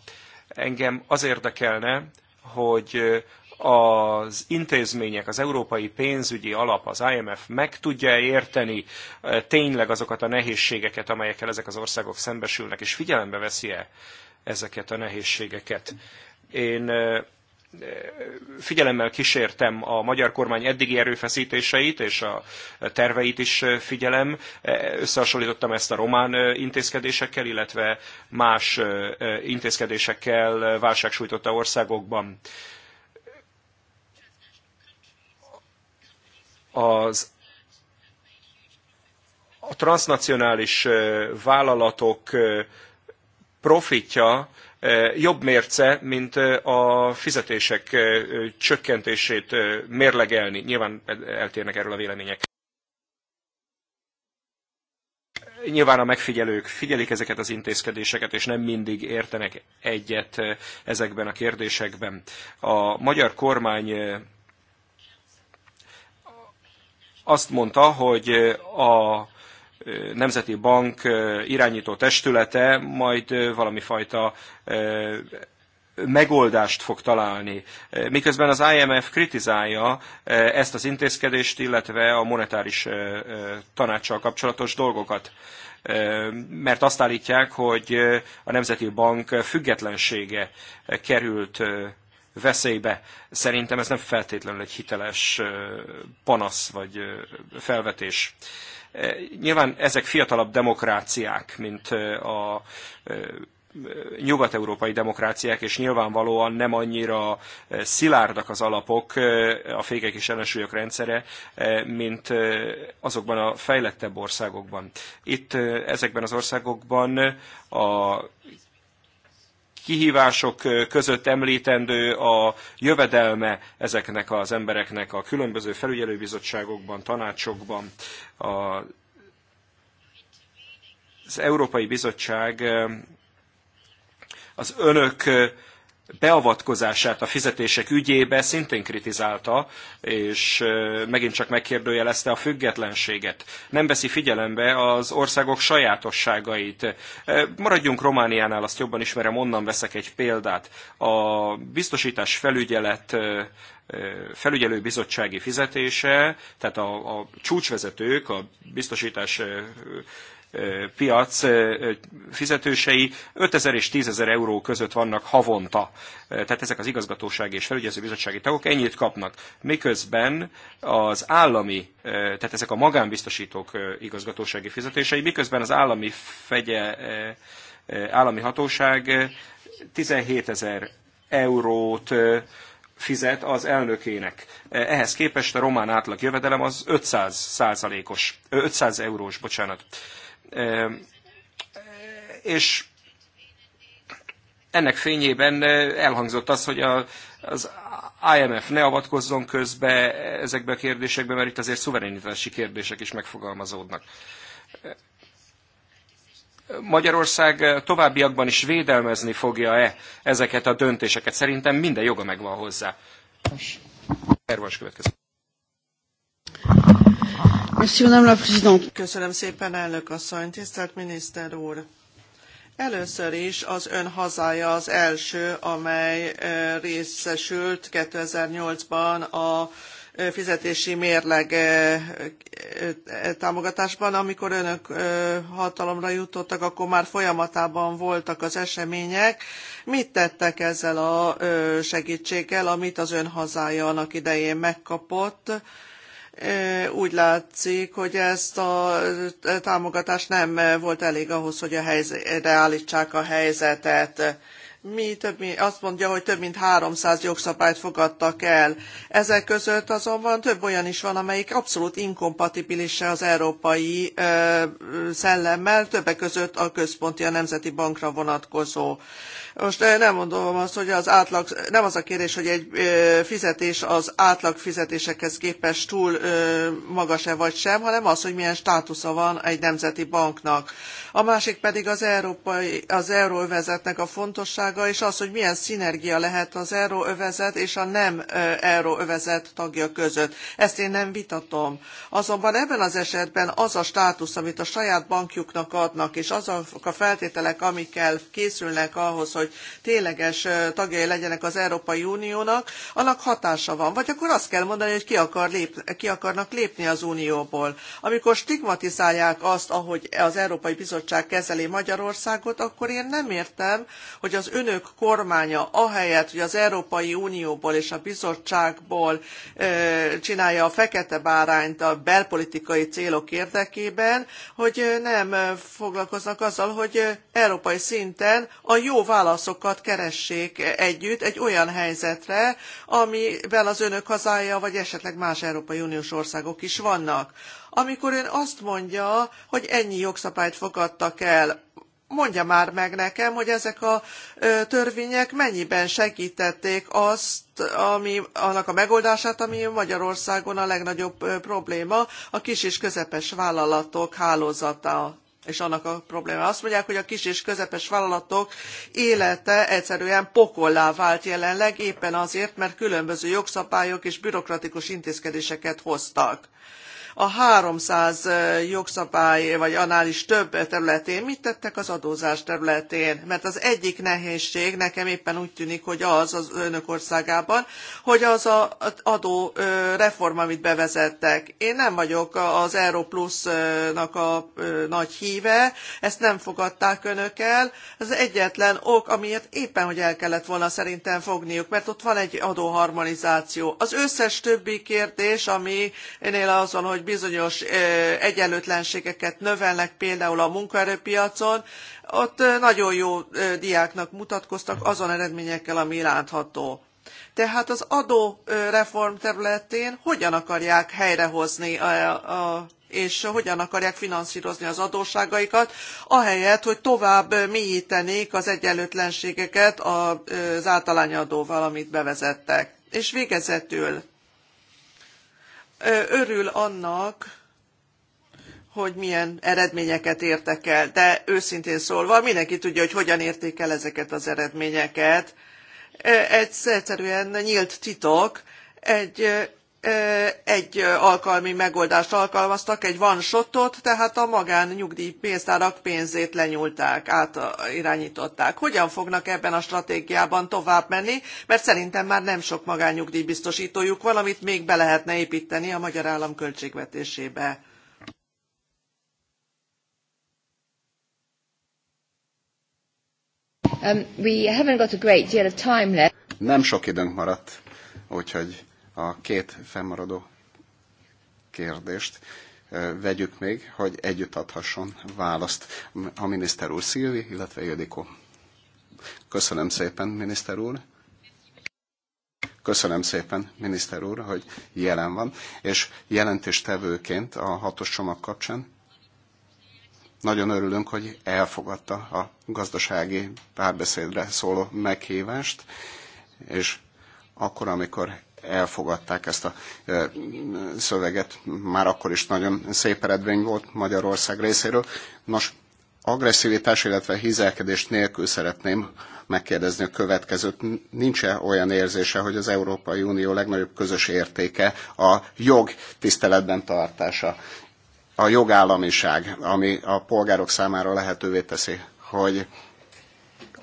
Engem az érdekelne, hogy az intézmények, az európai pénzügyi alap, az IMF meg tudja érteni tényleg azokat a nehézségeket, amelyekkel ezek az országok szembesülnek, és figyelembe veszi-e ezeket a nehézségeket. Én figyelemmel kísértem a magyar kormány eddigi erőfeszítéseit, és a terveit is figyelem. Összehasonlítottam ezt a román intézkedésekkel, illetve más intézkedésekkel válságsújtotta országokban. Az a transnacionális vállalatok profitja jobb mérce, mint a fizetések csökkentését mérlegelni. Nyilván eltérnek erről a vélemények. Nyilván a megfigyelők figyelik ezeket az intézkedéseket, és nem mindig értenek egyet ezekben a kérdésekben. A magyar kormány azt mondta, hogy a Nemzeti Bank irányító testülete majd valami fajta megoldást fog találni. Miközben az IMF kritizálja ezt az intézkedést, illetve a monetáris tanácssal kapcsolatos dolgokat mert azt állítják, hogy a Nemzeti Bank függetlensége került veszélybe. Szerintem ez nem feltétlenül egy hiteles panasz vagy felvetés. Eh, nyilván ezek fiatalabb demokráciák, mint eh, a eh, nyugat-európai demokráciák, és nyilvánvalóan nem annyira szilárdak az alapok, a fékek és ellensúlyok rendszere, mint azokban a fejlettebb országokban. Itt ezekben az országokban a kihívások között említendő a jövedelme ezeknek az embereknek a különböző felügyelőbizottságokban, tanácsokban. A, az Európai Bizottság az önök beavatkozását a fizetések ügyébe szintén kritizálta, és megint csak megkérdőjelezte a függetlenséget. Nem veszi figyelembe az országok sajátosságait. Maradjunk Romániánál, azt jobban ismerem, onnan veszek egy példát. A biztosítás felügyelet felügyelőbizottsági fizetése, tehát a, a csúcsvezetők, a biztosítás piac fizetősei 5000 és 10000 euró között vannak havonta. Tehát ezek az igazgatóság és bizottsági tagok ennyit kapnak. Miközben az állami, tehát ezek a magánbiztosítók igazgatósági fizetései, miközben az állami fegye, állami hatóság 17 ezer eurót fizet az elnökének. Ehhez képest a román átlag jövedelem az 500 százalékos, 500 eurós, bocsánat. És ennek fényében elhangzott az, hogy a, az IMF ne avatkozzon közbe ezekbe a kérdésekbe, mert itt azért szuverenitási kérdések is megfogalmazódnak. Magyarország továbbiakban is védelmezni fogja-e ezeket a döntéseket? Szerintem minden joga megvan hozzá. Ervas következő. Köszönöm szépen, elnök asszony, tisztelt miniszter úr. Először is az ön hazája az első, amely részesült 2008-ban a fizetési mérleg támogatásban. Amikor önök hatalomra jutottak, akkor már folyamatában voltak az események. Mit tettek ezzel a segtséggel amit az ön hazája annak idején megkapott? úgy látszik, hogy ezt a támogatást nem volt elég ahhoz, hogy a helyzetre állítsák a helyzetet. Mi több, azt mondja, hogy több mint 300 jogszabályt fogadtak el. Ezek között azonban több olyan is van, amelyik abszolút inkompatibilise az európai ö, szellemmel, többek között a központi, a Nemzeti Bankra vonatkozó. Most eh, nem mondom azt, hogy az átlag, nem az a kérdés, hogy egy eh, fizetés az átlag fizetésekhez képest túl eh, magas-e vagy sem, hanem az, hogy milyen státusza van egy nemzeti banknak a másik pedig az, európai, az euróvezetnek a fontossága, és az, hogy milyen szinergia lehet az euróövezet és a nem euróövezet tagja között. Ezt én nem vitatom. Azonban ebben az esetben az a státusz, amit a saját bankjuknak adnak, és azok a feltételek, amikkel készülnek ahhoz, hogy tényleges tagjai legyenek az Európai Uniónak, annak hatása van. Vagy akkor azt kell mondani, hogy ki, akar lép, ki akarnak lépni az Unióból. Amikor stigmatizálják azt, ahogy az Európai Bizottság bizottság kezeli Magyarországot, akkor én nem értem, hogy az önök kormánya ahelyett, hogy az Európai Unióból és a bizottságból csinálja a fekete bárányt a belpolitikai célok érdekében, hogy nem foglalkoznak azzal, hogy európai szinten a jó válaszokat keressék együtt egy olyan helyzetre, amiben az önök hazája, vagy esetleg más Európai Uniós országok is vannak amikor ön azt mondja, hogy ennyi jogszabályt fogadtak el, mondja már meg nekem, hogy ezek a törvények mennyiben segítették azt, ami, annak a megoldását, ami Magyarországon a legnagyobb probléma, a kis és közepes vállalatok hálózata és annak a probléma. Azt mondják, hogy a kis és közepes vállalatok élete egyszerűen pokollá vált jelenleg, éppen azért, mert különböző jogszabályok és bürokratikus intézkedéseket hoztak a 300 jogszabály, vagy annál is több területén, mit tettek az adózás területén? Mert az egyik nehézség nekem éppen úgy tűnik, hogy az az önök országában, hogy az a adó reform, amit bevezettek. Én nem vagyok az Euro Plus-nak a nagy híve, ezt nem fogadták önök el. Ez egyetlen ok, amiért éppen, hogy el kellett volna szerintem fogniuk, mert ott van egy adóharmonizáció. Az összes többi kérdés, ami aminél azon, hogy hogy bizonyos egyenlőtlenségeket növelnek például a munkaerőpiacon, ott nagyon jó diáknak mutatkoztak azon eredményekkel, ami látható. Tehát az adóreform területén hogyan akarják helyrehozni a, a és hogyan akarják finanszírozni az adósságaikat, ahelyett, hogy tovább mélyítenék az egyenlőtlenségeket az általányadóval, amit bevezettek. És végezetül örül annak, hogy milyen eredményeket értek el, de őszintén szólva mindenki tudja, hogy hogyan érték el ezeket az eredményeket. Egy egyszerűen nyílt titok, egy egy alkalmi megoldást alkalmaztak, egy van shotot, tehát a magán pénzét lenyúlták, átirányították. Hogyan fognak ebben a stratégiában tovább menni, mert szerintem már nem sok magán nyugdíjbiztosítójuk van, amit még be lehetne építeni a magyar állam költségvetésébe. Um, we haven't got a great deal of time left. Nem sok időnk maradt, úgyhogy a két fennmaradó kérdést vegyük még, hogy együtt adhasson választ a miniszter úr Szilvi, illetve Jödikó. Köszönöm szépen, miniszter úr. Köszönöm szépen, miniszter úr, hogy jelen van, és jelentéstevőként a hatos csomag kapcsán nagyon örülünk, hogy elfogadta a gazdasági párbeszédre szóló meghívást, és akkor, amikor elfogadták ezt a szöveget, már akkor is nagyon szép eredmény volt Magyarország részéről. Nos, agresszivitás, illetve hízelkedés nélkül szeretném megkérdezni a következőt. Nincs-e olyan érzése, hogy az Európai Unió legnagyobb közös értéke a jog tiszteletben tartása, a jogállamiság, ami a polgárok számára lehetővé teszi, hogy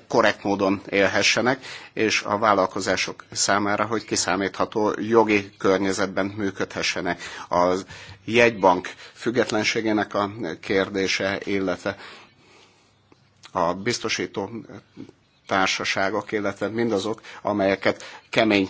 korrekt módon élhessenek, és a vállalkozások számára, hogy kiszámítható jogi környezetben működhessenek. A jegybank függetlenségének a kérdése, illetve a biztosító társaságok, illetve mindazok, amelyeket kemény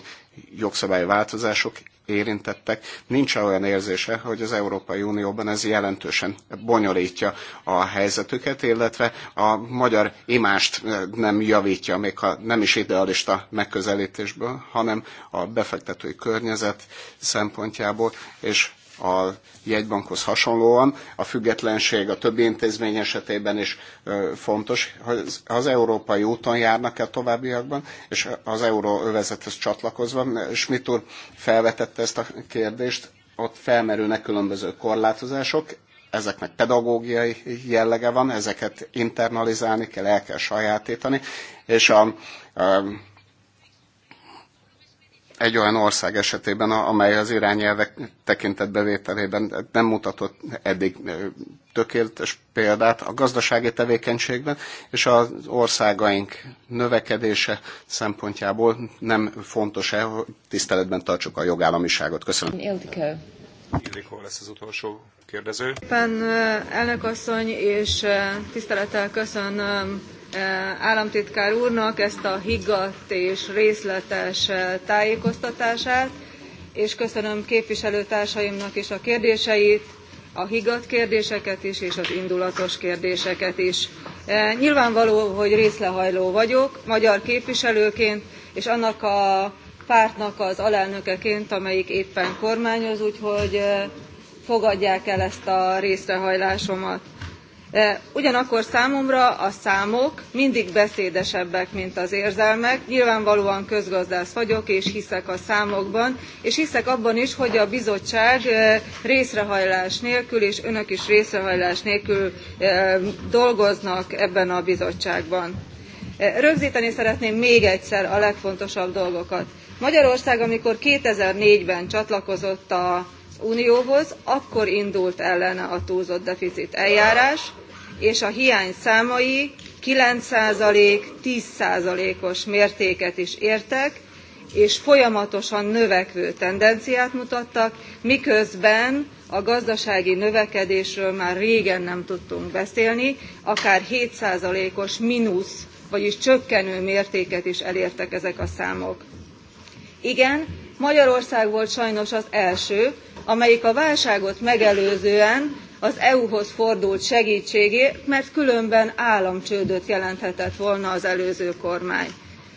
változások érintettek, nincs olyan érzése, hogy az Európai Unióban ez jelentősen bonyolítja a helyzetüket, illetve a magyar imást nem javítja, még ha nem is idealista megközelítésből, hanem a befektetői környezet szempontjából, és a jegybankhoz hasonlóan. A függetlenség a többi intézmény esetében is fontos, az európai úton járnak el továbbiakban, és az euróövezethez csatlakozva. Schmidt úr felvetette ezt a kérdést, ott felmerülnek különböző korlátozások, ezeknek pedagógiai jellege van, ezeket internalizálni kell, el kell sajátítani, és a, a egy olyan ország esetében, amely az irányelvek bevételében nem mutatott eddig tökéletes példát a gazdasági tevékenységben, és az országaink növekedése szempontjából nem fontos-e, hogy tiszteletben tartsuk a jogállamiságot. Köszönöm. Ildikó. lesz az utolsó kérdező. Pen elnök asszony, és tisztelettel köszönöm Eh, államtitkár úrnak ezt a higgadt és részletes eh, tájékoztatását és köszönöm képviselőtársaimnak is a kérdéseit a higgadt kérdéseket is és az indulatos kérdéseket is. Eh, nyilvánvaló hogy részlehajló vagyok magyar képviselőként és annak a pártnak az alelnökeként amelyik éppen kormányoz úgyhogy fogadják el ezt a részrehajlásomat. E, ugyanakkor számomra a számok mindig beszédesebbek mint az érzelmek nyilvánvalóan közgazdász vagyok és hiszek a számokban és hiszek abban is hogy a bizottság e, részrehajlás nélkül és önök is részrehajlás nélkül e, dolgoznak ebben a bizottságban. rögzteni szeretném még egyszer a legfontosabb dolgokat. magyarország amikor two thousand and four ben csatlakozott a Unióhoz, akkor indult ellene a túlzott deficit eljárás, és a hiány számai 9%-10%-os mértéket is értek, és folyamatosan növekvő tendenciát mutattak, miközben a gazdasági növekedésről már régen nem tudtunk beszélni, akár 7%-os mínusz, vagyis csökkenő mértéket is elértek ezek a számok. Igen, Magyarország volt sajnos az első, amelyik a válságot megelőzően az eu hoz fordult segtségért mert különben államcsődöt jelenthetett volna az előző kormány.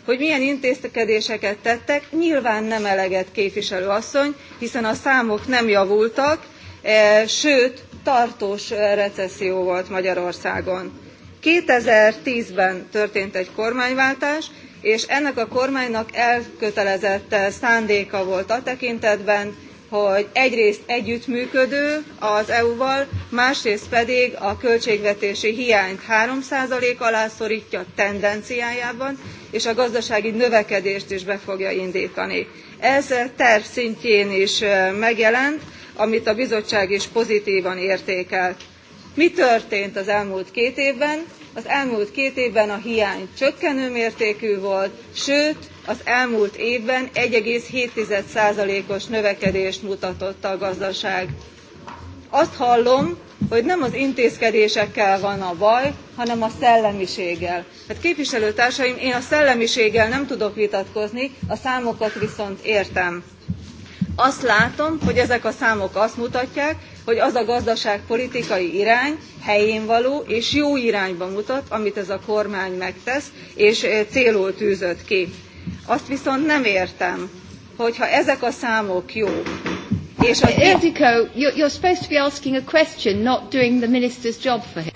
hogy milyen intézkedéseket tettek nyilván nem eleget képviselő asszony hiszen a számok nem javultak e, sőt tartós e, recesszió volt magyarországon. two thousand and ten ben történt egy kormányváltás és ennek a kormánynak elkötelezett szándéka volt a tekintetben hogy egyrészt együttműködő az eu val másrészt pedig a költségvetési hiányt three alá szortja tendenciájában és a gazdasági növekedést is be fogja indtani. ez terv szintjén is megjelent amit a bizottság is pozitvan értékelt. mi történt az elmúlt két évben? az elmúlt két évben a hiány mértékű volt sőt az elmúlt évben 1,7 os növekedést mutatott a gazdaság. Azt hallom, hogy nem az intézkedésekkel van a baj, hanem a szellemiséggel. Hát képviselőtársaim, én a szellemiséggel nem tudok vitatkozni, a számokat viszont értem. Azt látom, hogy ezek a számok azt mutatják, hogy az a gazdaságpolitikai irány helyén való és jó irányba mutat, amit ez a kormány megtesz és célul tűzött ki azt viszont nem értem, hogyha ezek a számok jók, és a... Eh, Ildikó, you're supposed to be asking a question, not doing the minister's job for him.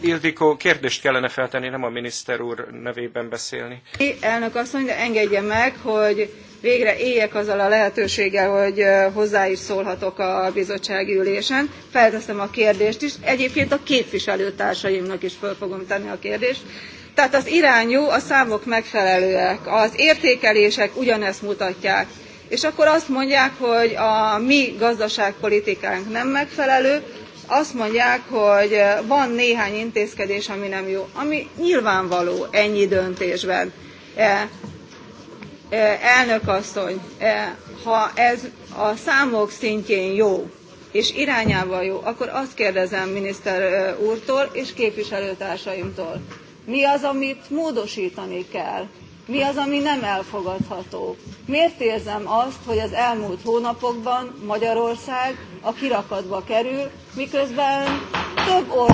Ildikó, kérdést kellene feltenni, nem a miniszter úr nevében beszélni. Elnök azt mondja, engedje meg, hogy végre éljek azzal a lehetőséggel, hogy hozzá is szólhatok a bizottsági ülésen. Felteszem a kérdést is. Egyébként a képviselőtársaimnak is föl fogom tenni a kérdést tehát az irány jó, a számok megfelelőek az értékelések ugyanezt mutatják és akkor azt mondják hogy a mi gazdaságpolitikánk nem megfelelő azt mondják hogy van néhány intézkedés ami nem jó ami nyilvánvaló ennyi döntésben. E, e, elnök asszony e, ha ez a számok szintjén jó és irányában jó akkor azt kérdezem miniszter úrtól és képviselőtársaimtól mi az, amit módosítani kell, mi az, ami nem elfogadható. Miért érzem azt, hogy az elmúlt hónapokban Magyarország a kirakatba kerül, miközben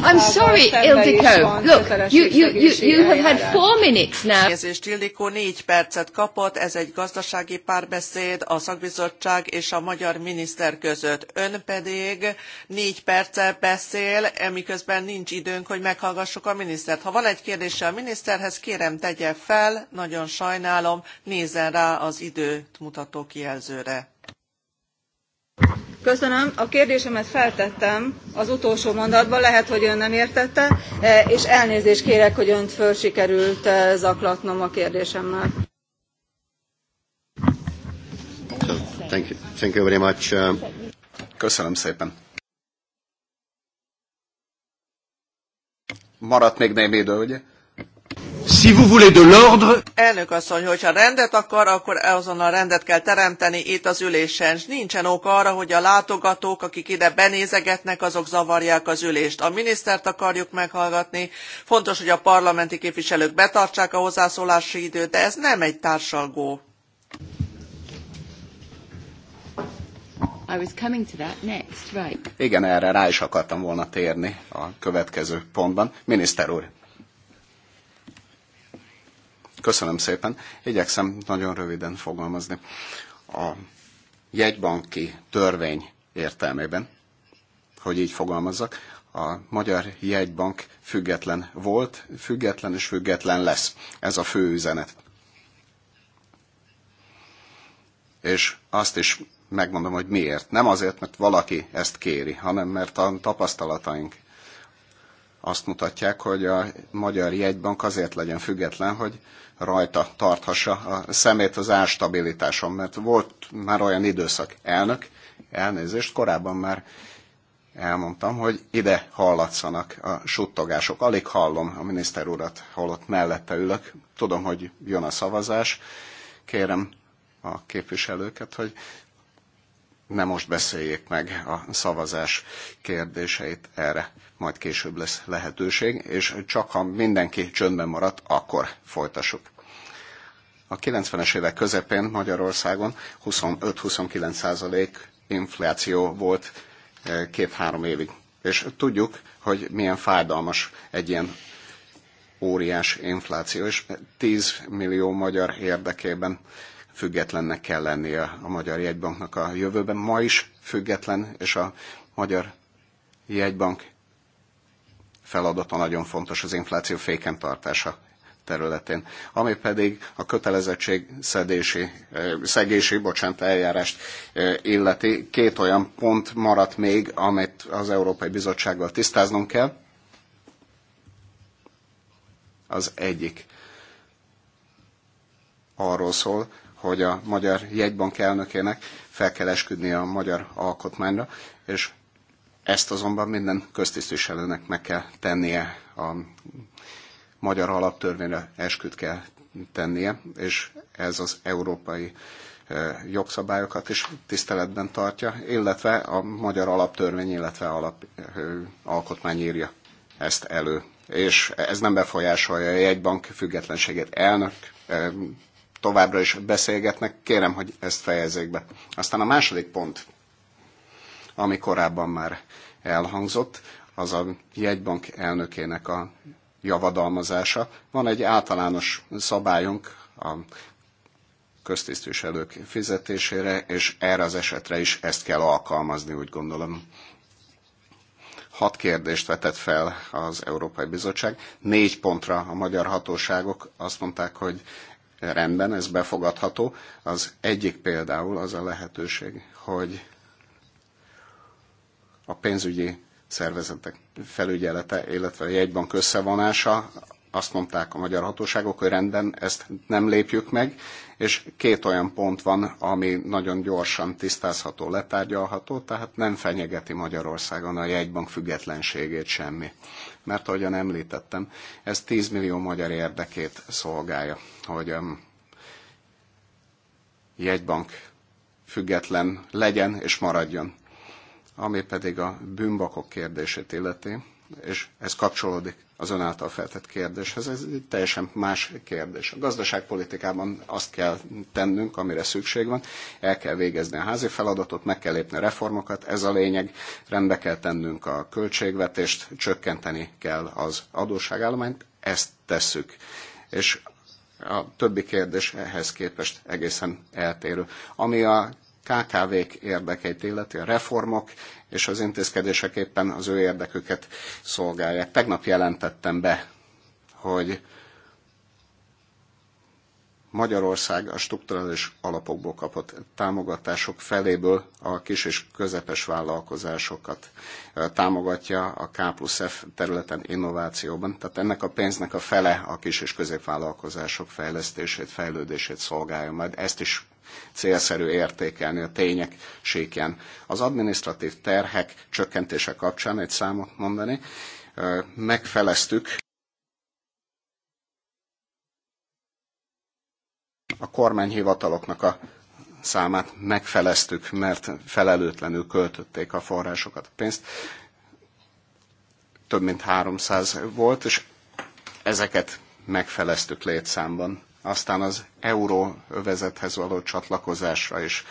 I'm sorry, Ildikó. Look, you, you, you, you have had four minutes now. egy Ildikó négy percet kapott, ez egy gazdasági párbeszéd a szakbizottság és a magyar miniszter között. Ön pedig négy percet beszél, miközben nincs időnk, hogy meghallgassuk a minisztert. Ha van egy kérdése a miniszterhez, kérem tegye fel, nagyon sajnálom, nézzen rá az időt mutató kijelzőre. Köszönöm. A kérdésemet feltettem az utolsó mondatban, lehet, hogy ön nem értette, e, és elnézést kérek, hogy önt föl sikerült e, zaklatnom a kérdésemmel. Thank you. Thank you very much. Uh, Köszönöm szépen. Maradt még némi idő, ugye? Si vous voulez de l'ordre... Elnök asszony, hogyha rendet akar, akkor azonnal rendet kell teremteni itt az ülésen. S nincsen ok arra, hogy a látogatók, akik ide benézegetnek, azok zavarják az ülést. A minisztert akarjuk meghallgatni. Fontos, hogy a parlamenti képviselők betartsák a hozzászólási időt, de ez nem egy társalgó. I was coming to that next, right. Igen, erre rá is akartam volna térni a következő pontban. Miniszter úr, Köszönöm szépen. Igyekszem nagyon röviden fogalmazni. A jegybanki törvény értelmében, hogy így fogalmazzak, a Magyar Jegybank független volt, független és független lesz. Ez a fő üzenet. És azt is megmondom, hogy miért. Nem azért, mert valaki ezt kéri, hanem mert a tapasztalataink azt mutatják, hogy a Magyar Jegybank azért legyen független, hogy rajta tarthassa a szemét az árstabilitáson, mert volt már olyan időszak elnök, elnézést, korábban már elmondtam, hogy ide hallatszanak a suttogások. Alig hallom a miniszter urat, holott mellette ülök. Tudom, hogy jön a szavazás. Kérem a képviselőket, hogy ne most beszéljék meg a szavazás kérdéseit, erre majd később lesz lehetőség, és csak ha mindenki csöndben maradt, akkor folytassuk. A 90-es évek közepén Magyarországon 25-29 százalék infláció volt eh, két-három évig. És tudjuk, hogy milyen fájdalmas egy ilyen óriás infláció, és 10 millió magyar érdekében függetlennek kell lennie a Magyar Jegybanknak a jövőben. Ma is független, és a Magyar Jegybank feladata nagyon fontos az infláció féken tartása területén, ami pedig a kötelezettség szedési, szegési bocsánat, eljárást illeti. Két olyan pont maradt még, amit az Európai Bizottsággal tisztáznunk kell. Az egyik arról szól, hogy a Magyar Jegybank elnökének fel kell esküdni a magyar alkotmányra, és ezt azonban minden köztisztviselőnek meg kell tennie, a magyar alaptörvényre esküt kell tennie, és ez az európai jogszabályokat is tiszteletben tartja, illetve a magyar alaptörvény, illetve alap, alkotmány írja ezt elő. És ez nem befolyásolja a jegybank függetlenségét. Elnök, továbbra is beszélgetnek, kérem, hogy ezt fejezzék be. Aztán a második pont, ami korábban már elhangzott, az a jegybank elnökének a javadalmazása. Van egy általános szabályunk a köztisztviselők fizetésére, és erre az esetre is ezt kell alkalmazni, úgy gondolom. Hat kérdést vetett fel az Európai Bizottság. Négy pontra a magyar hatóságok azt mondták, hogy rendben, ez befogadható. Az egyik például az a lehetőség, hogy a pénzügyi szervezetek felügyelete, illetve a jegybank összevonása, azt mondták a magyar hatóságok, hogy rendben, ezt nem lépjük meg, és két olyan pont van, ami nagyon gyorsan tisztázható, letárgyalható, tehát nem fenyegeti Magyarországon a jegybank függetlenségét semmi mert ahogyan említettem, ez 10 millió magyar érdekét szolgálja, hogy um, jegybank független legyen és maradjon. Ami pedig a bűnbakok kérdését illeti, és ez kapcsolódik az ön által feltett kérdéshez. Ez egy teljesen más kérdés. A gazdaságpolitikában azt kell tennünk, amire szükség van, el kell végezni a házi feladatot, meg kell lépni a reformokat, ez a lényeg, rendbe kell tennünk a költségvetést, csökkenteni kell az adósságállományt, ezt tesszük. És a többi kérdés ehhez képest egészen eltérő. Ami a KKV-k érdekeit illeti, a reformok és az intézkedések éppen az ő érdeküket szolgálják. Tegnap jelentettem be, hogy Magyarország a strukturális alapokból kapott támogatások feléből a kis és közepes vállalkozásokat támogatja a K plusz F területen innovációban. Tehát ennek a pénznek a fele a kis és középvállalkozások fejlesztését, fejlődését szolgálja. Majd ezt is célszerű értékelni a tények síkján. Az administratív terhek csökkentése kapcsán egy számot mondani, megfeleztük a kormányhivataloknak a számát megfeleztük, mert felelőtlenül költötték a forrásokat, a pénzt. Több mint 300 volt, és ezeket megfeleztük létszámban aztán az euróövezethez való csatlakozásra is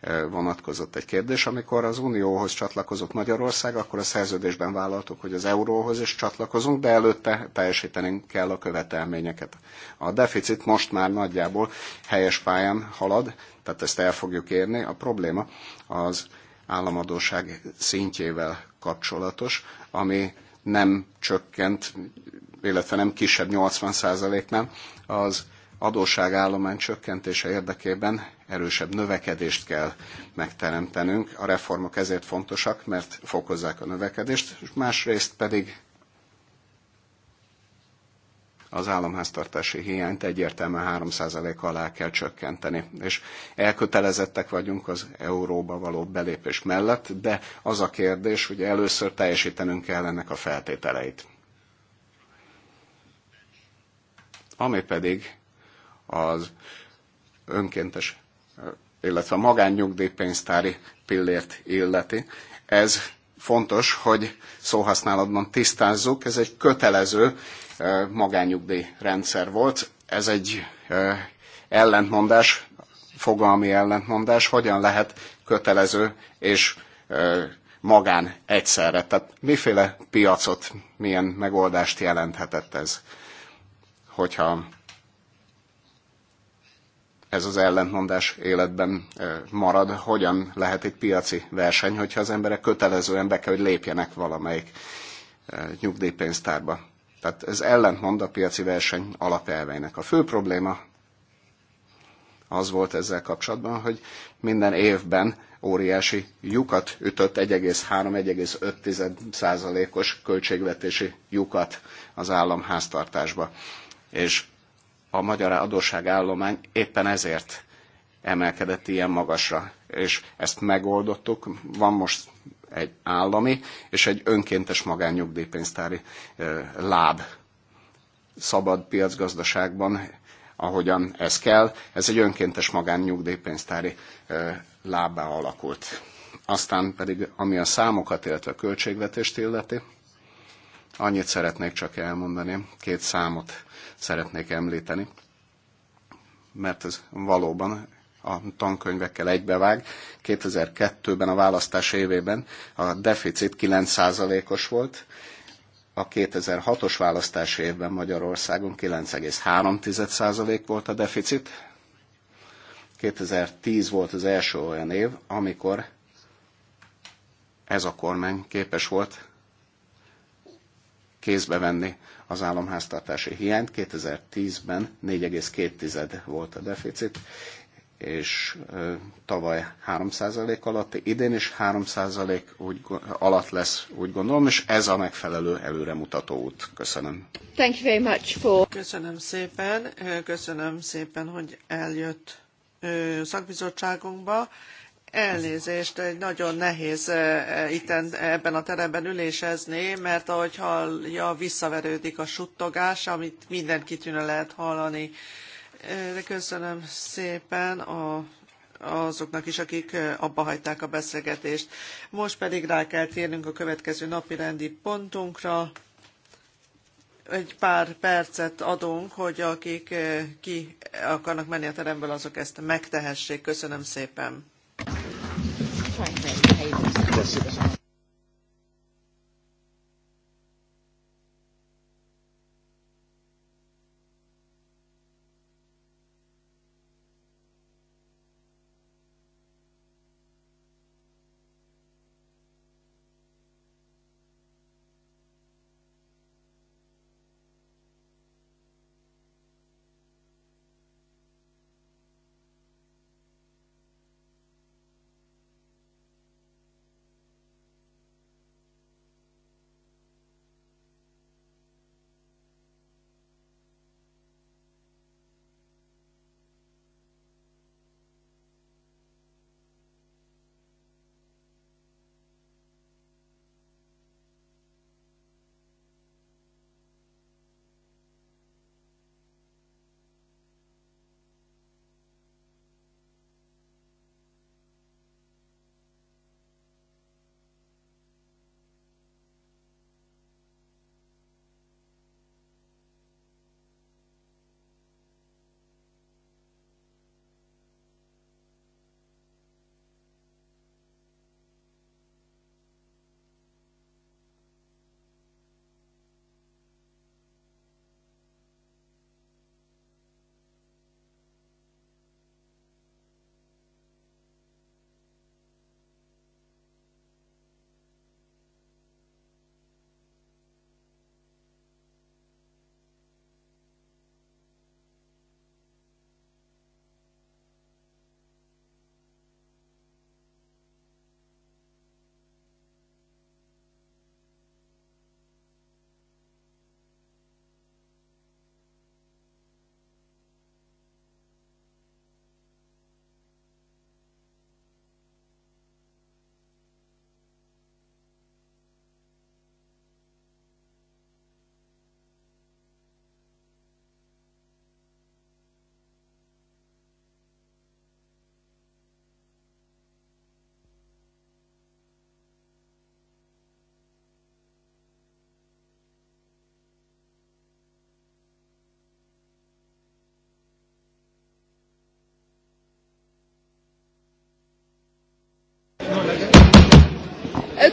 e, vonatkozott egy kérdés. Amikor az Unióhoz csatlakozott Magyarország, akkor a szerződésben vállaltuk, hogy az euróhoz is csatlakozunk, de előtte teljesítenünk kell a követelményeket. A deficit most már nagyjából helyes pályán halad, tehát ezt el fogjuk érni. A probléma az államadóság szintjével kapcsolatos, ami nem csökkent, illetve nem kisebb 80%-nál az adósságállomány csökkentése érdekében erősebb növekedést kell megteremtenünk. A reformok ezért fontosak, mert fokozzák a növekedést, és másrészt pedig az államháztartási hiányt egyértelműen 3% alá kell csökkenteni. És elkötelezettek vagyunk az euróba való belépés mellett, de az a kérdés, hogy először teljesítenünk kell ennek a feltételeit. Ami pedig az önkéntes, illetve a magánnyugdíjpénztári pillért illeti. Ez fontos, hogy szóhasználatban tisztázzuk, ez egy kötelező eh, magányugdíj rendszer volt. Ez egy eh, ellentmondás, fogalmi ellentmondás, hogyan lehet kötelező és eh, magán egyszerre. Tehát miféle piacot, milyen megoldást jelenthetett ez, hogyha ez az ellentmondás életben marad, hogyan lehet itt piaci verseny, hogyha az emberek kötelezően be kell, hogy lépjenek valamelyik nyugdíjpénztárba. Tehát ez ellentmond a piaci verseny alapelveinek. A fő probléma az volt ezzel kapcsolatban, hogy minden évben óriási lyukat ütött, 1,3-1,5 százalékos költségvetési lyukat az állam háztartásba. És a magyar adósságállomány éppen ezért emelkedett ilyen magasra. És ezt megoldottuk. Van most egy állami és egy önkéntes magánnyugdíjpénztári láb szabad piacgazdaságban, ahogyan ez kell. Ez egy önkéntes magánnyugdíjpénztári lábbá alakult. Aztán pedig, ami a számokat, illetve a költségvetést illeti, annyit szeretnék csak elmondani, két számot szeretnék említeni, mert ez valóban a tankönyvekkel egybevág. 2002-ben a választás évében a deficit 9%-os volt, a 2006-os választási évben Magyarországon 9,3% volt a deficit. 2010 volt az első olyan év, amikor ez a kormány képes volt kézbe venni az államháztartási hiányt. 2010-ben 4,2 volt a deficit, és tavaly 3% alatt, idén is 3% úgy, alatt lesz, úgy gondolom, és ez a megfelelő előremutató út. Köszönöm. Thank you very much for... Köszönöm szépen, köszönöm szépen, hogy eljött szakbizottságunkba, Elnézést, egy nagyon nehéz itten ebben a teremben ülésezni, mert ahogy hallja, visszaverődik a suttogás, amit minden kitűnő lehet hallani. De köszönöm szépen a azoknak is, akik abba hagyták a beszélgetést. Most pedig rá kell térnünk a következő napi rendi pontunkra. Egy pár percet adunk, hogy akik ki akarnak menni a teremből, azok ezt megtehessék. Köszönöm szépen try and create behaviours.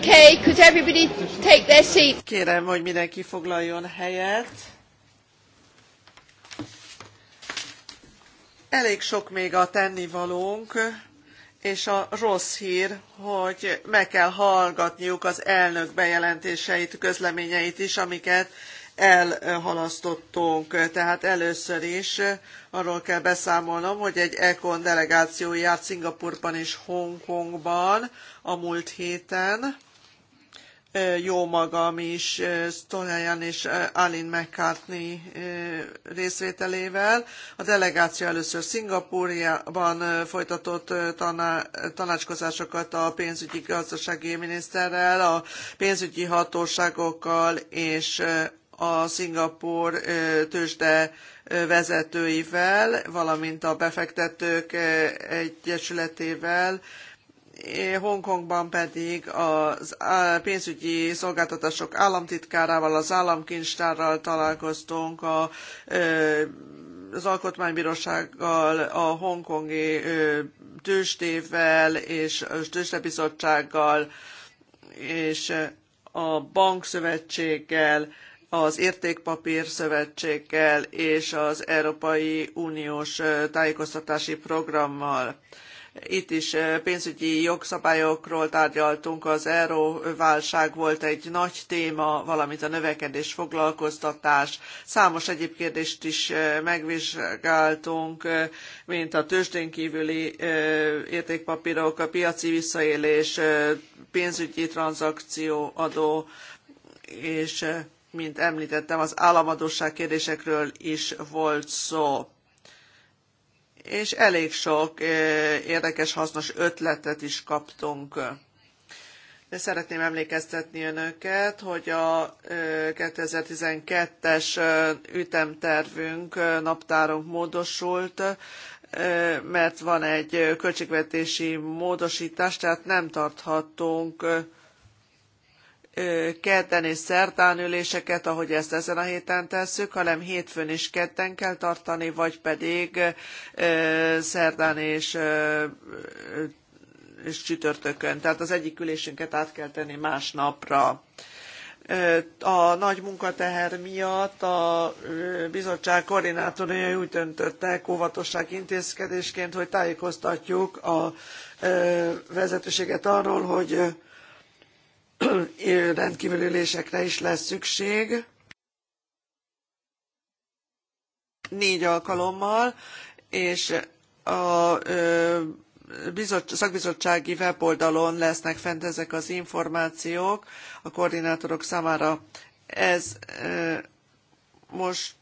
Okay, could everybody take their seat? Kérem, hogy mindenki foglaljon helyet. Elég sok még a tennivalónk, és a rossz hír, hogy meg kell hallgatniuk az elnök bejelentéseit, közleményeit is, amiket elhalasztottunk. Tehát először is arról kell beszámolnom, hogy egy ECON delegáció járt Szingapurban és Hongkongban a múlt héten jó magam is Stolajan és Alin McCartney részvételével. A delegáció először Szingapúrban folytatott tanácskozásokat a pénzügyi gazdasági miniszterrel, a pénzügyi hatóságokkal és a Szingapúr tőzsde vezetőivel, valamint a befektetők egyesületével, Hongkongban pedig a pénzügyi szolgáltatások államtitkárával, az államkincstárral találkoztunk, a, az alkotmánybírósággal, a hongkongi tőstével és tőstebizottsággal, és a bankszövetséggel, az értékpapírszövetséggel és az Európai Uniós tájékoztatási programmal. Itt is eh, pénzügyi jogszabályokról tárgyaltunk, az euróválság volt egy nagy téma, valamint a növekedés, foglalkoztatás. Számos egyéb kérdést is eh, megvizsgáltunk, eh, mint a tőzsdén kívüli értékpapírok, a piaci visszaélés, pénzügyi tranzakcióadó, és mint említettem, az államadóság kérdésekről is volt szó és elég sok érdekes, hasznos ötletet is kaptunk. De szeretném emlékeztetni önöket, hogy a 2012-es ütemtervünk, naptárunk módosult, mert van egy költségvetési módosítás, tehát nem tarthatunk kedden és szerdán üléseket, ahogy ezt ezen a héten tesszük, hanem hétfőn is kedden kell tartani, vagy pedig szerdán és és csütörtökön. Tehát az egyik ülésünket át kell tenni másnapra. A nagy munkateher miatt a bizottság koordinátorai úgy döntöttek óvatosság intézkedésként, hogy tájékoztatjuk a vezetőséget arról, hogy rendkívül ülésekre is lesz szükség. Négy alkalommal, és a szakbizottsági weboldalon lesznek fent ezek az információk a koordinátorok számára. Ez most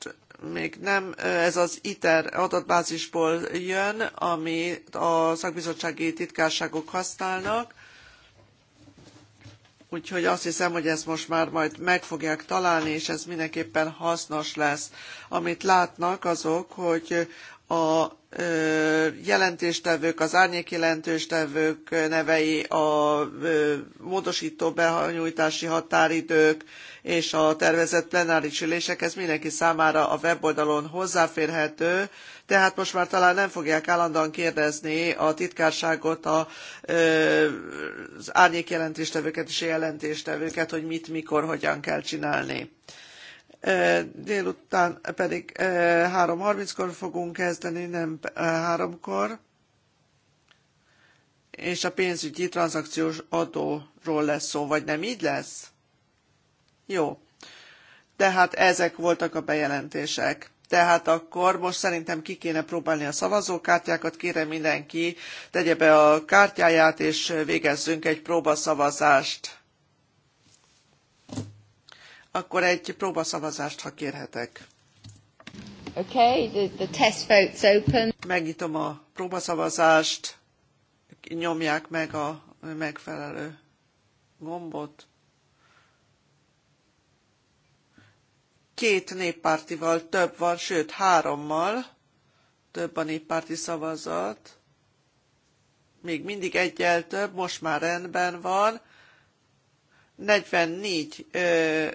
még nem, ez az ITER adatbázisból jön, amit a szakbizottsági titkárságok használnak, Úgyhogy azt hiszem, hogy ezt most már majd meg fogják találni, és ez mindenképpen hasznos lesz. Amit látnak azok, hogy a jelentéstevők, az árnyék jelentéstevők nevei, a módosító behanyújtási határidők és a tervezett plenáris ülések, ez mindenki számára a weboldalon hozzáférhető, tehát most már talán nem fogják állandóan kérdezni a titkárságot, a, az árnyék jelentéstevőket és jelentéstevőket, hogy mit, mikor, hogyan kell csinálni. Délután pedig 3.30-kor fogunk kezdeni, nem 3-kor és a pénzügyi tranzakciós adóról lesz szó, vagy nem így lesz? Jó. Tehát ezek voltak a bejelentések tehát akkor most szerintem ki kéne próbálni a szavazókártyákat, kérem mindenki tegye be a kártyáját, és végezzünk egy próbaszavazást. Akkor egy próbaszavazást, ha kérhetek. Okay, the, the test vote's open. Megnyitom a próbaszavazást, nyomják meg a megfelelő gombot. két néppártival több van, sőt hárommal több a néppárti szavazat. Még mindig egyel több, most már rendben van. 44 ö,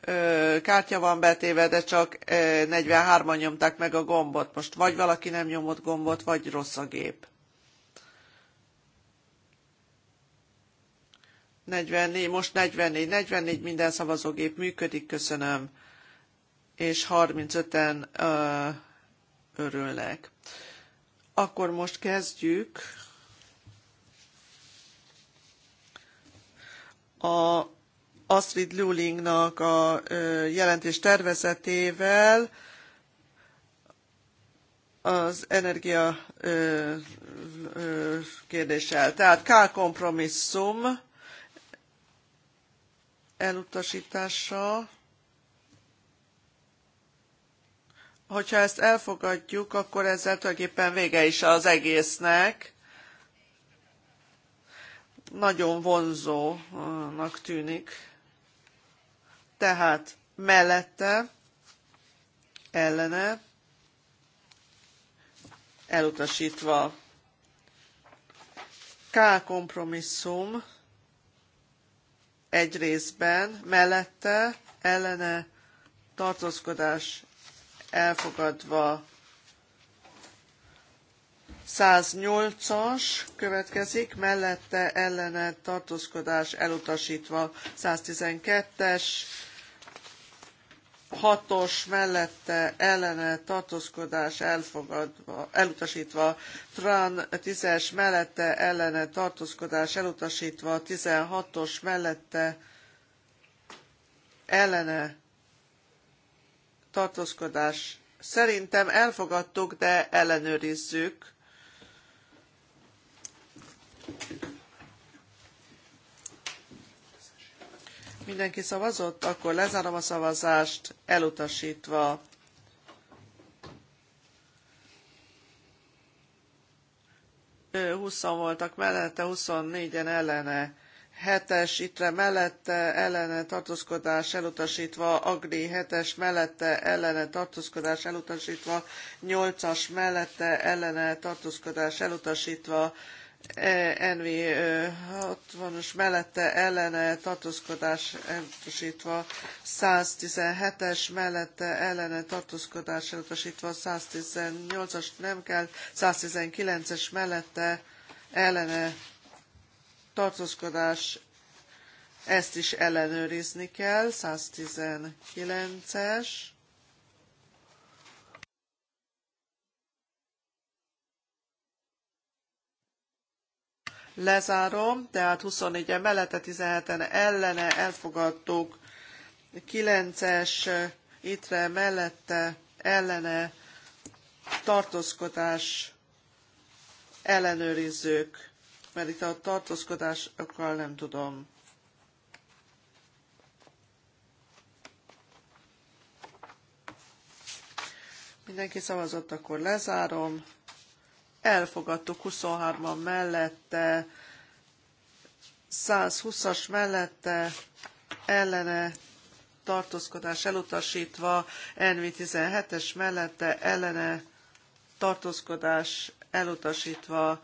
ö, kártya van betéve, de csak 43-an nyomták meg a gombot. Most vagy valaki nem nyomott gombot, vagy rossz a gép. 44, most 44, 44 minden szavazógép működik, köszönöm és 35-en örülnek. Akkor most kezdjük a Astrid Lulingnak a jelentés tervezetével az energia ö, ö, kérdéssel. Tehát K kompromisszum elutasítása hogyha ezt elfogadjuk, akkor ezzel tulajdonképpen vége is az egésznek. Nagyon vonzónak tűnik. Tehát mellette, ellene, elutasítva. K kompromisszum egy részben, mellette, ellene, tartózkodás elfogadva. 108-as következik, mellette ellene tartózkodás elutasítva 112-es, 6-os mellette ellene tartózkodás elfogadva, elutasítva, Tran 10-es mellette ellene tartózkodás elutasítva, 16-os mellette ellene tartózkodás. Szerintem elfogadtuk, de ellenőrizzük. Mindenki szavazott? Akkor lezárom a szavazást, elutasítva. 20 voltak mellette, 24-en ellene. 7-es mellette ellene tartózkodás elutasítva, Agri hetes es mellette ellene tartózkodás elutasítva, 8-as mellette ellene tartózkodás elutasítva, e, NV 60-os mellette ellene tartózkodás elutasítva, 117-es mellette ellene tartózkodás elutasítva, 118-as nem kell, 119-es mellette ellene tartózkodás, ezt is ellenőrizni kell, 119-es. Lezárom, tehát 24-en mellette, 17-en ellene elfogadtuk, 9-es ittre mellette, ellene tartózkodás ellenőrizzük mert itt a tartózkodásokkal nem tudom. Mindenki szavazott, akkor lezárom. Elfogadtuk 23-an mellette, 120-as mellette, ellene tartózkodás elutasítva, NV 17-es mellette, ellene tartózkodás elutasítva,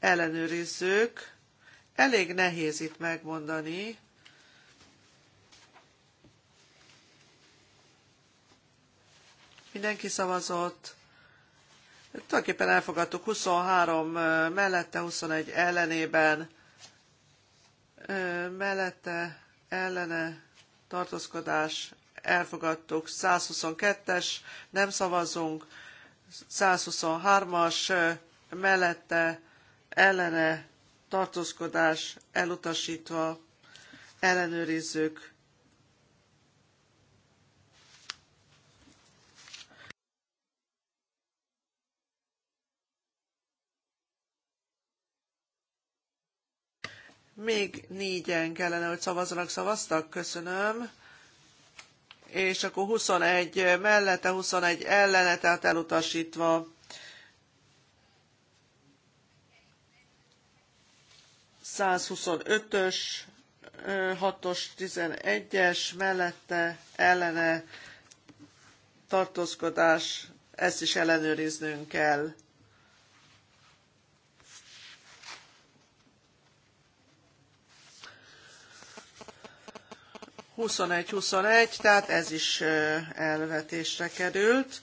ellenőrizzük. Elég nehéz itt megmondani. Mindenki szavazott. Tulajdonképpen elfogadtuk 23 mellette, 21 ellenében. Mellette, ellene, tartózkodás, elfogadtuk. 122-es, nem szavazunk. 123-as, mellette, ellene tartózkodás elutasítva ellenőrizzük. Még négyen kellene, hogy szavazzanak, szavaztak. Köszönöm és akkor 21 mellette, 21 ellene, tehát elutasítva. 125-ös, 6-os, 11-es mellette ellene tartózkodás, ezt is ellenőriznünk kell. Huszonegy-huszonegy, tehát ez is elvetésre került.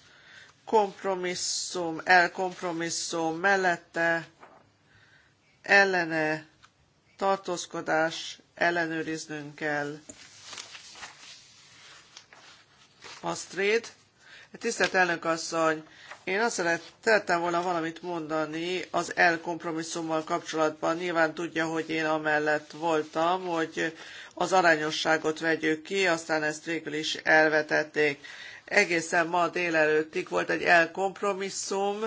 Kompromisszum, elkompromisszum mellette, ellene tartózkodás ellenőriznünk kell. Astrid, tisztelt elnök asszony, én azt szerettem volna valamit mondani az elkompromisszummal kapcsolatban. Nyilván tudja, hogy én amellett voltam, hogy az arányosságot vegyük ki, aztán ezt végül is elvetették. Egészen ma délelőttig volt egy elkompromisszum,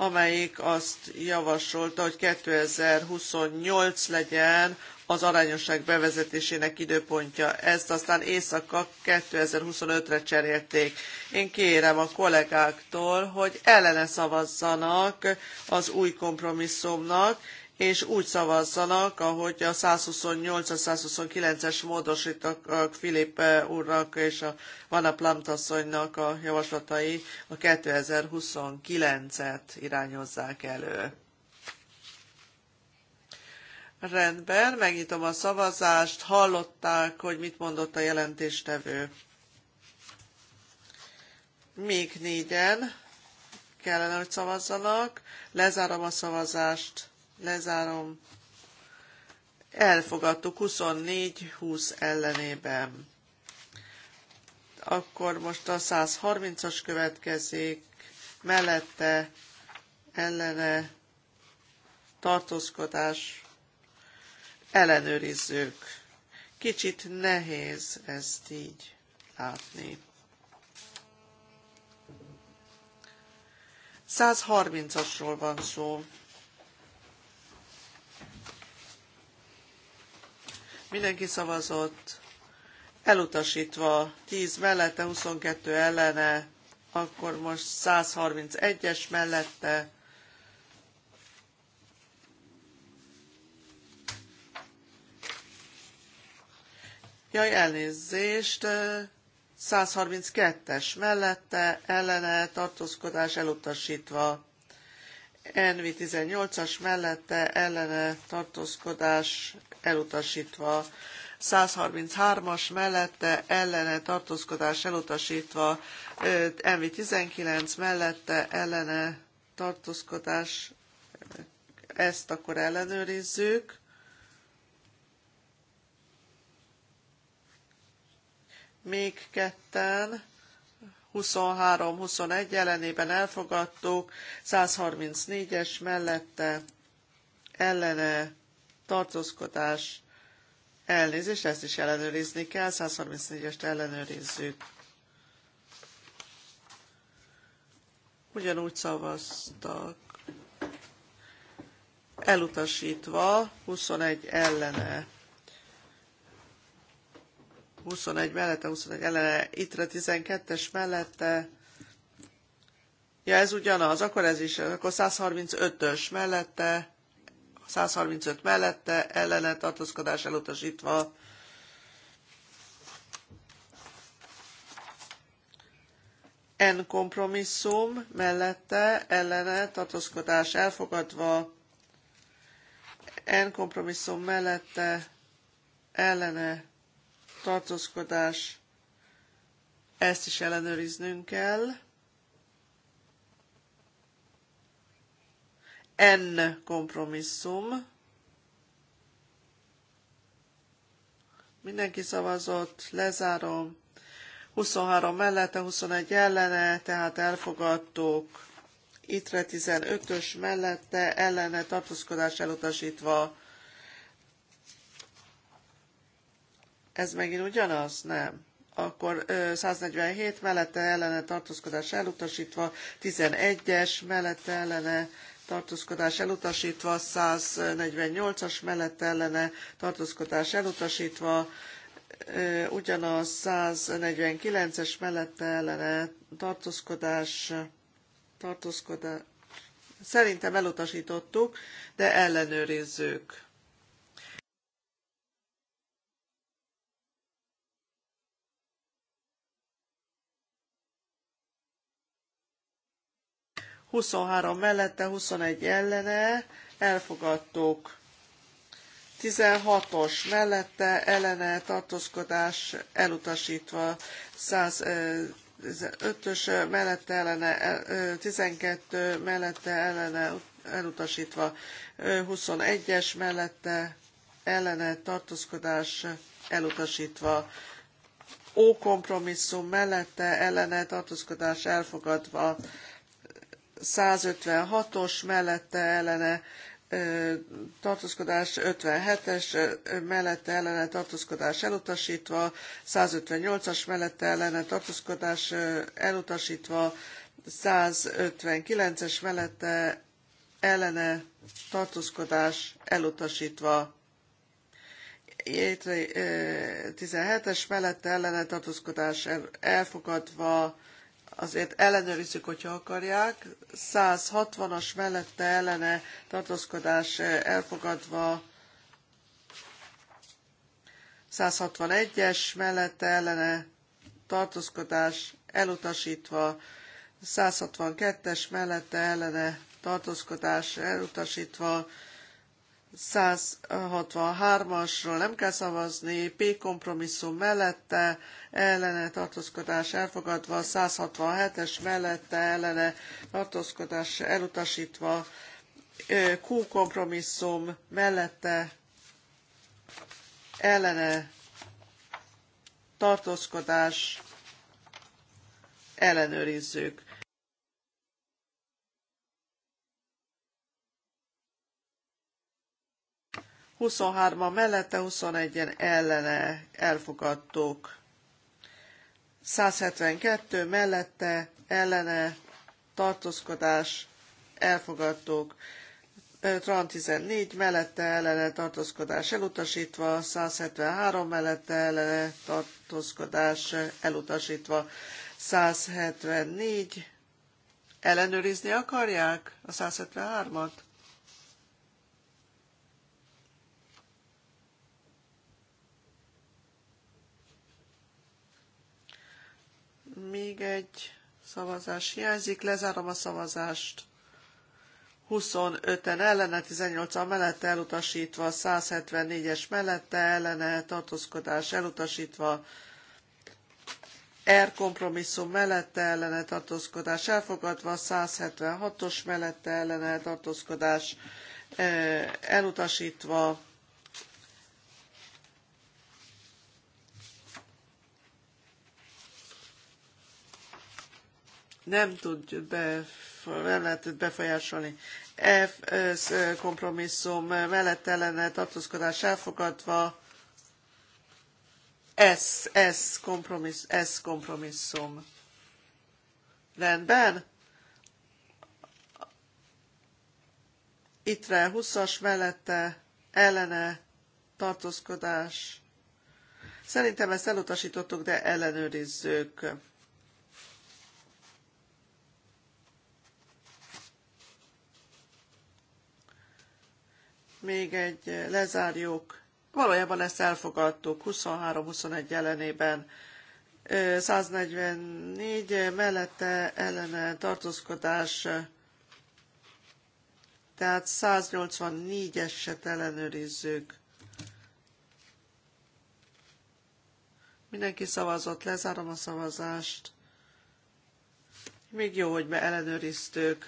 amelyik azt javasolta, hogy 2028 legyen az arányosság bevezetésének időpontja. Ezt aztán éjszaka 2025-re cserélték. Én kérem a kollégáktól, hogy ellene szavazzanak az új kompromisszumnak, és úgy szavazzanak, ahogy a 128-129-es módosítók Filip eh, úrnak és a Vanna Plamtasszonynak a javaslatai a 2029-et irányozzák elő. Rendben, megnyitom a szavazást. Hallották, hogy mit mondott a jelentéstevő. Még négyen kellene, hogy szavazzanak. Lezárom a szavazást. Lezárom. Elfogadtuk 24-20 ellenében. Akkor most a 130-as következik, mellette ellene tartózkodás ellenőrizzük. Kicsit nehéz ezt így látni. 130-asról van szó. Mindenki szavazott. Elutasítva 10 mellette, 22 ellene, akkor most 131-es mellette. Jaj, elnézést, 132-es mellette, ellene, tartózkodás elutasítva. NV18-as mellette ellene tartózkodás elutasítva. 133-as mellette ellene tartózkodás elutasítva, MV19 mellette ellene tartózkodás, ezt akkor ellenőrizzük. Még ketten 23-21 jelenében elfogadtuk, 134-es mellette ellene tartózkodás elnézést, ezt is ellenőrizni kell, 134-est ellenőrizzük. Ugyanúgy szavaztak. Elutasítva, 21 ellene. 21 mellette, 21 ellene, ittre 12-es mellette. Ja, ez ugyanaz, akkor ez is, akkor 135-ös mellette, 135 mellette, ellene tartózkodás elutasítva. en kompromisszum mellette, ellene tartózkodás elfogadva. en kompromisszum mellette, ellene tartózkodás, ezt is ellenőriznünk kell. N kompromisszum. Mindenki szavazott, lezárom. 23 mellette, 21 ellene, tehát elfogadtuk. Itre 15-ös mellette, ellene tartózkodás elutasítva. Ez megint ugyanaz? Nem. Akkor 147 mellette ellene tartózkodás elutasítva, 11-es mellette ellene tartózkodás elutasítva, 148-as mellette ellene tartózkodás elutasítva, ugyanaz 149-es mellette ellene tartózkodás, tartózkodás, szerintem elutasítottuk, de ellenőrizzük. 23 mellette, 21 ellene, elfogadtuk. 16-os mellette ellene tartózkodás elutasítva, 105-ös mellette ellene, 12 mellette ellene elutasítva, 21-es mellette ellene tartózkodás elutasítva, ó kompromisszum mellette ellene tartózkodás elfogadva, 156-os mellette ellene tartózkodás 57-es mellette ellene tartózkodás elutasítva, 158-as mellette ellene tartózkodás elutasítva, 159-es mellette ellene tartózkodás elutasítva. 17-es mellette ellene tartózkodás elfogadva, azért ellenőrizzük, hogyha akarják. 160-as mellette ellene tartózkodás eh, elfogadva 161-es mellette ellene tartózkodás elutasítva, 162-es mellette ellene tartózkodás elutasítva, 163-asról nem kell szavazni, P kompromisszum mellette, ellene tartózkodás elfogadva, 167-es mellette, ellene tartózkodás elutasítva, Q kompromisszum mellette, ellene tartózkodás ellenőrizzük. 23-an mellette, 21-en ellene elfogadtuk. 172 mellette, ellene, tartózkodás, elfogadtuk. Tran 14 mellette, ellene, tartózkodás elutasítva, 173 mellette, ellene, tartózkodás elutasítva, 174 ellenőrizni akarják a 173-at? Még egy szavazás hiányzik, lezárom a szavazást. 25-en ellene, 18-an mellette elutasítva, 174-es mellette ellene, tartózkodás elutasítva, R kompromisszum mellette ellene tartózkodás elfogadva, 176-os mellette ellene tartózkodás eh, elutasítva, nem tud nem befolyásolni. E kompromisszum mellett ellene tartózkodás elfogadva, S, S, kompromisszum, S kompromisszum. Rendben? Ittre 20-as mellette ellene tartózkodás. Szerintem ezt elutasítottuk, de ellenőrizzük. még egy eh, lezárjuk. Valójában ezt elfogadtuk 23-21 ellenében. 144 mellette ellene tartózkodás, tehát 184-eset ellenőrizzük. Mindenki szavazott, lezárom a szavazást. Még jó, hogy be ellenőriztük.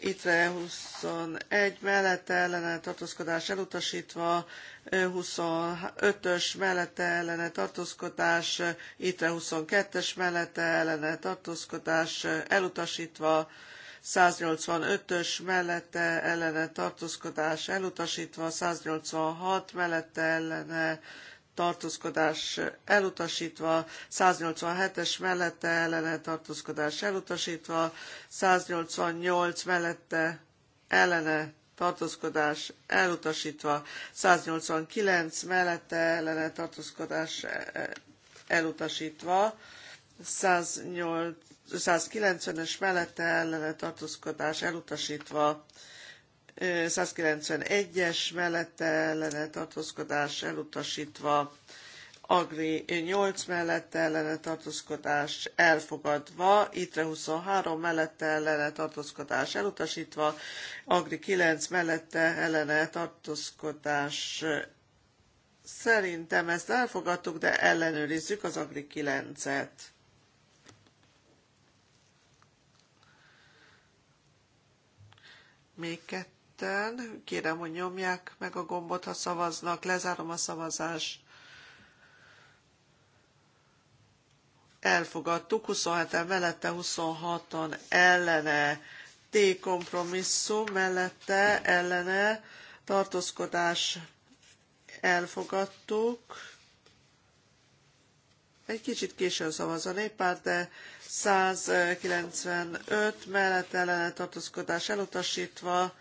ITRE 21 mellette ellene tartózkodás elutasítva, 25-ös mellette ellene tartózkodás, ITRE 22-es mellette ellene tartózkodás elutasítva, 185-ös mellette ellene tartózkodás elutasítva, 186 mellette ellene tartózkodás elutasítva, 187-es mellette ellene tartózkodás elutasítva, 188 mellette ellene tartózkodás elutasítva, 189 e, e, mellette ellene tartózkodás elutasítva, 190-es mellette ellene tartózkodás elutasítva, 191-es mellette ellene tartózkodás elutasítva, Agri 8 mellette ellene tartózkodás elfogadva, ITRE 23 mellette ellene tartózkodás elutasítva, Agri 9 mellette ellene tartózkodás Szerintem ezt elfogadtuk, de ellenőrizzük az Agri 9-et. Még kettő ketten. Kérem, hogy nyomják meg a gombot, ha szavaznak. Lezárom a szavazást. Elfogadtuk, 27-en mellette, 26-an ellene. T kompromisszum mellette, ellene. Tartózkodás elfogadtuk. Egy kicsit későn szavaz a néppárt, de 195 mellett ellene tartózkodás elutasítva,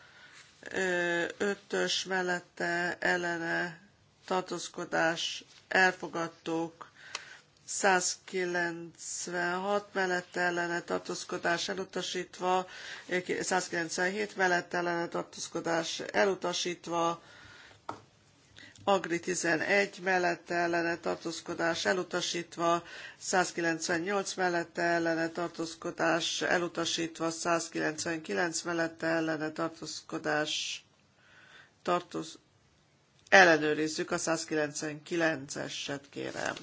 ötös mellette ellene tartózkodás elfogadtók 196 mellette ellene tartózkodás elutasítva, 197 mellette ellene tartózkodás elutasítva, Agri 11 mellette ellene tartózkodás elutasítva, 198 mellette ellene tartózkodás elutasítva, 199 mellette ellene tartózkodás tartóz... ellenőrizzük a 199-eset, kérem.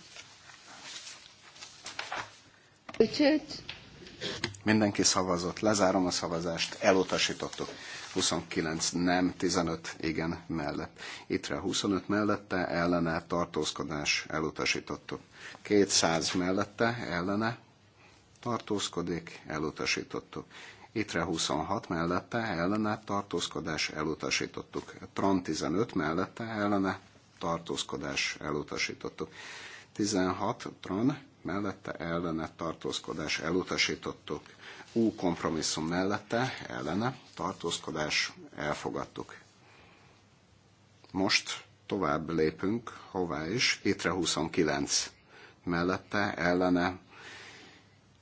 Mindenki szavazott, lezárom a szavazást, elutasítottuk. 29 nem, 15 igen mellett. Ittre 25 mellette, ellene tartózkodás elutasítottuk. 200 mellette, ellene tartózkodik, elutasítottuk. Itre 26 mellette ellene tartózkodás elutasítottuk. Tran 15 mellette ellene tartózkodás elutasítottuk. 16 Tran mellette ellene tartózkodás elutasítottuk hú kompromisszum mellette, ellene, tartózkodás, elfogadtuk. Most tovább lépünk, hová is, Itre 29 mellette, ellene,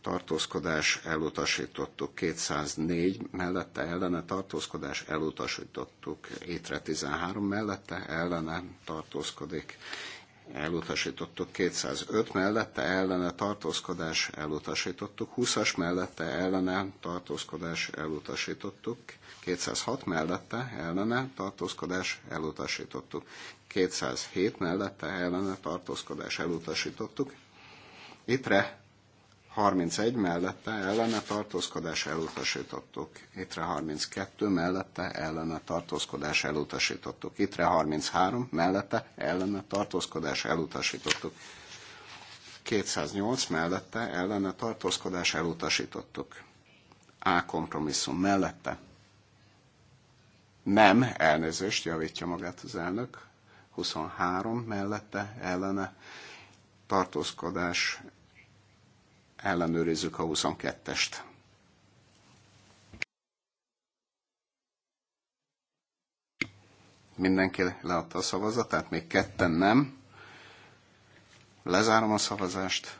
tartózkodás elutasítottuk, 204 mellette ellene tartózkodás elutasítottuk, étre 13 mellette ellene tartózkodik, elutasítottuk 205 mellette ellene tartózkodás elutasítottuk, 20-as mellette ellene tartózkodás elutasítottuk, 206 mellette ellene tartózkodás elutasítottuk, 207 mellette ellene tartózkodás elutasítottuk, Itre 31 mellette ellene tartózkodás elutasítottuk. Itre 32 mellette ellene tartózkodás elutasítottuk. Itre 33 mellette ellene tartózkodás elutasítottuk. 208 mellette ellene tartózkodás elutasítottuk. A kompromisszum mellette. Nem, elnézést, javítja magát az elnök. 23 mellette ellene tartózkodás ellenőrizzük a 22-est. Mindenki leadta a szavazatát, még ketten nem. Lezárom a szavazást.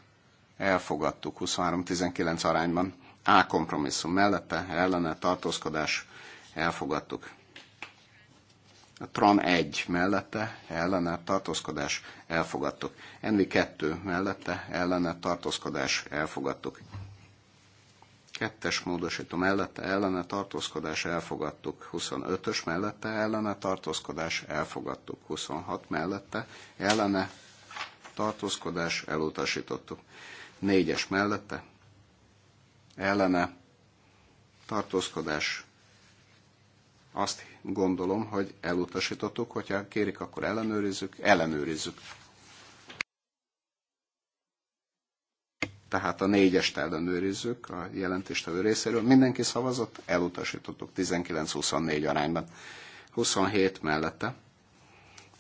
Elfogadtuk 23-19 arányban. A kompromisszum mellette, ellene tartózkodás, elfogadtuk. Tran 1 mellette ellene tartózkodás elfogadtuk. Envi 2 mellette ellene tartózkodás elfogadtuk. Kettes módosító mellette ellene tartózkodás elfogadtuk. 25-ös mellette ellene tartózkodás elfogadtuk. 26 mellette ellene tartózkodás elutasítottuk. 4-es mellette ellene tartózkodás azt gondolom, hogy elutasítottuk, hogyha kérik, akkor ellenőrizzük, ellenőrizzük. Tehát a négyest ellenőrizzük a jelentéstevő részéről. Mindenki szavazott, elutasítottuk 19-24 arányban. 27 mellette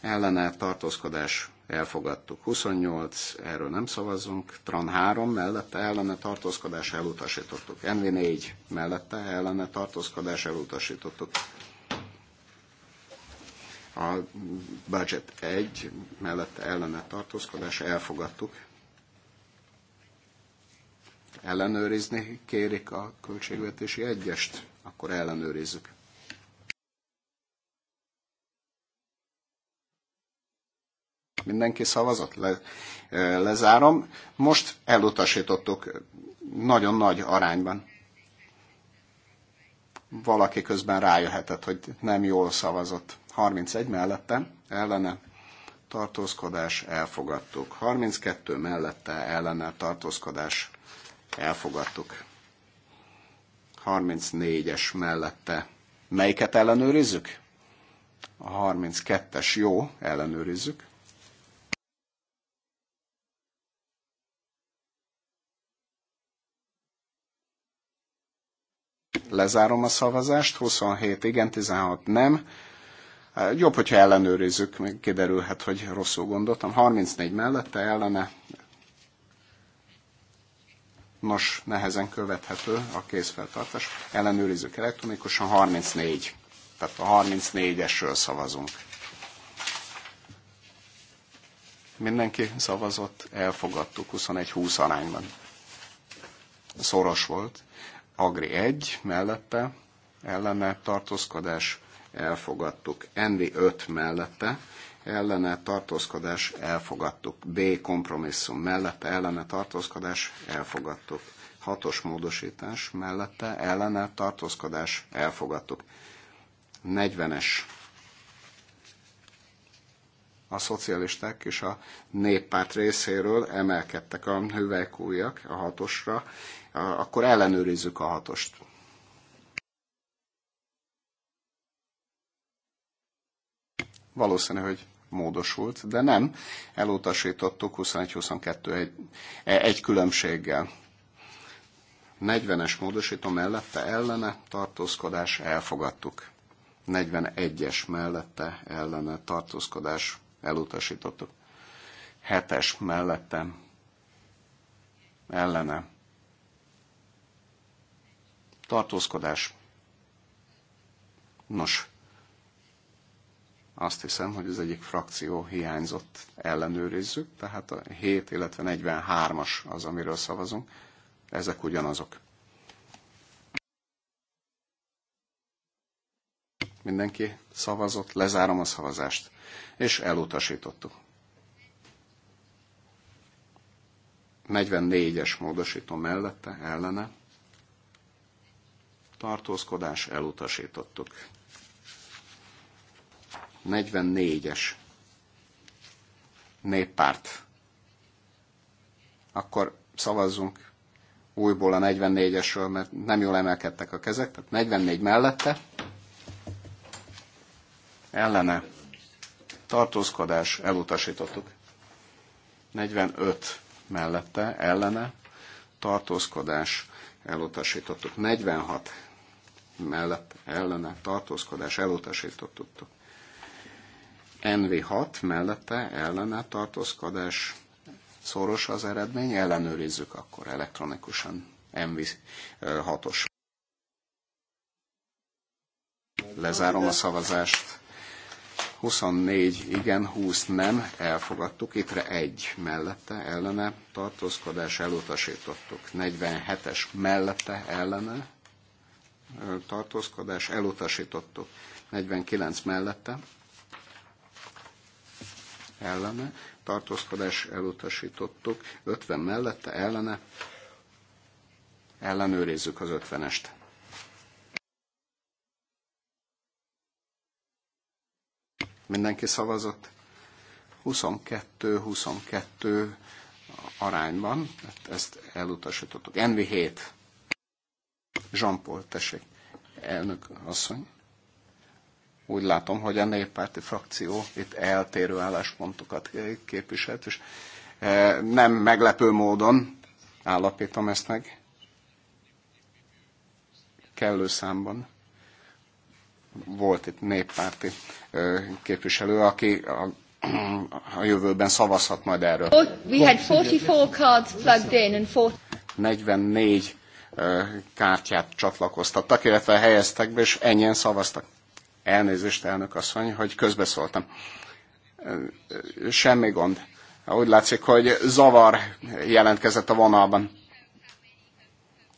ellene tartózkodás elfogadtuk. 28, erről nem szavazunk. Tran 3 mellette ellene tartózkodás elutasítottuk. Envi 4 mellette ellene tartózkodás elutasítottuk. A budget 1 mellette ellene tartózkodás elfogadtuk. Ellenőrizni kérik a költségvetési egyest, akkor ellenőrizzük. mindenki szavazott, le, lezárom. Most elutasítottuk nagyon nagy arányban. Valaki közben rájöhetett, hogy nem jól szavazott. 31 mellette ellene tartózkodás elfogadtuk. 32 mellette ellene tartózkodás elfogadtuk. 34-es mellette. Melyiket ellenőrizzük? A 32-es jó, ellenőrizzük. Lezárom a szavazást, 27 igen, 16 nem Hát, jobb, hogyha ellenőrizzük, még kiderülhet, hogy rosszul gondoltam. 34 mellette ellene. Nos, nehezen követhető a kézfeltartás. Ellenőrizzük elektronikusan 34. Tehát a 34-esről szavazunk. Mindenki szavazott, elfogadtuk 21-20 arányban. Szoros volt. Agri 1 mellette, ellene tartózkodás elfogadtuk. Envi 5 mellette ellene tartózkodás elfogadtuk. B kompromisszum mellette ellene tartózkodás elfogadtuk. Hatos módosítás mellette ellene tartózkodás elfogadtuk. 40-es a szocialisták és a néppárt részéről emelkedtek a hüvelykújak a hatosra, akkor ellenőrizzük a hatost. Valószínű, hogy módosult, de nem. Elutasítottuk 21-22 egy, e, egy különbséggel. 40-es módosító mellette ellene tartózkodás elfogadtuk. 41-es mellette ellene tartózkodás elutasítottuk. 7-es mellette ellene tartózkodás. Nos, azt hiszem, hogy az egyik frakció hiányzott, ellenőrizzük, tehát a 7, illetve 43-as az, amiről szavazunk. Ezek ugyanazok. Mindenki szavazott, lezárom a szavazást, és elutasítottuk. 44-es módosító mellette, ellene, tartózkodás elutasítottuk. 44-es néppárt. Akkor szavazzunk újból a 44-esről, mert nem jól emelkedtek a kezek, tehát 44 mellette, ellene, tartózkodás, elutasítottuk. 45 mellette, ellene, tartózkodás, elutasítottuk. 46 mellett, ellene, tartózkodás, elutasítottuk. NV6 mellette ellene tartózkodás szoros az eredmény, ellenőrizzük akkor elektronikusan NV6-os. Lezárom a szavazást. 24 igen, 20 nem, elfogadtuk. Ittre egy mellette, ellene, tartózkodás elutasítottuk. 47-es mellette, ellene, tartózkodás elutasítottuk. 49 mellette, ellene, tartózkodás elutasítottuk, 50 mellette ellene, ellenőrizzük az 50-est. Mindenki szavazott? 22-22 arányban, ezt elutasítottuk. Envi 7 Jean-Paul, tessék, elnök asszony úgy látom, hogy a néppárti frakció itt eltérő álláspontokat eh, képviselt, és eh, nem meglepő módon állapítom ezt meg kellő számban. Volt itt néppárti eh, képviselő, aki a a jövőben szavazhat majd erről. We had 44 cards plugged in and 44 kártyát csatlakoztattak, illetve helyeztek be, és ennyien szavaztak. Elnézést, elnök asszony, hogy közbeszóltam. Semmi gond. Úgy látszik, hogy zavar jelentkezett a vonalban.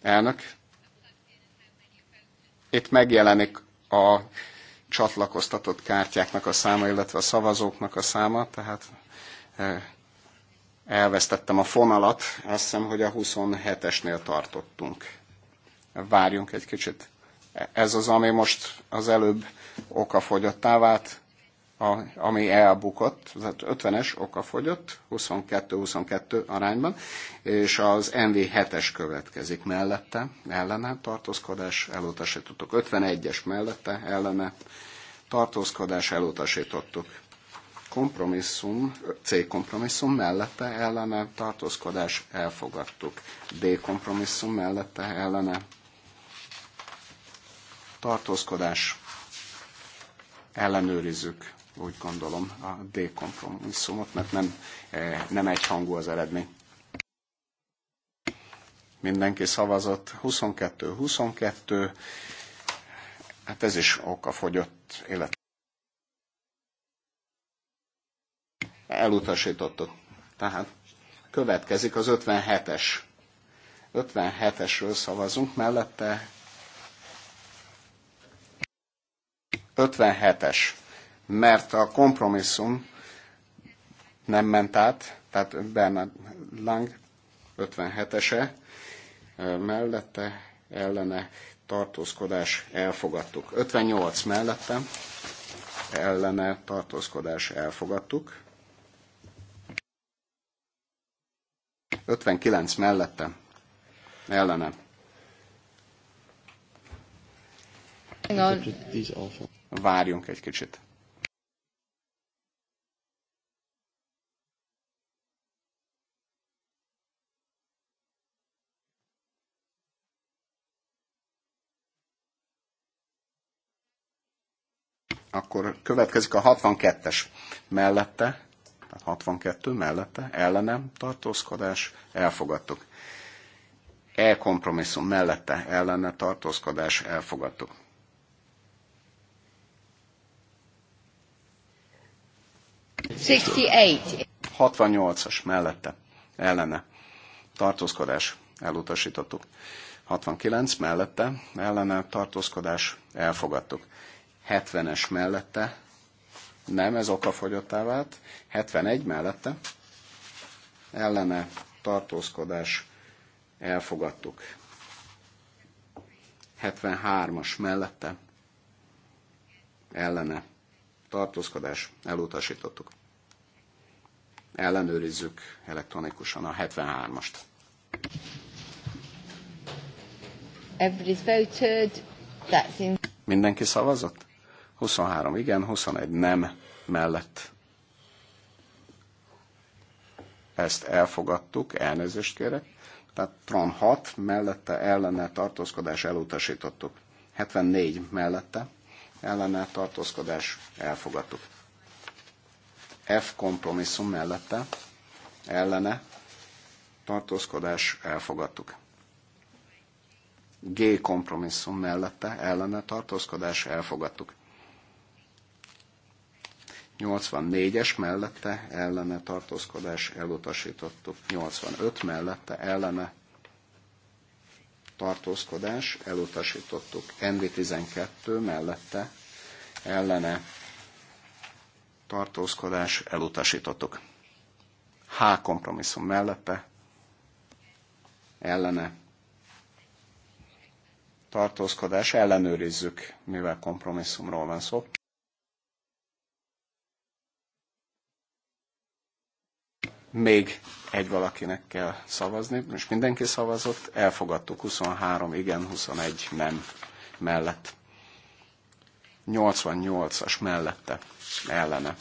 Elnök, itt megjelenik a csatlakoztatott kártyáknak a száma, illetve a szavazóknak a száma, tehát eh, elvesztettem a fonalat, azt hiszem, hogy a 27-esnél tartottunk. Várjunk egy kicsit. Ez az, ami most az előbb okafogyottá vált, a, ami elbukott, tehát 50-es okafogyott, 22-22 arányban, és az NV7-es következik mellette, ellene tartózkodás, elutasítottuk. 51-es mellette, ellene tartózkodás, elutasítottuk. Kompromisszum, C kompromisszum mellette, ellene tartózkodás, elfogadtuk. D kompromisszum mellette, ellene tartózkodás, ellenőrizzük, úgy gondolom, a D kompromisszumot, mert nem, eh, nem hangú az eredmény. Mindenki szavazott 22-22, hát ez is oka fogyott élet. Elutasítottuk. Tehát következik az 57-es. 57-esről szavazunk, mellette 57-es, mert a kompromisszum nem ment át, tehát Bernard Lang 57-ese mellette ellene tartózkodás elfogadtuk. 58 mellette ellene tartózkodás elfogadtuk. 59 mellette ellene. Hang on várjunk egy kicsit. Akkor következik a 62-es mellette, tehát 62 mellette, ellenem tartózkodás, elfogadtuk e kompromisszum mellette ellene tartózkodás elfogadtuk. 68. 68-as mellette, ellene. Tartózkodás, elutasítottuk. 69 mellette, ellene tartózkodás, elfogadtuk. 70-es mellette, nem, ez okafogyottá vált. 71 mellette, ellene tartózkodás, elfogadtuk. 73-as mellette, ellene tartózkodás, elutasítottuk ellenőrizzük elektronikusan a 73-ast. Everybody's voted. Mindenki szavazott? 23 igen, 21 nem mellett. Ezt elfogadtuk, elnézést kérek. Tehát Tron 6 mellette ellene tartózkodás elutasítottuk. 74 mellette ellene tartózkodás elfogadtuk. F kompromisszum mellette ellene tartózkodás elfogadtuk. G kompromisszum mellette ellene tartózkodás elfogadtuk. 84-es mellette ellene tartózkodás elutasítottuk. 85 mellette ellene tartózkodás elutasítottuk. NV12 mellette ellene tartózkodás elutasítottuk. H kompromisszum mellette, ellene tartózkodás, ellenőrizzük, mivel kompromisszumról van szó. Még egy valakinek kell szavazni, Most mindenki szavazott, elfogadtuk 23 igen, 21 nem mellett. 88-as mellette ellene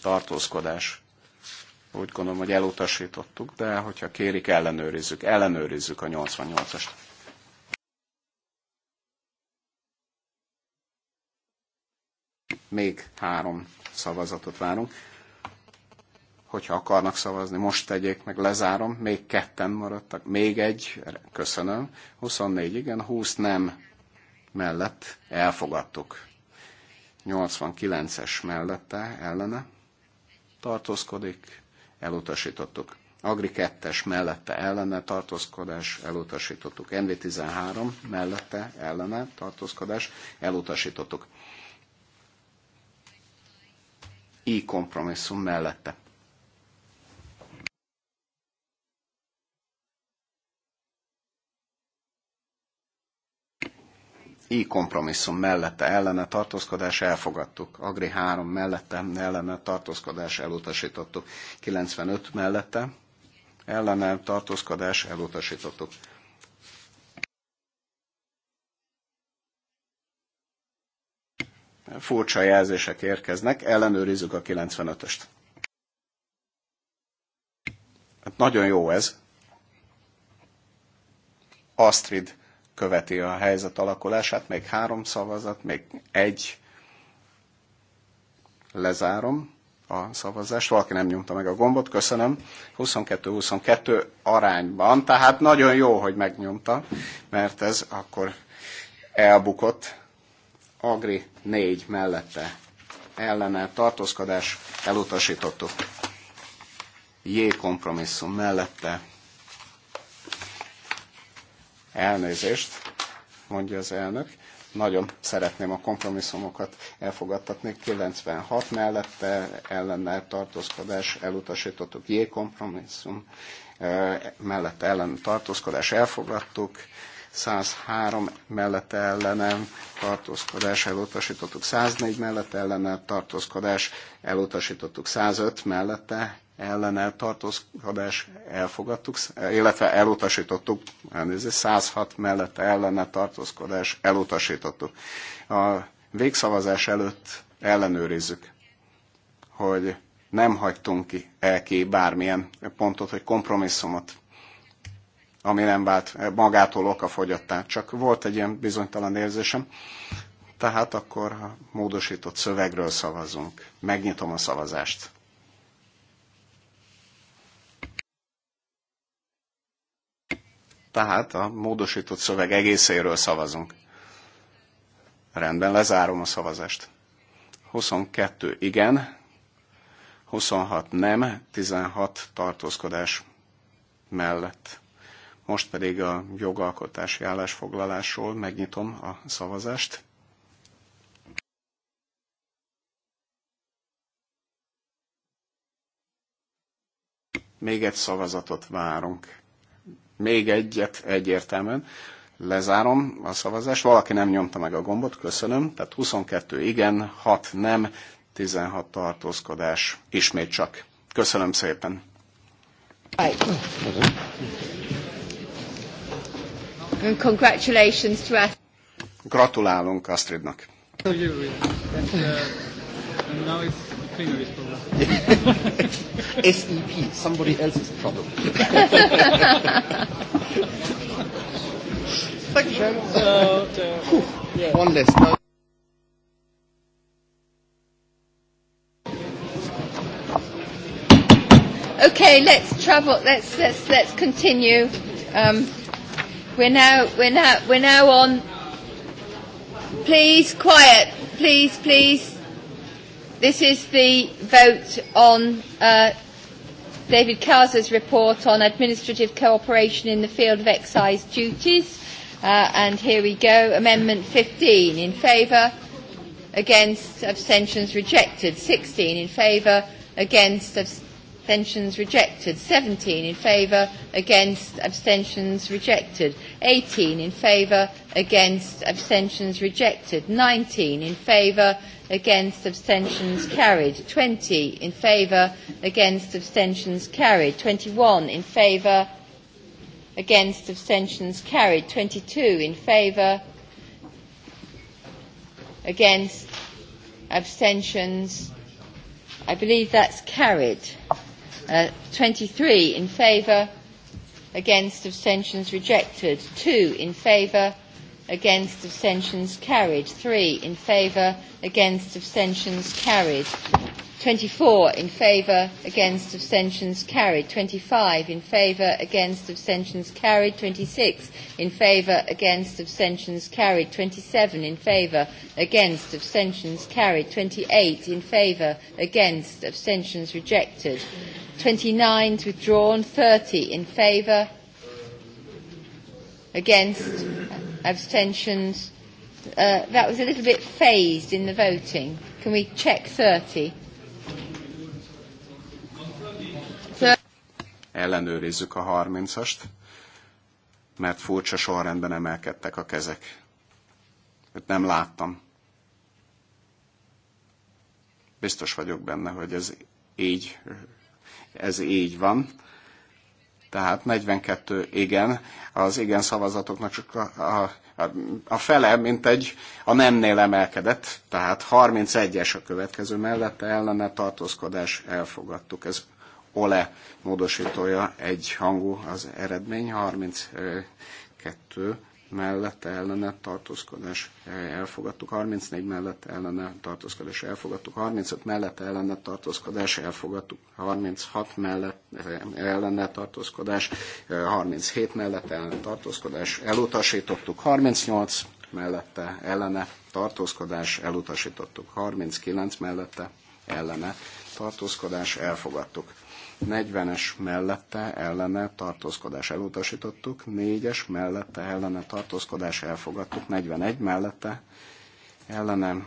tartózkodás. Úgy gondolom, hogy elutasítottuk, de hogyha kérik, ellenőrizzük. Ellenőrizzük a 88-ast. Még három szavazatot várunk. Hogyha akarnak szavazni, most tegyék meg, lezárom. Még ketten maradtak, még egy, köszönöm. 24 igen, 20 nem mellett elfogadtuk. 89-es mellette ellene tartózkodik, elutasítottuk. Agri 2-es mellette ellene tartózkodás, elutasítottuk. NV13 mellette ellene tartózkodás, elutasítottuk. I kompromisszum mellette I kompromisszum mellette ellene tartózkodás elfogadtuk. Agri 3 mellette ellene tartózkodás elutasítottuk. 95 mellette ellene tartózkodás elutasítottuk. Furcsa jelzések érkeznek, ellenőrizzük a 95-öst. Hát nagyon jó ez. Astrid követi a helyzet alakulását, még három szavazat, még egy lezárom a szavazást. Valaki nem nyomta meg a gombot, köszönöm. 22-22 arányban, tehát nagyon jó, hogy megnyomta, mert ez akkor elbukott. Agri 4 mellette ellene tartózkodás elutasítottuk. J kompromisszum mellette Elnézést, mondja az elnök. Nagyon szeretném a kompromisszumokat elfogadtatni. 96 mellette ellennel tartózkodás elutasítottuk. J kompromisszum eh, mellette ellen tartózkodás elfogadtuk. 103 mellett ellenem tartózkodás elutasítottuk, 104 mellett ellenem tartózkodás elutasítottuk, 105 mellette ellene tartózkodás elfogadtuk, illetve elutasítottuk, elnézést, 106 mellett ellene tartózkodás elutasítottuk. A végszavazás előtt ellenőrizzük, hogy nem hagytunk ki, el ki bármilyen pontot, hogy kompromisszumot, ami nem vált magától okafogyottá. Csak volt egy ilyen bizonytalan érzésem. Tehát akkor a módosított szövegről szavazunk. Megnyitom a szavazást. tehát a módosított szöveg egészéről szavazunk. Rendben, lezárom a szavazást. 22 igen, 26 nem, 16 tartózkodás mellett. Most pedig a jogalkotási állásfoglalásról megnyitom a szavazást. Még egy szavazatot várunk. Még egyet egyértelműen. Lezárom a szavazást. Valaki nem nyomta meg a gombot, köszönöm. Tehát 22 igen, 6 nem, 16 tartózkodás. Ismét csak. Köszönöm szépen. Gratulálunk Astridnak. Plenary problem. SEP, somebody else's problem. you, So, yeah. One less. Okay, let's travel. Let's let's let's continue. Um, we're now we're now we're now on. Please, quiet. Please, please. This is the vote on uh, David Casa's report on administrative cooperation in the field of excise duties. Uh, and here we go. Amendment 15 in favour, against, abstentions rejected. 16 in favour, against, abstentions rejected. 17 in favour, against, abstentions rejected. 18 in favour, against, abstentions rejected. 19 in favour, against abstentions carried 20 in favour against abstentions carried 21 in favour against abstentions carried 22 in favour against abstentions I believe that's carried uh, 23 in favour against abstentions rejected 2 in favour against abstentions carried. 3 in favour, against abstentions carried. 24 in favour, against abstentions carried. 25 in favour, against abstentions carried. 26 in favour, against abstentions carried. 27 in favour, against abstentions carried. 28 in favour, against abstentions rejected. 29 withdrawn. 30 in favour, Against? Abstentions? Uh, that was a little bit phased in the voting. Can we check 30? Ellenőrizzük a 30-ast, mert furcsa sorrendben emelkedtek a kezek. Őt nem láttam. Biztos vagyok benne, hogy ez így, ez így van. Tehát 42 igen, az igen szavazatoknak csak a, a, a fele, mint egy a nemnél emelkedett, tehát 31-es a következő mellette ellene tartózkodás elfogadtuk. Ez ole módosítója egy hangú az eredmény, 32 E, mellett ellene tartózkodás elfogadtuk, 34 mellett ellene tartózkodás elfogadtuk, 35 mellett e, ellene tartózkodás elfogadtuk, 36 mellett ellene tartózkodás, 37 mellett ellene tartózkodás elutasítottuk, 38 mellette ellene tartózkodás elutasítottuk, 39 mellette ellene tartózkodás elfogadtuk. 40-es mellette ellene tartózkodás elutasítottuk, 4-es mellette ellene tartózkodás elfogadtuk, 41 mellette ellene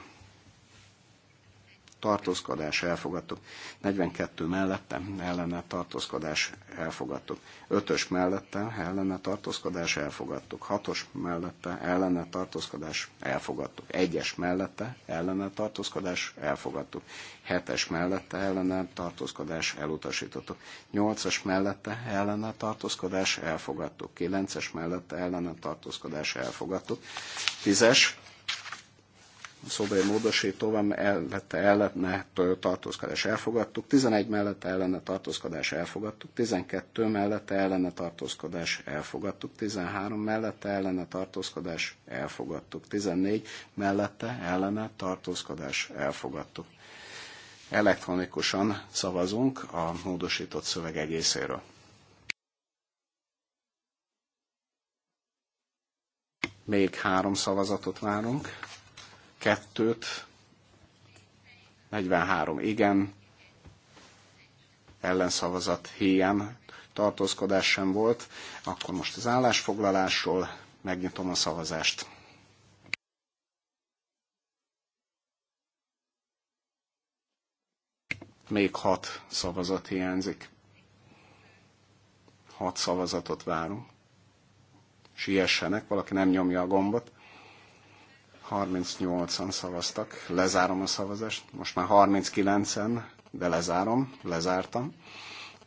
tartózkodás elfogadtuk. 42 mellette ellene tartózkodás elfogadtuk. 5-ös mellette ellene tartózkodás elfogadtuk. 6-os mellette ellene tartózkodás elfogadtuk. 1-es mellette ellene tartózkodás elfogadtuk. 7-es mellette ellene tartózkodás elutasítottuk. 8-as mellette ellene tartózkodás elfogadtuk. 9-es mellette ellene tartózkodás elfogadtuk. 10-es szóbeli módosítóban mellette ellene tartózkodás elfogadtuk, 11 mellette ellene tartózkodás elfogadtuk, 12 mellette ellene tartózkodás elfogadtuk, 13 mellette ellene tartózkodás elfogadtuk, 14 mellette ellene tartózkodás elfogadtuk. Elektronikusan szavazunk a módosított szöveg egészéről. Még három szavazatot várunk. 42-t, 43 igen, ellenszavazat hiány tartózkodás sem volt. Akkor most az állásfoglalásról megnyitom a szavazást. Még hat szavazat hiányzik. Hat szavazatot várunk. Siessenek, valaki nem nyomja a gombot. 38-an szavaztak, lezárom a szavazást, most már 39-en, de lezárom, lezártam,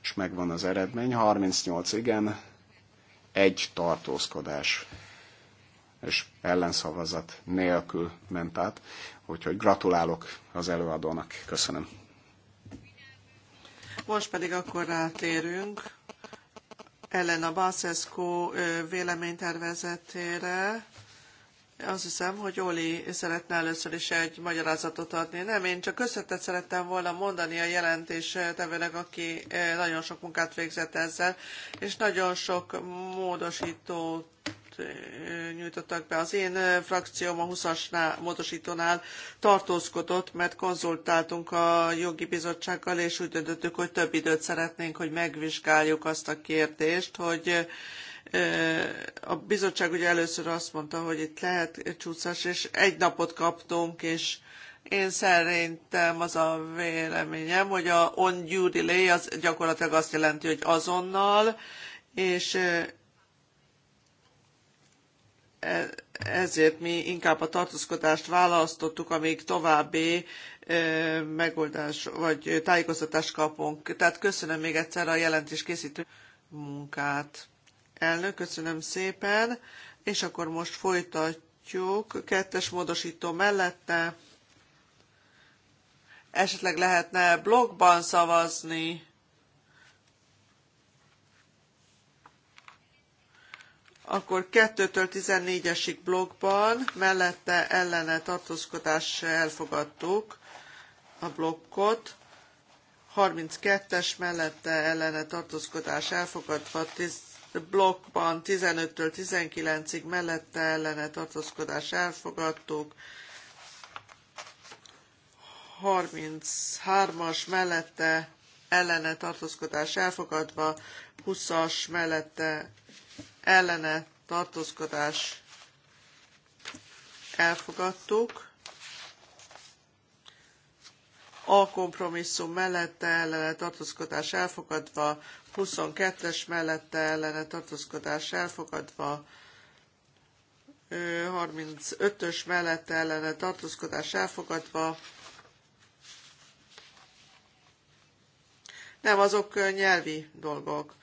és megvan az eredmény, 38 igen, egy tartózkodás és ellenszavazat nélkül ment át, úgyhogy gratulálok az előadónak, köszönöm. Most pedig akkor rátérünk Elena Baszeszkó véleménytervezetére azt hiszem, hogy Oli szeretne először is egy magyarázatot adni. Nem, én csak összetett szerettem volna mondani a jelentés eh, tevőleg, aki eh, nagyon sok munkát végzett ezzel, és nagyon sok módosítót eh, nyújtottak be. Az én frakcióm a 20-as módosítónál tartózkodott, mert konzultáltunk a jogi bizottsággal, és úgy döntöttük, hogy több időt szeretnénk, hogy megvizsgáljuk azt a kérdést, hogy a bizottság ugye először azt mondta, hogy itt lehet csúszás, és egy napot kaptunk, és én szerintem az a véleményem, hogy a on due delay az gyakorlatilag azt jelenti, hogy azonnal, és e, ezért mi inkább a tartózkodást választottuk, amíg további megoldás vagy tájékoztatást kapunk. Tehát köszönöm még egyszer a jelentés készítő munkát. Elnök, köszönöm szépen, és akkor most folytatjuk. Kettes módosító mellette esetleg lehetne blogban szavazni. Akkor 2-től 14-esig blogban, mellette ellene tartózkodás elfogadtuk a blokkot. 32-es mellette ellene tartózkodás elfogadva, blokkban 15-től 19-ig mellette ellene tartózkodás elfogadtuk, 33-as mellette ellene tartózkodás elfogadva, 20-as mellette ellene tartózkodás elfogadtuk, a kompromisszum mellette ellene tartózkodás elfogadva, 22-es mellette ellene tartózkodás elfogadva, 35-ös mellette ellene tartózkodás elfogadva. Nem, azok nyelvi dolgok.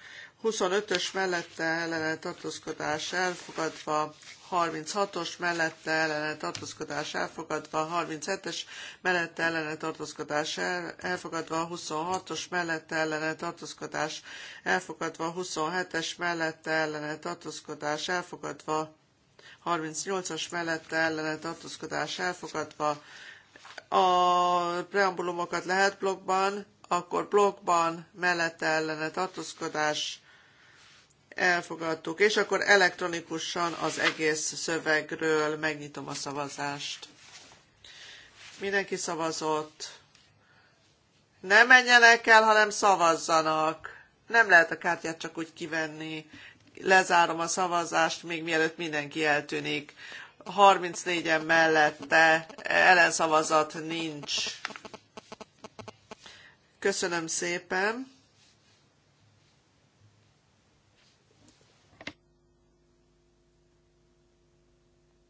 25-ös mellette ellene tartózkodás elfogadva, 36-os mellette ellene tartózkodás elfogadva, 37-es mellette ellene tartózkodás elfogadva, 26-os mellette ellene tartózkodás elfogadva, 27-es mellette ellene tartózkodás elfogadva, 38-as mellette ellene tartózkodás elfogadva. A preambulumokat lehet blogban, akkor blogban mellette ellene tartózkodás Elfogadtuk. És akkor elektronikusan az egész szövegről megnyitom a szavazást. Mindenki szavazott. Ne menjenek el, hanem szavazzanak. Nem lehet a kártyát csak úgy kivenni. Lezárom a szavazást, még mielőtt mindenki eltűnik. 34-en mellette ellenszavazat nincs. Köszönöm szépen.